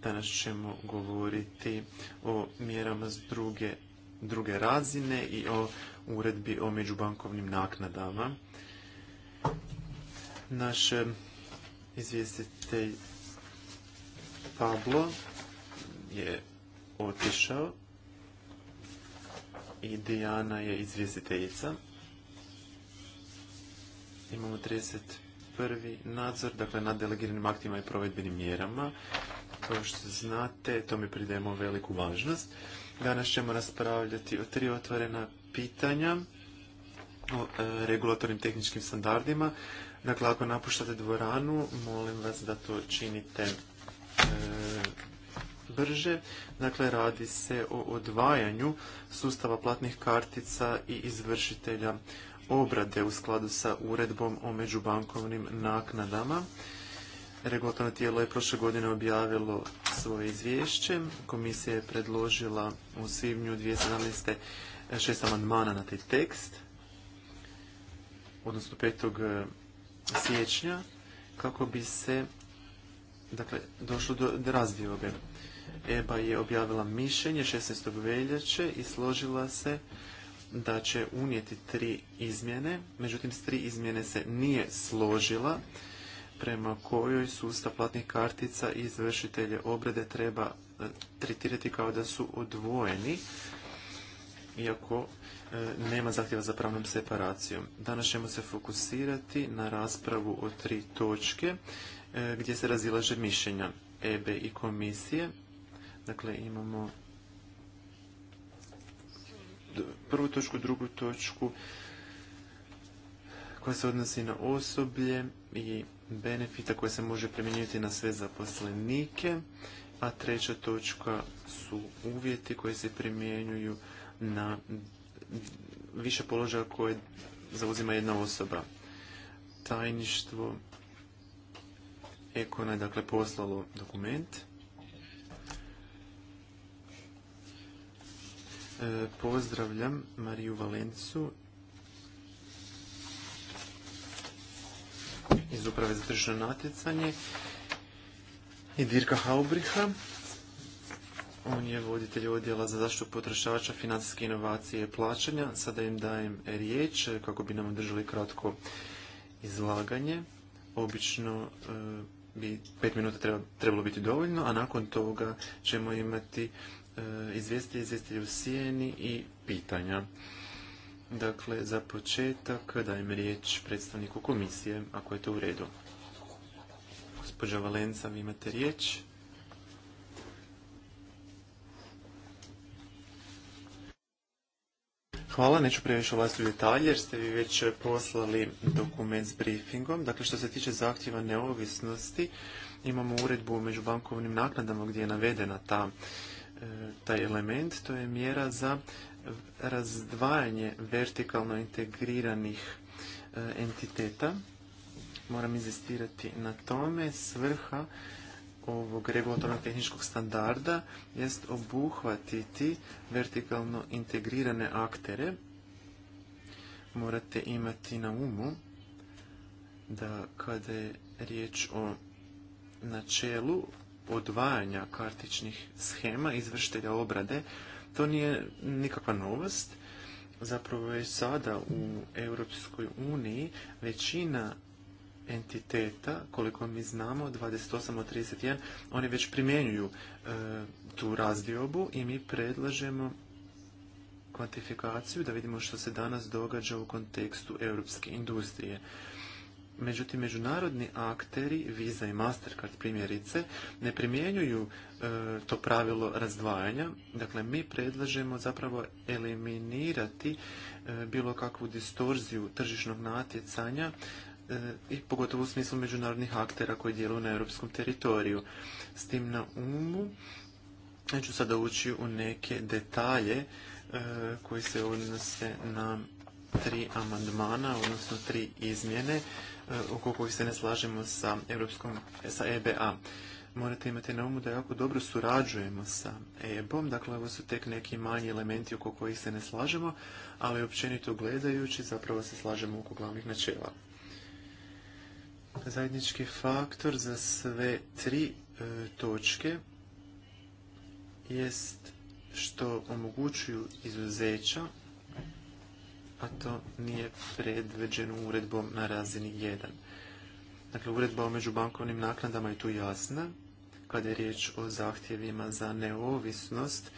Danas ćemo govoriti o mjerama s druge druge razine i o uredbi o međubankovnim naknadama. Naš e, izvjestitelj Pablo je otišao i Dijana je izvjestiteljica. Imamo 31. nadzor, dakle nad delegiranim aktima i provedbenim mjerama. Kao što znate, to mi pridajemo veliku važnost. Danas ćemo raspravljati o tri otvorena pitanja o e, regulatornim tehničkim standardima. Dakle, ako napuštate dvoranu, molim vas da to činite e, brže. Dakle, radi se o odvajanju sustava platnih kartica i izvršitelja obrade u skladu sa uredbom o međubankovnim naknadama. Regulatorno tijelo je prošle godine objavilo svoje izvješće. Komisija je predložila u svibnju 2017. šest amandmana na taj tekst, odnosno 5. E, siječnja, kako bi se dakle, došlo do razdiobe. EBA je objavila mišljenje 16. veljače i složila se da će unijeti tri izmjene, međutim s tri izmjene se nije složila prema kojoj sustav platnih kartica i izvršitelje obrade treba e, tretirati kao da su odvojeni, iako e, nema zahtjeva za pravnom separacijom. Danas ćemo se fokusirati na raspravu o tri točke e, gdje se razilaže mišljenja EBE i komisije. Dakle, imamo prvu točku, drugu točku koja se odnosi na osoblje i benefita koje se može primjenjivati na sve zaposlenike, a treća točka su uvjeti koji se primjenjuju na više položaja koje zauzima jedna osoba. Tajništvo Ekona je dakle poslalo dokument. E, pozdravljam Mariju Valencu iz Uprave za tržno natjecanje i Dirka Haubriha. On je voditelj odjela za zaštitu potrošača, financijske inovacije i plaćanja. Sada im dajem riječ kako bi nam održali kratko izlaganje. Obično eh, bi pet minuta trebalo biti dovoljno, a nakon toga ćemo imati eh, izvjestitelje, u Sijeni i pitanja. Dakle, za početak dajem riječ predstavniku komisije, ako je to u redu. Gospođa Valenca, vi imate riječ. Hvala, neću previše ulaziti u detalje jer ste vi već poslali dokument s briefingom. Dakle, što se tiče zahtjeva neovisnosti, imamo uredbu o međubankovnim naknadama gdje je navedena ta E, taj element, to je mjera za razdvajanje vertikalno integriranih e, entiteta. Moram izistirati na tome. Svrha ovog regulatornog tehničkog standarda jest obuhvatiti vertikalno integrirane aktere. Morate imati na umu da kada je riječ o načelu odvajanja kartičnih schema izvršitelja obrade, to nije nikakva novost. Zapravo je sada u Europskoj uniji većina entiteta, koliko mi znamo, 28 od 31, oni već primjenjuju e, tu razdiobu i mi predlažemo kvantifikaciju da vidimo što se danas događa u kontekstu europske industrije. Međutim, međunarodni akteri, Visa i Mastercard primjerice, ne primjenjuju e, to pravilo razdvajanja. Dakle, mi predlažemo zapravo eliminirati e, bilo kakvu distorziju tržišnog natjecanja e, i pogotovo u smislu međunarodnih aktera koji djeluju na europskom teritoriju. S tim na umu, ću sada ući u neke detalje koji se odnose na tri amandmana, odnosno tri izmjene E, oko kojih se ne slažemo sa, Europskom, sa EBA. Morate imati na umu da jako dobro surađujemo sa EBOM, dakle ovo su tek neki manji elementi oko kojih se ne slažemo, ali općenito gledajući zapravo se slažemo oko glavnih načela. Zajednički faktor za sve tri e, točke jest što omogućuju izuzeća to nije predveđeno uredbom na razini 1. Dakle, uredba o međubankovnim naknadama je tu jasna, kada je riječ o zahtjevima za neovisnost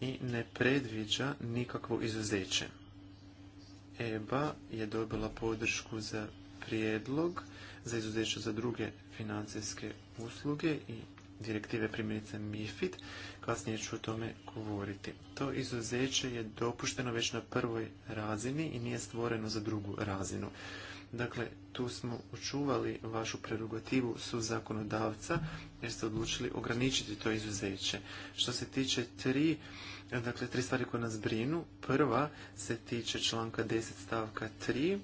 i ne predviđa nikakvo izuzeće. EBA je dobila podršku za prijedlog za izuzeće za druge financijske usluge i direktive primjerice MIFID, kasnije ću o tome govoriti. To izuzeće je dopušteno već na prvoj razini i nije stvoreno za drugu razinu. Dakle, tu smo očuvali vašu prerogativu su zakonodavca jer ste odlučili ograničiti to izuzeće. Što se tiče tri, dakle, tri stvari koje nas brinu, prva se tiče članka 10 stavka 3,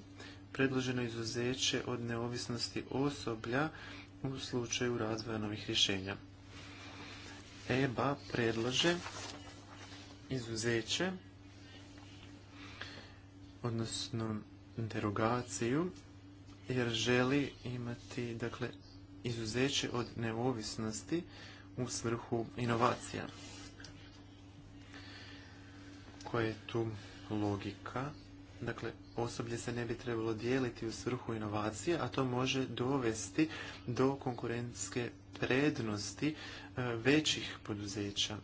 predloženo izuzeće od neovisnosti osoblja u slučaju razvoja novih rješenja. EBA predlaže izuzeće, odnosno derogaciju, jer želi imati dakle, izuzeće od neovisnosti u svrhu inovacija. Koja je tu logika Dakle, osoblje se ne bi trebalo dijeliti u svrhu inovacije, a to može dovesti do konkurentske prednosti e, većih poduzeća.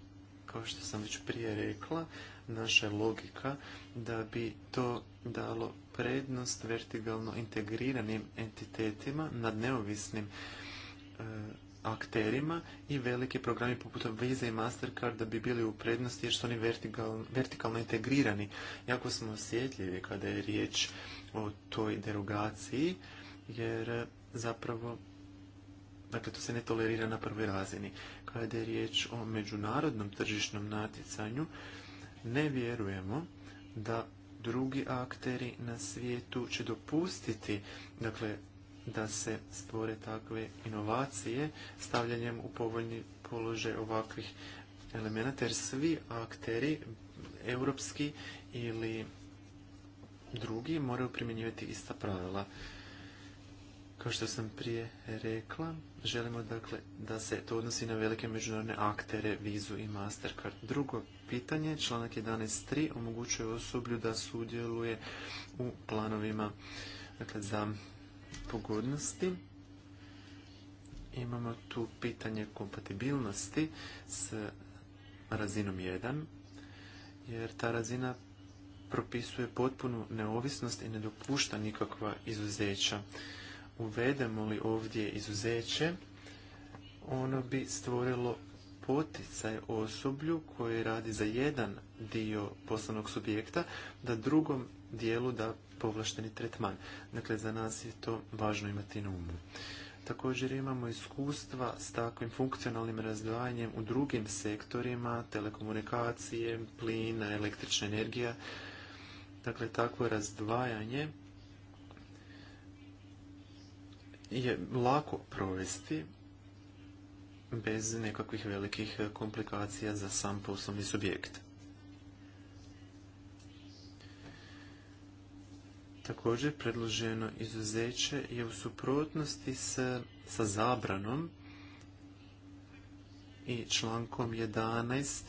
Kao što sam već prije rekla, naša logika da bi to dalo prednost vertikalno integriranim entitetima nad neovisnim e, akterima i veliki programi poput Visa i Mastercard da bi bili u prednosti jer su oni vertikalno integrirani. Jako smo osjetljivi kada je riječ o toj derogaciji jer zapravo dakle to se ne tolerira na prvoj razini. Kada je riječ o međunarodnom tržišnom natjecanju ne vjerujemo da drugi akteri na svijetu će dopustiti dakle da se stvore takve inovacije stavljanjem u povoljni položaj ovakvih elemenata jer svi akteri europski ili drugi moraju primjenjivati ista pravila. Kao što sam prije rekla, želimo dakle da se to odnosi na velike međunarodne aktere, Vizu i Mastercard. Drugo pitanje, članak 11.3 omogućuje osoblju da sudjeluje u planovima dakle, za pogodnosti. Imamo tu pitanje kompatibilnosti s razinom 1, jer ta razina propisuje potpunu neovisnost i ne dopušta nikakva izuzeća. Uvedemo li ovdje izuzeće, ono bi stvorilo poticaj osoblju koji radi za jedan dio poslovnog subjekta da drugom dijelu da povlašteni tretman. Dakle, za nas je to važno imati na umu. Također imamo iskustva s takvim funkcionalnim razdvajanjem u drugim sektorima, telekomunikacije, plina, električna energija. Dakle, takvo razdvajanje je lako provesti bez nekakvih velikih komplikacija za sam poslovni subjekt. Također, predloženo izuzeće je u suprotnosti sa, zabranom i člankom 11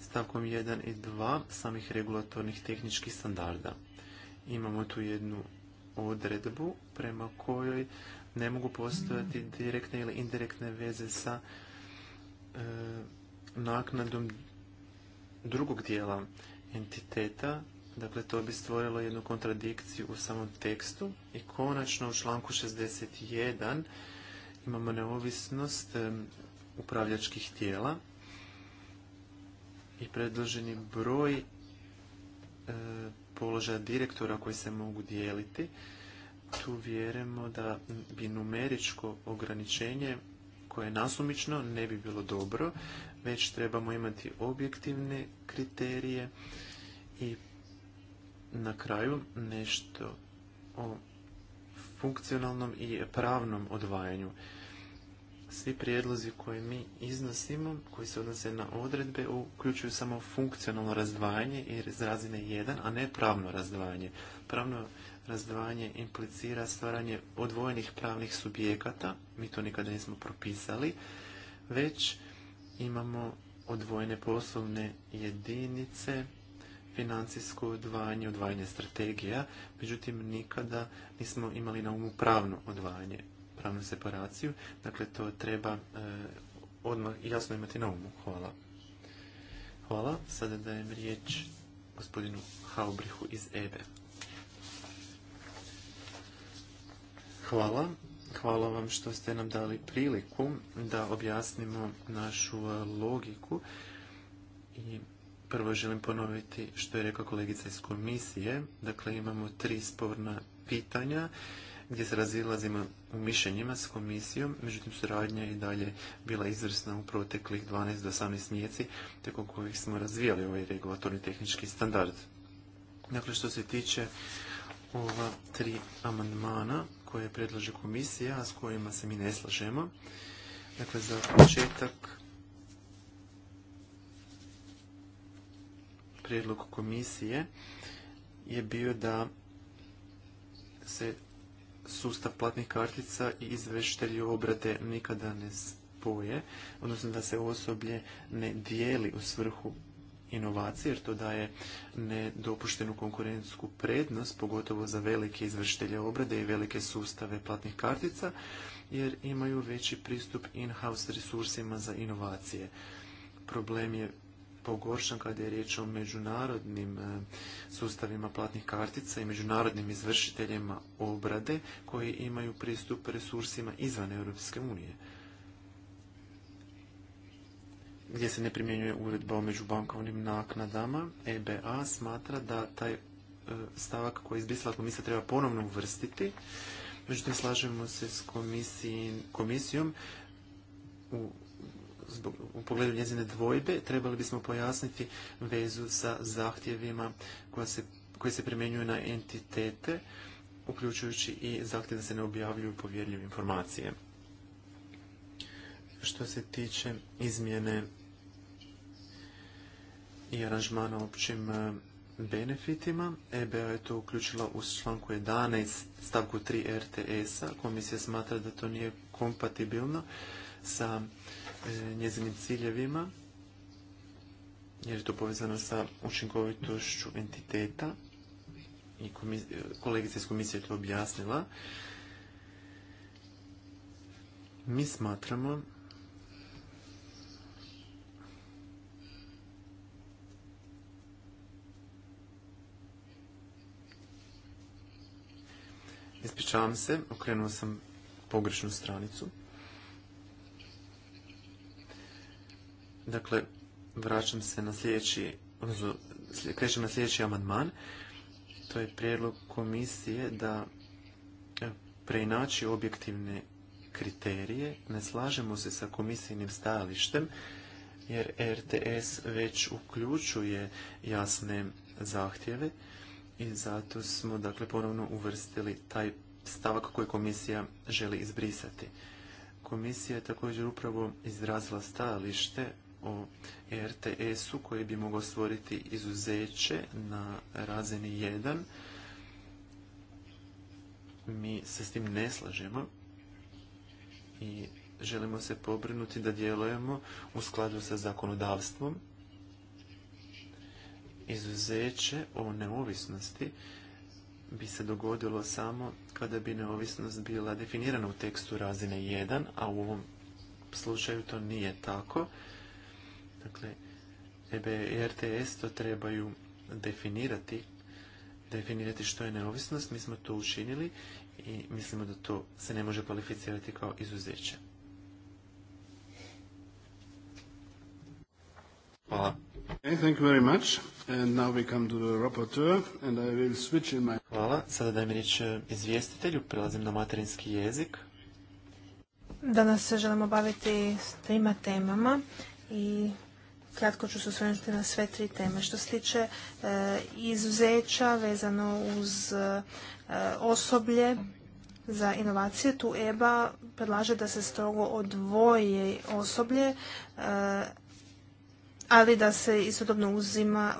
stavkom 1 i 2 samih regulatornih tehničkih standarda. Imamo tu jednu odredbu prema kojoj ne mogu postojati direktne ili indirektne veze sa e, naknadom drugog dijela entiteta Dakle, to bi stvorilo jednu kontradikciju u samom tekstu. I konačno u članku 61 imamo neovisnost upravljačkih tijela i predloženi broj e, položaja direktora koji se mogu dijeliti. Tu vjerujemo da bi numeričko ograničenje koje je nasumično ne bi bilo dobro, već trebamo imati objektivne kriterije i na kraju nešto o funkcionalnom i pravnom odvajanju. Svi prijedlozi koje mi iznosimo, koji se odnose na odredbe, uključuju samo funkcionalno razdvajanje iz razine 1, a ne pravno razdvajanje. Pravno razdvajanje implicira stvaranje odvojenih pravnih subjekata, mi to nikada nismo propisali, već imamo odvojene poslovne jedinice financijsko odvajanje, odvajanje strategija, međutim nikada nismo imali na umu pravno odvajanje, pravnu separaciju, dakle to treba eh, odmah jasno imati na umu. Hvala. Hvala. Sada dajem riječ gospodinu Haubrihu iz EBE. E. Hvala. Hvala vam što ste nam dali priliku da objasnimo našu eh, logiku i Prvo želim ponoviti što je rekla kolegica iz komisije. Dakle, imamo tri sporna pitanja gdje se razilazimo u mišljenjima s komisijom, međutim suradnja je i dalje bila izvrsna u proteklih 12 do 18 mjeseci, tijekom kojih smo razvijali ovaj regulatorni tehnički standard. Dakle, što se tiče ova tri amandmana koje predlaže komisija, a s kojima se mi ne slažemo, dakle, za početak prijedlog komisije je bio da se sustav platnih kartica i izveštelji obrate nikada ne spoje, odnosno da se osoblje ne dijeli u svrhu inovacije, jer to daje nedopuštenu konkurentsku prednost, pogotovo za velike izvršitelje obrade i velike sustave platnih kartica, jer imaju veći pristup in-house resursima za inovacije. Problem je pogoršan kada je riječ o međunarodnim e, sustavima platnih kartica i međunarodnim izvršiteljima obrade koji imaju pristup resursima izvan Europske unije gdje se ne primjenjuje uredba o međubankovnim naknadama, EBA smatra da taj e, stavak koji je izbrisala komisija treba ponovno uvrstiti. Međutim, slažemo se s komisijom u zbog, u pogledu njezine dvojbe trebali bismo pojasniti vezu sa zahtjevima koja se, koje se primjenjuju na entitete, uključujući i zahtjev da se ne objavljuju povjerljive informacije. Što se tiče izmjene i aranžmana općim e, benefitima. EBA je to uključila u članku 11 stavku 3 RTS-a. E Komisija smatra da to nije kompatibilno sa E, njezinim ciljevima, jer je to povezano sa učinkovitošću entiteta i e, kolegica iz komisije to objasnila. Mi smatramo Ispričavam se, okrenuo sam pogrešnu stranicu. Dakle, vraćam se na sljedeći, krećem na sljedeći amandman. To je prijedlog komisije da e, preinači objektivne kriterije. Ne slažemo se sa komisijnim stajalištem, jer RTS već uključuje jasne zahtjeve i zato smo dakle ponovno uvrstili taj stavak koji komisija želi izbrisati. Komisija je također upravo izrazila stajalište o RTS-u koji bi mogao stvoriti izuzeće na razini 1. Mi se s tim ne slažemo i želimo se pobrinuti da djelujemo u skladu sa zakonodavstvom. Izuzeće o neovisnosti bi se dogodilo samo kada bi neovisnost bila definirana u tekstu razine 1, a u ovom slučaju to nije tako. Dakle, EBE i e, RTS to trebaju definirati, definirati što je neovisnost, mi smo to učinili i mislimo da to se ne može kvalificirati kao izuzeće. Hvala. Hvala. Sada dajem riječ e, izvjestitelju. Prelazim na materinski jezik. Danas se želimo baviti s trima temama i Kratko ću se osvrnuti na sve tri teme. Što se tiče e, izuzeća vezano uz e, osoblje za inovacije, tu EBA predlaže da se strogo odvoje osoblje, e, ali da se istodobno uzima,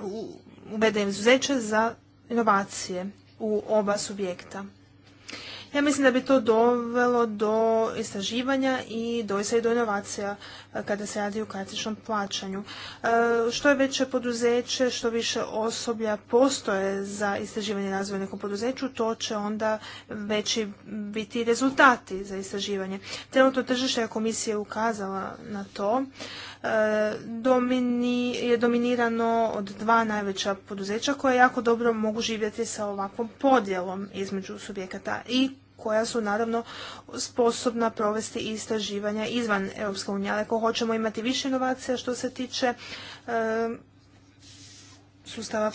uvede izuzeće za inovacije u oba subjekta. Ja mislim da bi to dovelo do istraživanja i doista i do inovacija kada se radi o kartičnom plaćanju. E, što je veće poduzeće, što više osoblja postoje za istraživanje i razvoj nekom poduzeću, to će onda veći biti rezultati za istraživanje. Trenutno tržište komisija je ukazala na to e, je dominirano od dva najveća poduzeća koja jako dobro mogu živjeti sa ovakvom podjelom između subjekata i koja su naravno sposobna provesti istraživanja izvan Europske unije. Ali ako hoćemo imati više inovacija što se tiče sustava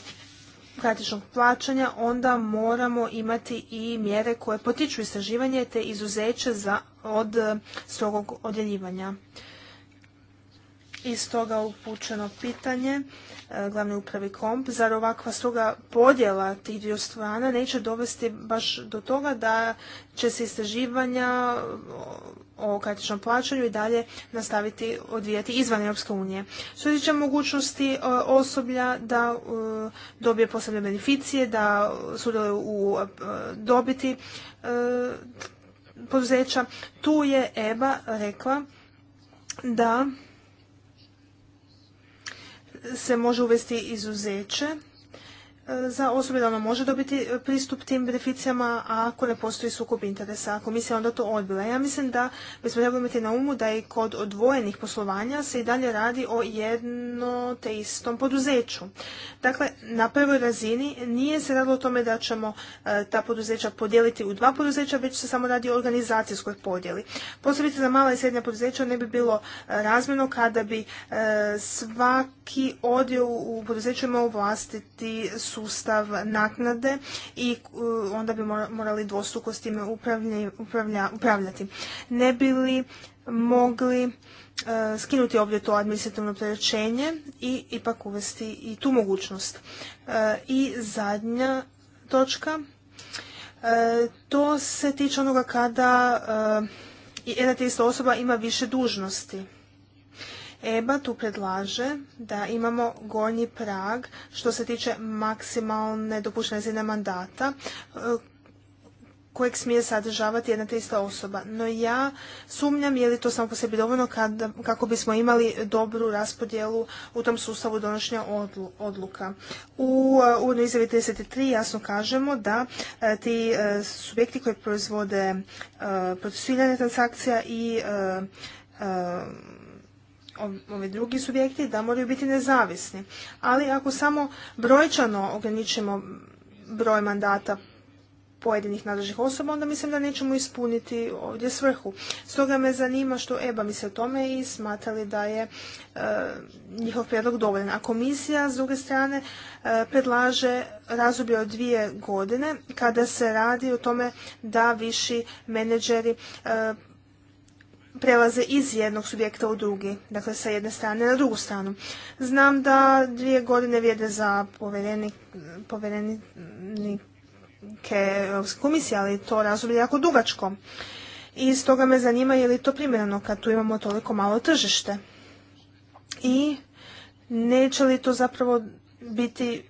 kratičnog plaćanja, onda moramo imati i mjere koje potiču istraživanje te izuzeće od strogog odjeljivanja. Iz toga upućeno pitanje E, glavne upravi KOMP, zar ovakva stoga podjela tih dviju strana neće dovesti baš do toga da će se istraživanja o kartičnom plaćanju i dalje nastaviti odvijati izvan Europske unije. Što tiče mogućnosti e, osoblja da e, dobije posebne beneficije, da sudjeluje u dobiti poduzeća, tu je EBA rekla da se može uvesti izuzeće za osobe da ona može dobiti e, pristup tim beneficijama, ako ne postoji sukob interesa, komisija onda to odbila. Ja mislim da bismo trebali imati na umu da i kod odvojenih poslovanja se i dalje radi o jedno te istom poduzeću. Dakle, na prvoj razini nije se radilo o tome da ćemo e, ta poduzeća podijeliti u dva poduzeća, već se samo radi o organizacijskoj podjeli. Posebice za mala i srednja poduzeća ne bi bilo e, razmjerno kada bi svaki odjel u poduzeću imao vlastiti su sustav naknade i e, onda bi morali dvostruko s time upravljati. Ne bi li mogli e, skinuti ovdje to administrativno opterećenje i ipak uvesti i tu mogućnost. E, I zadnja točka, to se tiče onoga kada jedna te ista osoba ima više dužnosti. EBA tu predlaže da imamo gornji prag što se tiče maksimalne dopuštene razine mandata e, kojeg smije sadržavati jedna te ista osoba. No ja sumnjam je li to samo po sebi dovoljno kako bismo imali dobru raspodjelu u tom sustavu donošenja odluka. U e, uvodnoj izjavi 33 jasno kažemo da e, ti subjekti koji proizvode e, transakcija i ovi drugi subjekti da moraju biti nezavisni. Ali ako samo brojčano ograničimo broj mandata pojedinih nadležnih osoba, onda mislim da nećemo ispuniti ovdje svrhu. Stoga me zanima što EBA misli o tome i smatrali da je e, njihov prijedlog dovoljan. A komisija, s druge strane, e, predlaže razdoblje od dvije godine kada se radi o tome da viši menedžeri e, prelaze iz jednog subjekta u drugi, dakle sa jedne strane na drugu stranu. Znam da dvije godine vjede za povjerenike Europske komisije, ali to razumije jako dugačko. I stoga me zanima je li to primjereno kad tu imamo toliko malo tržište. I neće li to zapravo biti e,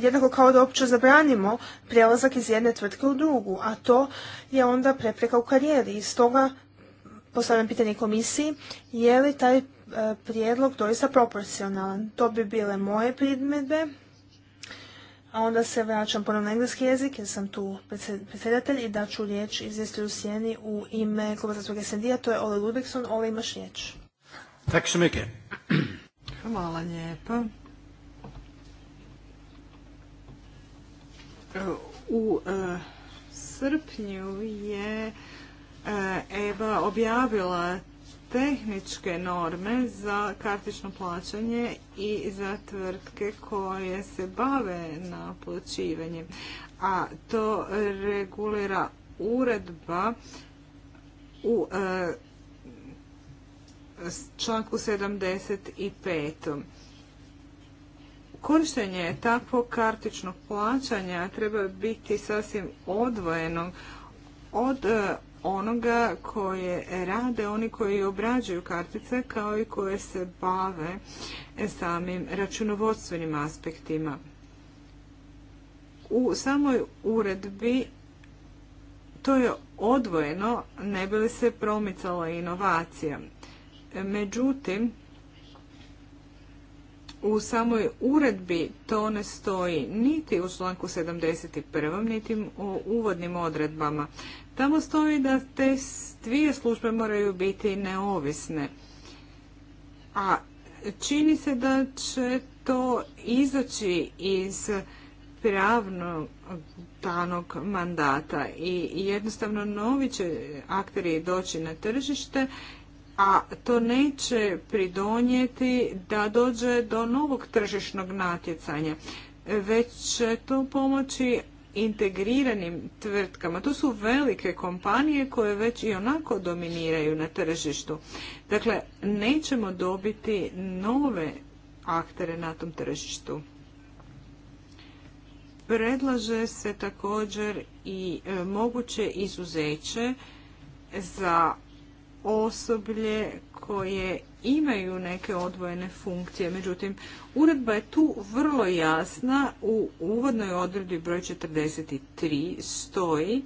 jednako kao da opće zabranimo prelazak iz jedne tvrtke u drugu, a to je onda prepreka u karijeri. I stoga postavljam pitanje komisiji, je li taj e, prijedlog doista proporcionalan? To bi bile moje primjedbe. A onda se vraćam ponovno na engleski jezik jer sam tu predsjedatelj i daću riječ izvjestiti u sjeni u ime kluba zastupnika SND-a, to je Ole Ludvigson. Ole, imaš riječ. Hvala lijepo. U e, srpnju je EBA objavila tehničke norme za kartično plaćanje i za tvrtke koje se bave naplaćivanjem. A to regulira uredba u e, članku 75. Korištenje takvog kartičnog plaćanja treba biti sasvim odvojeno od e, onoga koje rade oni koji obrađuju kartice kao i koje se bave e, samim računovodstvenim aspektima. U samoj uredbi to je odvojeno ne bi li se promicala inovacija. Međutim, u samoj uredbi to ne stoji niti u članku 71. niti u uvodnim odredbama. Tamo stoji da te dvije službe moraju biti neovisne. A čini se da će to izaći iz pravno danog mandata i jednostavno novi će akteri doći na tržište, a to neće pridonijeti da dođe do novog tržišnog natjecanja, već će to pomoći integriranim tvrtkama. To su velike kompanije koje već i onako dominiraju na tržištu. Dakle, nećemo dobiti nove aktere na tom tržištu. Predlaže se također i e, moguće izuzeće za osoblje koje imaju neke odvojene funkcije. Međutim, uredba je tu vrlo jasna. U uvodnoj odredbi broj 43 stoji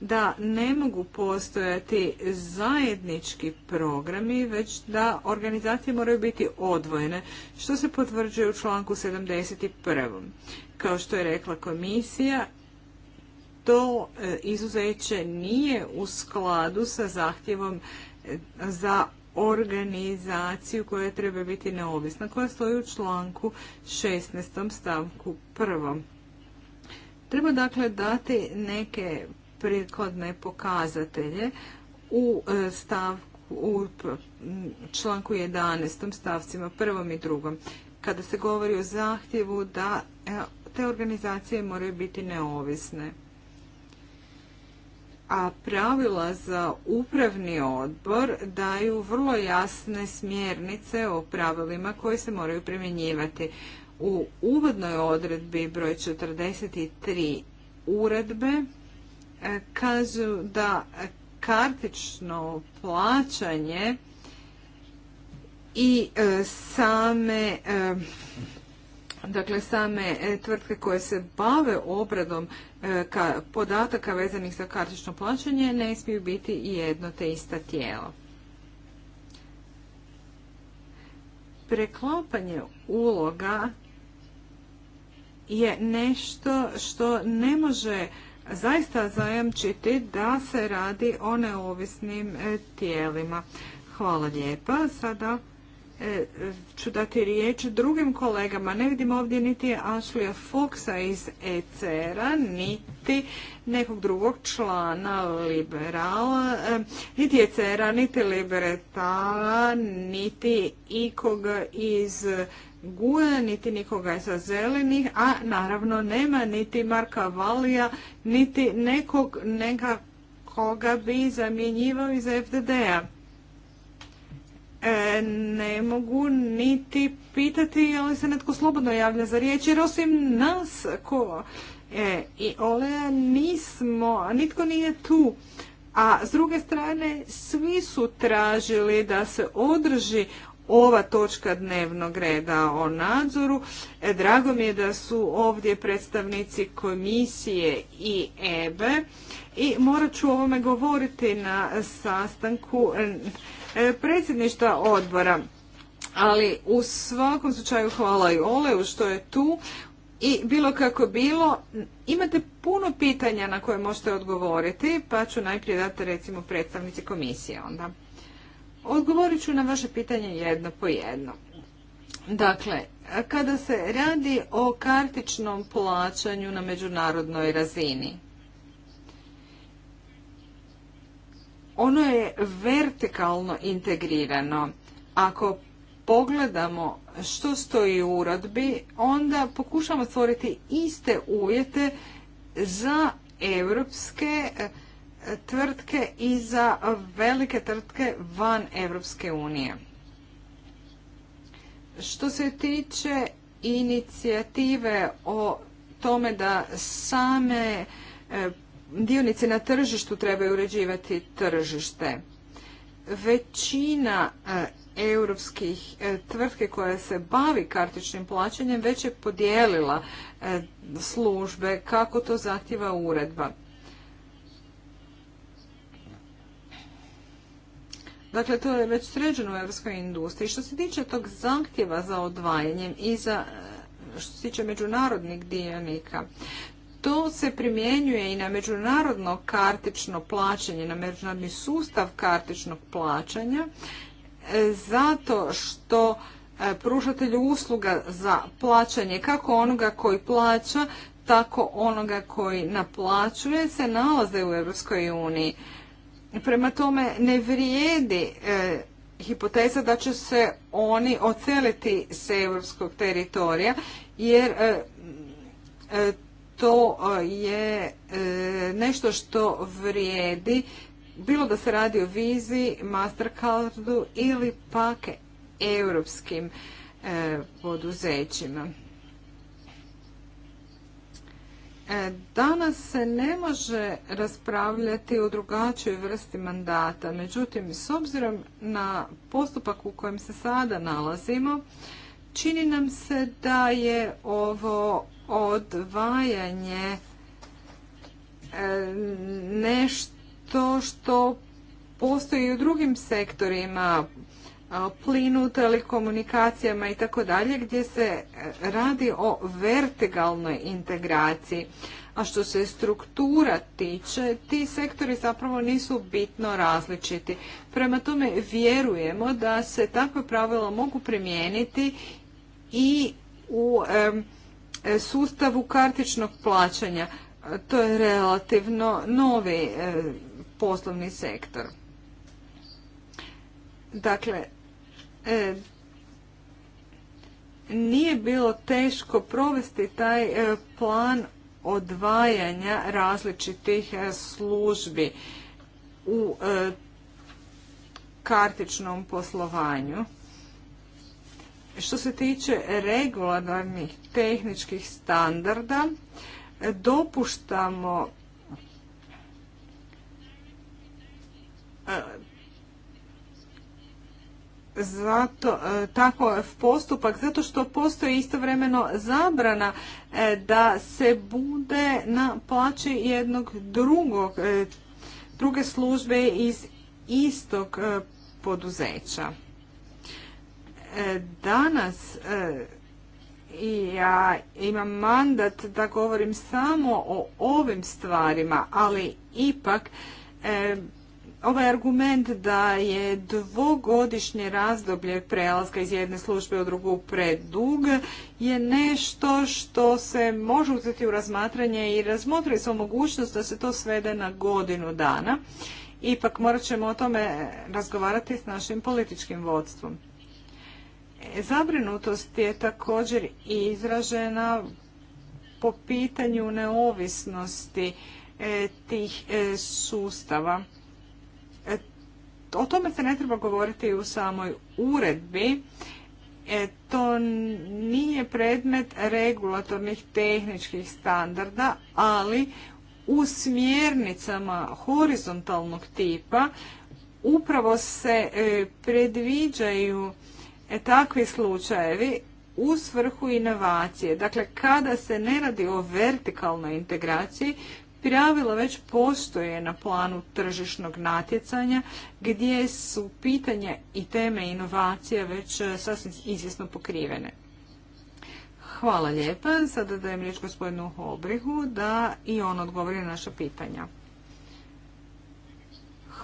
da ne mogu postojati zajednički programi, već da organizacije moraju biti odvojene, što se potvrđuje u članku 71. Kao što je rekla komisija, to e, izuzeće nije u skladu sa zahtjevom e, za organizaciju koja treba biti neovisna, koja stoji u članku 16. stavku 1. Treba dakle dati neke prikladne pokazatelje u e, stavku u članku 11. stavcima prvom i drugom kada se govori o zahtjevu da te organizacije moraju biti neovisne a pravila za upravni odbor daju vrlo jasne smjernice o pravilima koje se moraju primjenjivati. U uvodnoj odredbi broj 43 uredbe e, kažu da kartično plaćanje i e, same e, dakle same tvrtke koje se bave obradom E, podataka vezanih za kartično plaćanje ne smiju biti i jedno te ista tijelo. Preklapanje uloga je nešto što ne može zaista zajamčiti da se radi o neovisnim e, tijelima. Hvala lijepa. Sada E, ću dati riječ drugim kolegama. Ne vidim ovdje niti Ashleya Foxa iz ECR-a, niti nekog drugog člana liberala, e, niti ECR-a, niti liberetala, niti ikog iz Guja, e, niti nikoga sa zelenih, a naravno nema niti Marka Valija, niti nekog koga bi zamjenjivao iz FDD-a. E, ne mogu niti pitati je li se netko slobodno javlja za riječ, jer osim nas ko e, i ole nismo, nitko nije tu. A s druge strane, svi su tražili da se održi ova točka dnevnog reda o nadzoru. E, drago mi je da su ovdje predstavnici komisije i EBE e. i morat ću o ovome govoriti na sastanku E, predsjedništva odbora. Ali u svakom slučaju hvala i Oleu što je tu i bilo kako bilo, imate puno pitanja na koje možete odgovoriti, pa ću najprije dati recimo predstavnici komisije onda. Odgovorit ću na vaše pitanje jedno po jedno. Dakle, kada se radi o kartičnom plaćanju na međunarodnoj razini, ono je vertikalno integrirano. Ako pogledamo što stoji u uradbi, onda pokušamo stvoriti iste uvjete za europske e, tvrtke i za velike tvrtke van Europske unije. Što se tiče inicijative o tome da same e, dionici na tržištu trebaju uređivati tržište. Većina e, europskih e, tvrtke koja se bavi kartičnim plaćanjem već je podijelila e, službe kako to zahtjeva uredba. Dakle, to je već sređeno u europskoj industriji. Što se tiče tog zahtjeva za odvajanjem i za što se tiče međunarodnih dionika, to se primjenjuje i na međunarodno kartično plaćanje, na međunarodni sustav kartičnog plaćanja, e, zato što e, pružatelju usluga za plaćanje kako onoga koji plaća, tako onoga koji naplaćuje se nalaze u Europskoj uniji. Prema tome ne vrijedi e, hipoteza da će se oni oceliti s europskog teritorija jer to e, je e, nešto što vrijedi bilo da se radi o vizi, Mastercardu ili pak europskim e, poduzećima. Danas se ne može raspravljati o drugačoj vrsti mandata, međutim, s obzirom na postupak u kojem se sada nalazimo, čini nam se da je ovo odvajanje e, nešto što postoji u drugim sektorima, e, plinu, telekomunikacijama i tako dalje, gdje se radi o vertikalnoj integraciji. A što se struktura tiče, ti sektori zapravo nisu bitno različiti. Prema tome vjerujemo da se takve pravila mogu primijeniti i u E, sustavu kartičnog plaćanja. E, to je relativno novi e, poslovni sektor. Dakle, nije bilo teško provesti taj plan odvajanja različitih službi u kartičnom poslovanju. Što se tiče regularnih tehničkih standarda, dopuštamo e, zato, e, tako postupak zato što postoji istovremeno zabrana e, da se bude na plaći jednog drugog druge službe iz istog poduzeća. E, danas e, ja imam mandat da govorim samo o ovim stvarima, ali ipak e, ovaj argument da je dvogodišnje razdoblje prelaska iz jedne službe u drugu predug je nešto što se može uzeti u razmatranje i razmotri svoju mogućnost da se to svede na godinu dana. Ipak morat ćemo o tome razgovarati s našim političkim vodstvom. Zabrinutost je također izražena po pitanju neovisnosti e, tih e, sustava. E, o tome se ne treba govoriti u samoj uredbi. To nije predmet regulatornih tehničkih standarda, ali u smjernicama horizontalnog tipa upravo se predviđaju E takvi slučajevi u svrhu inovacije. Dakle, kada se ne radi o vertikalnoj integraciji, pravila već postoje na planu tržišnog natjecanja gdje su pitanja i teme inovacije već e, sasvim izvjesno pokrivene. Hvala lijepa. Sada dajem riječ gospodinu Hobrihu da i on odgovori na naša pitanja.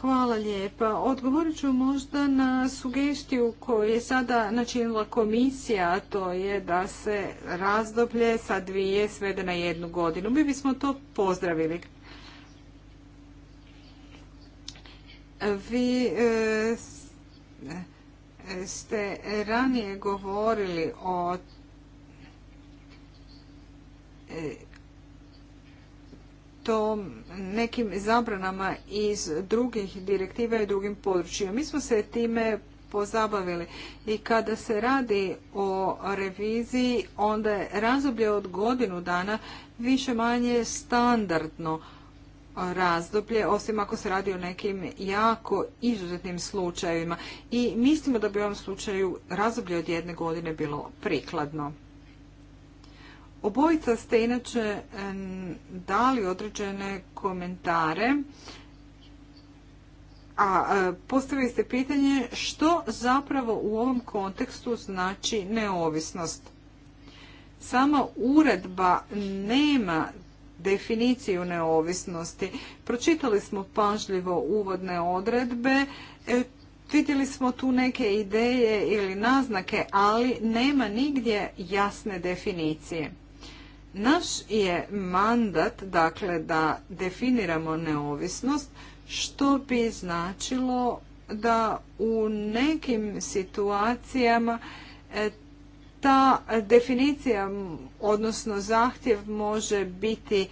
Hvala lijepa. Odgovorit ću možda na sugestiju koju je sada načinila komisija, a to je da se razdoblje sa dvije svede na jednu godinu. Mi bismo to pozdravili. Vi e, e, ste ranije govorili o e, to nekim zabranama iz drugih direktiva i drugim područjima. Mi smo se time pozabavili i kada se radi o reviziji, onda je razdoblje od godinu dana više manje standardno razdoblje, osim ako se radi o nekim jako izuzetnim slučajevima. I mislimo da bi u ovom slučaju razdoblje od jedne godine bilo prikladno. Obojica ste inače dali određene komentare, a e, postavili ste pitanje što zapravo u ovom kontekstu znači neovisnost. Sama uredba nema definiciju neovisnosti. Pročitali smo pažljivo uvodne odredbe, e, vidjeli smo tu neke ideje ili naznake, ali nema nigdje jasne definicije. Naš je mandat, dakle, da definiramo neovisnost, što bi značilo da u nekim situacijama e, ta definicija, odnosno zahtjev može biti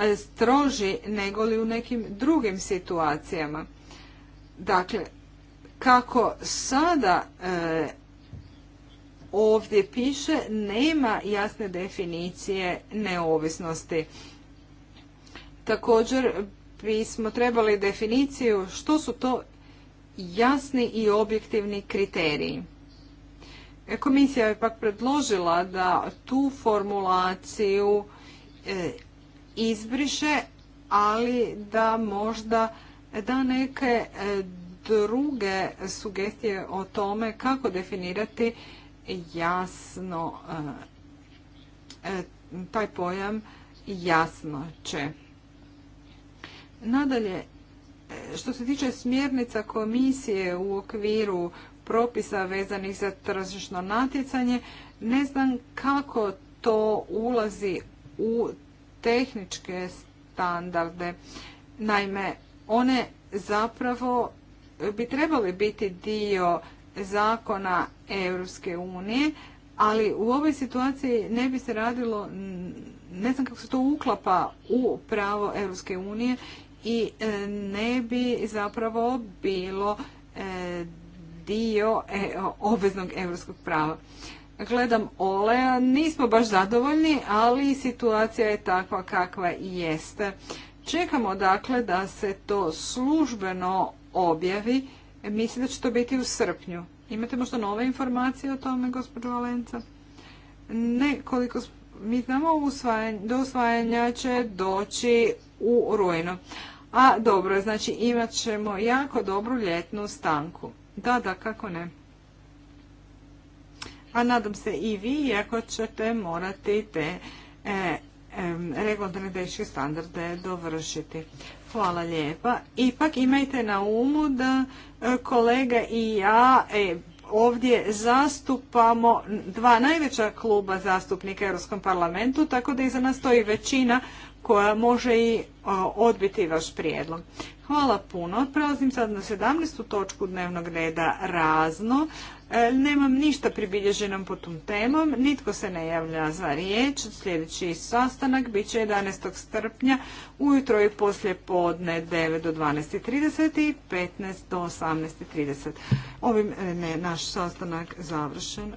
e, stroži nego li u nekim drugim situacijama. Dakle, kako sada e, ovdje piše nema jasne definicije neovisnosti. Također bismo trebali definiciju što su to jasni i objektivni kriteriji. Komisija je pak predložila da tu formulaciju e, izbriše, ali da možda da neke e, druge sugestije o tome kako definirati jasno, e, e, taj pojam jasno će. Nadalje, e, što se tiče smjernica komisije u okviru propisa vezanih za tržišno natjecanje, ne znam kako to ulazi u tehničke standarde. Naime, one zapravo bi trebali biti dio zakona Europske unije, ali u ovoj situaciji ne bi se radilo, ne znam kako se to uklapa u pravo Europske unije i e, ne bi zapravo bilo e, dio e, obveznog europskog prava. Gledam ole nismo baš zadovoljni, ali situacija je takva kakva i jeste. Čekamo dakle da se to službeno objavi E, mislim da će to biti u srpnju. Imate možda nove informacije o tome, gospođo Valenca? Ne, koliko mi znamo, do usvajanja će doći u rujnu. A dobro, znači imat ćemo jako dobru ljetnu stanku. Da, da, kako ne. A nadam se i vi, iako ćete morati te e, e, standarde dovršiti. Hvala lijepa. Ipak imajte na umu da e, kolega i ja e, ovdje zastupamo dva najveća kluba zastupnika u Europskom parlamentu, tako da iza nas stoji većina koja može i e, odbiti vaš prijedlog. Hvala puno. Prelazim sad na 17. točku dnevnog reda razno. E, nemam ništa pribilježenom po tom temom, nitko se ne javlja za riječ. Sljedeći sastanak bit će 11. strpnja ujutro i poslije podne 9 do 12.30 i 15 do 18.30. Ovim je naš sastanak završen.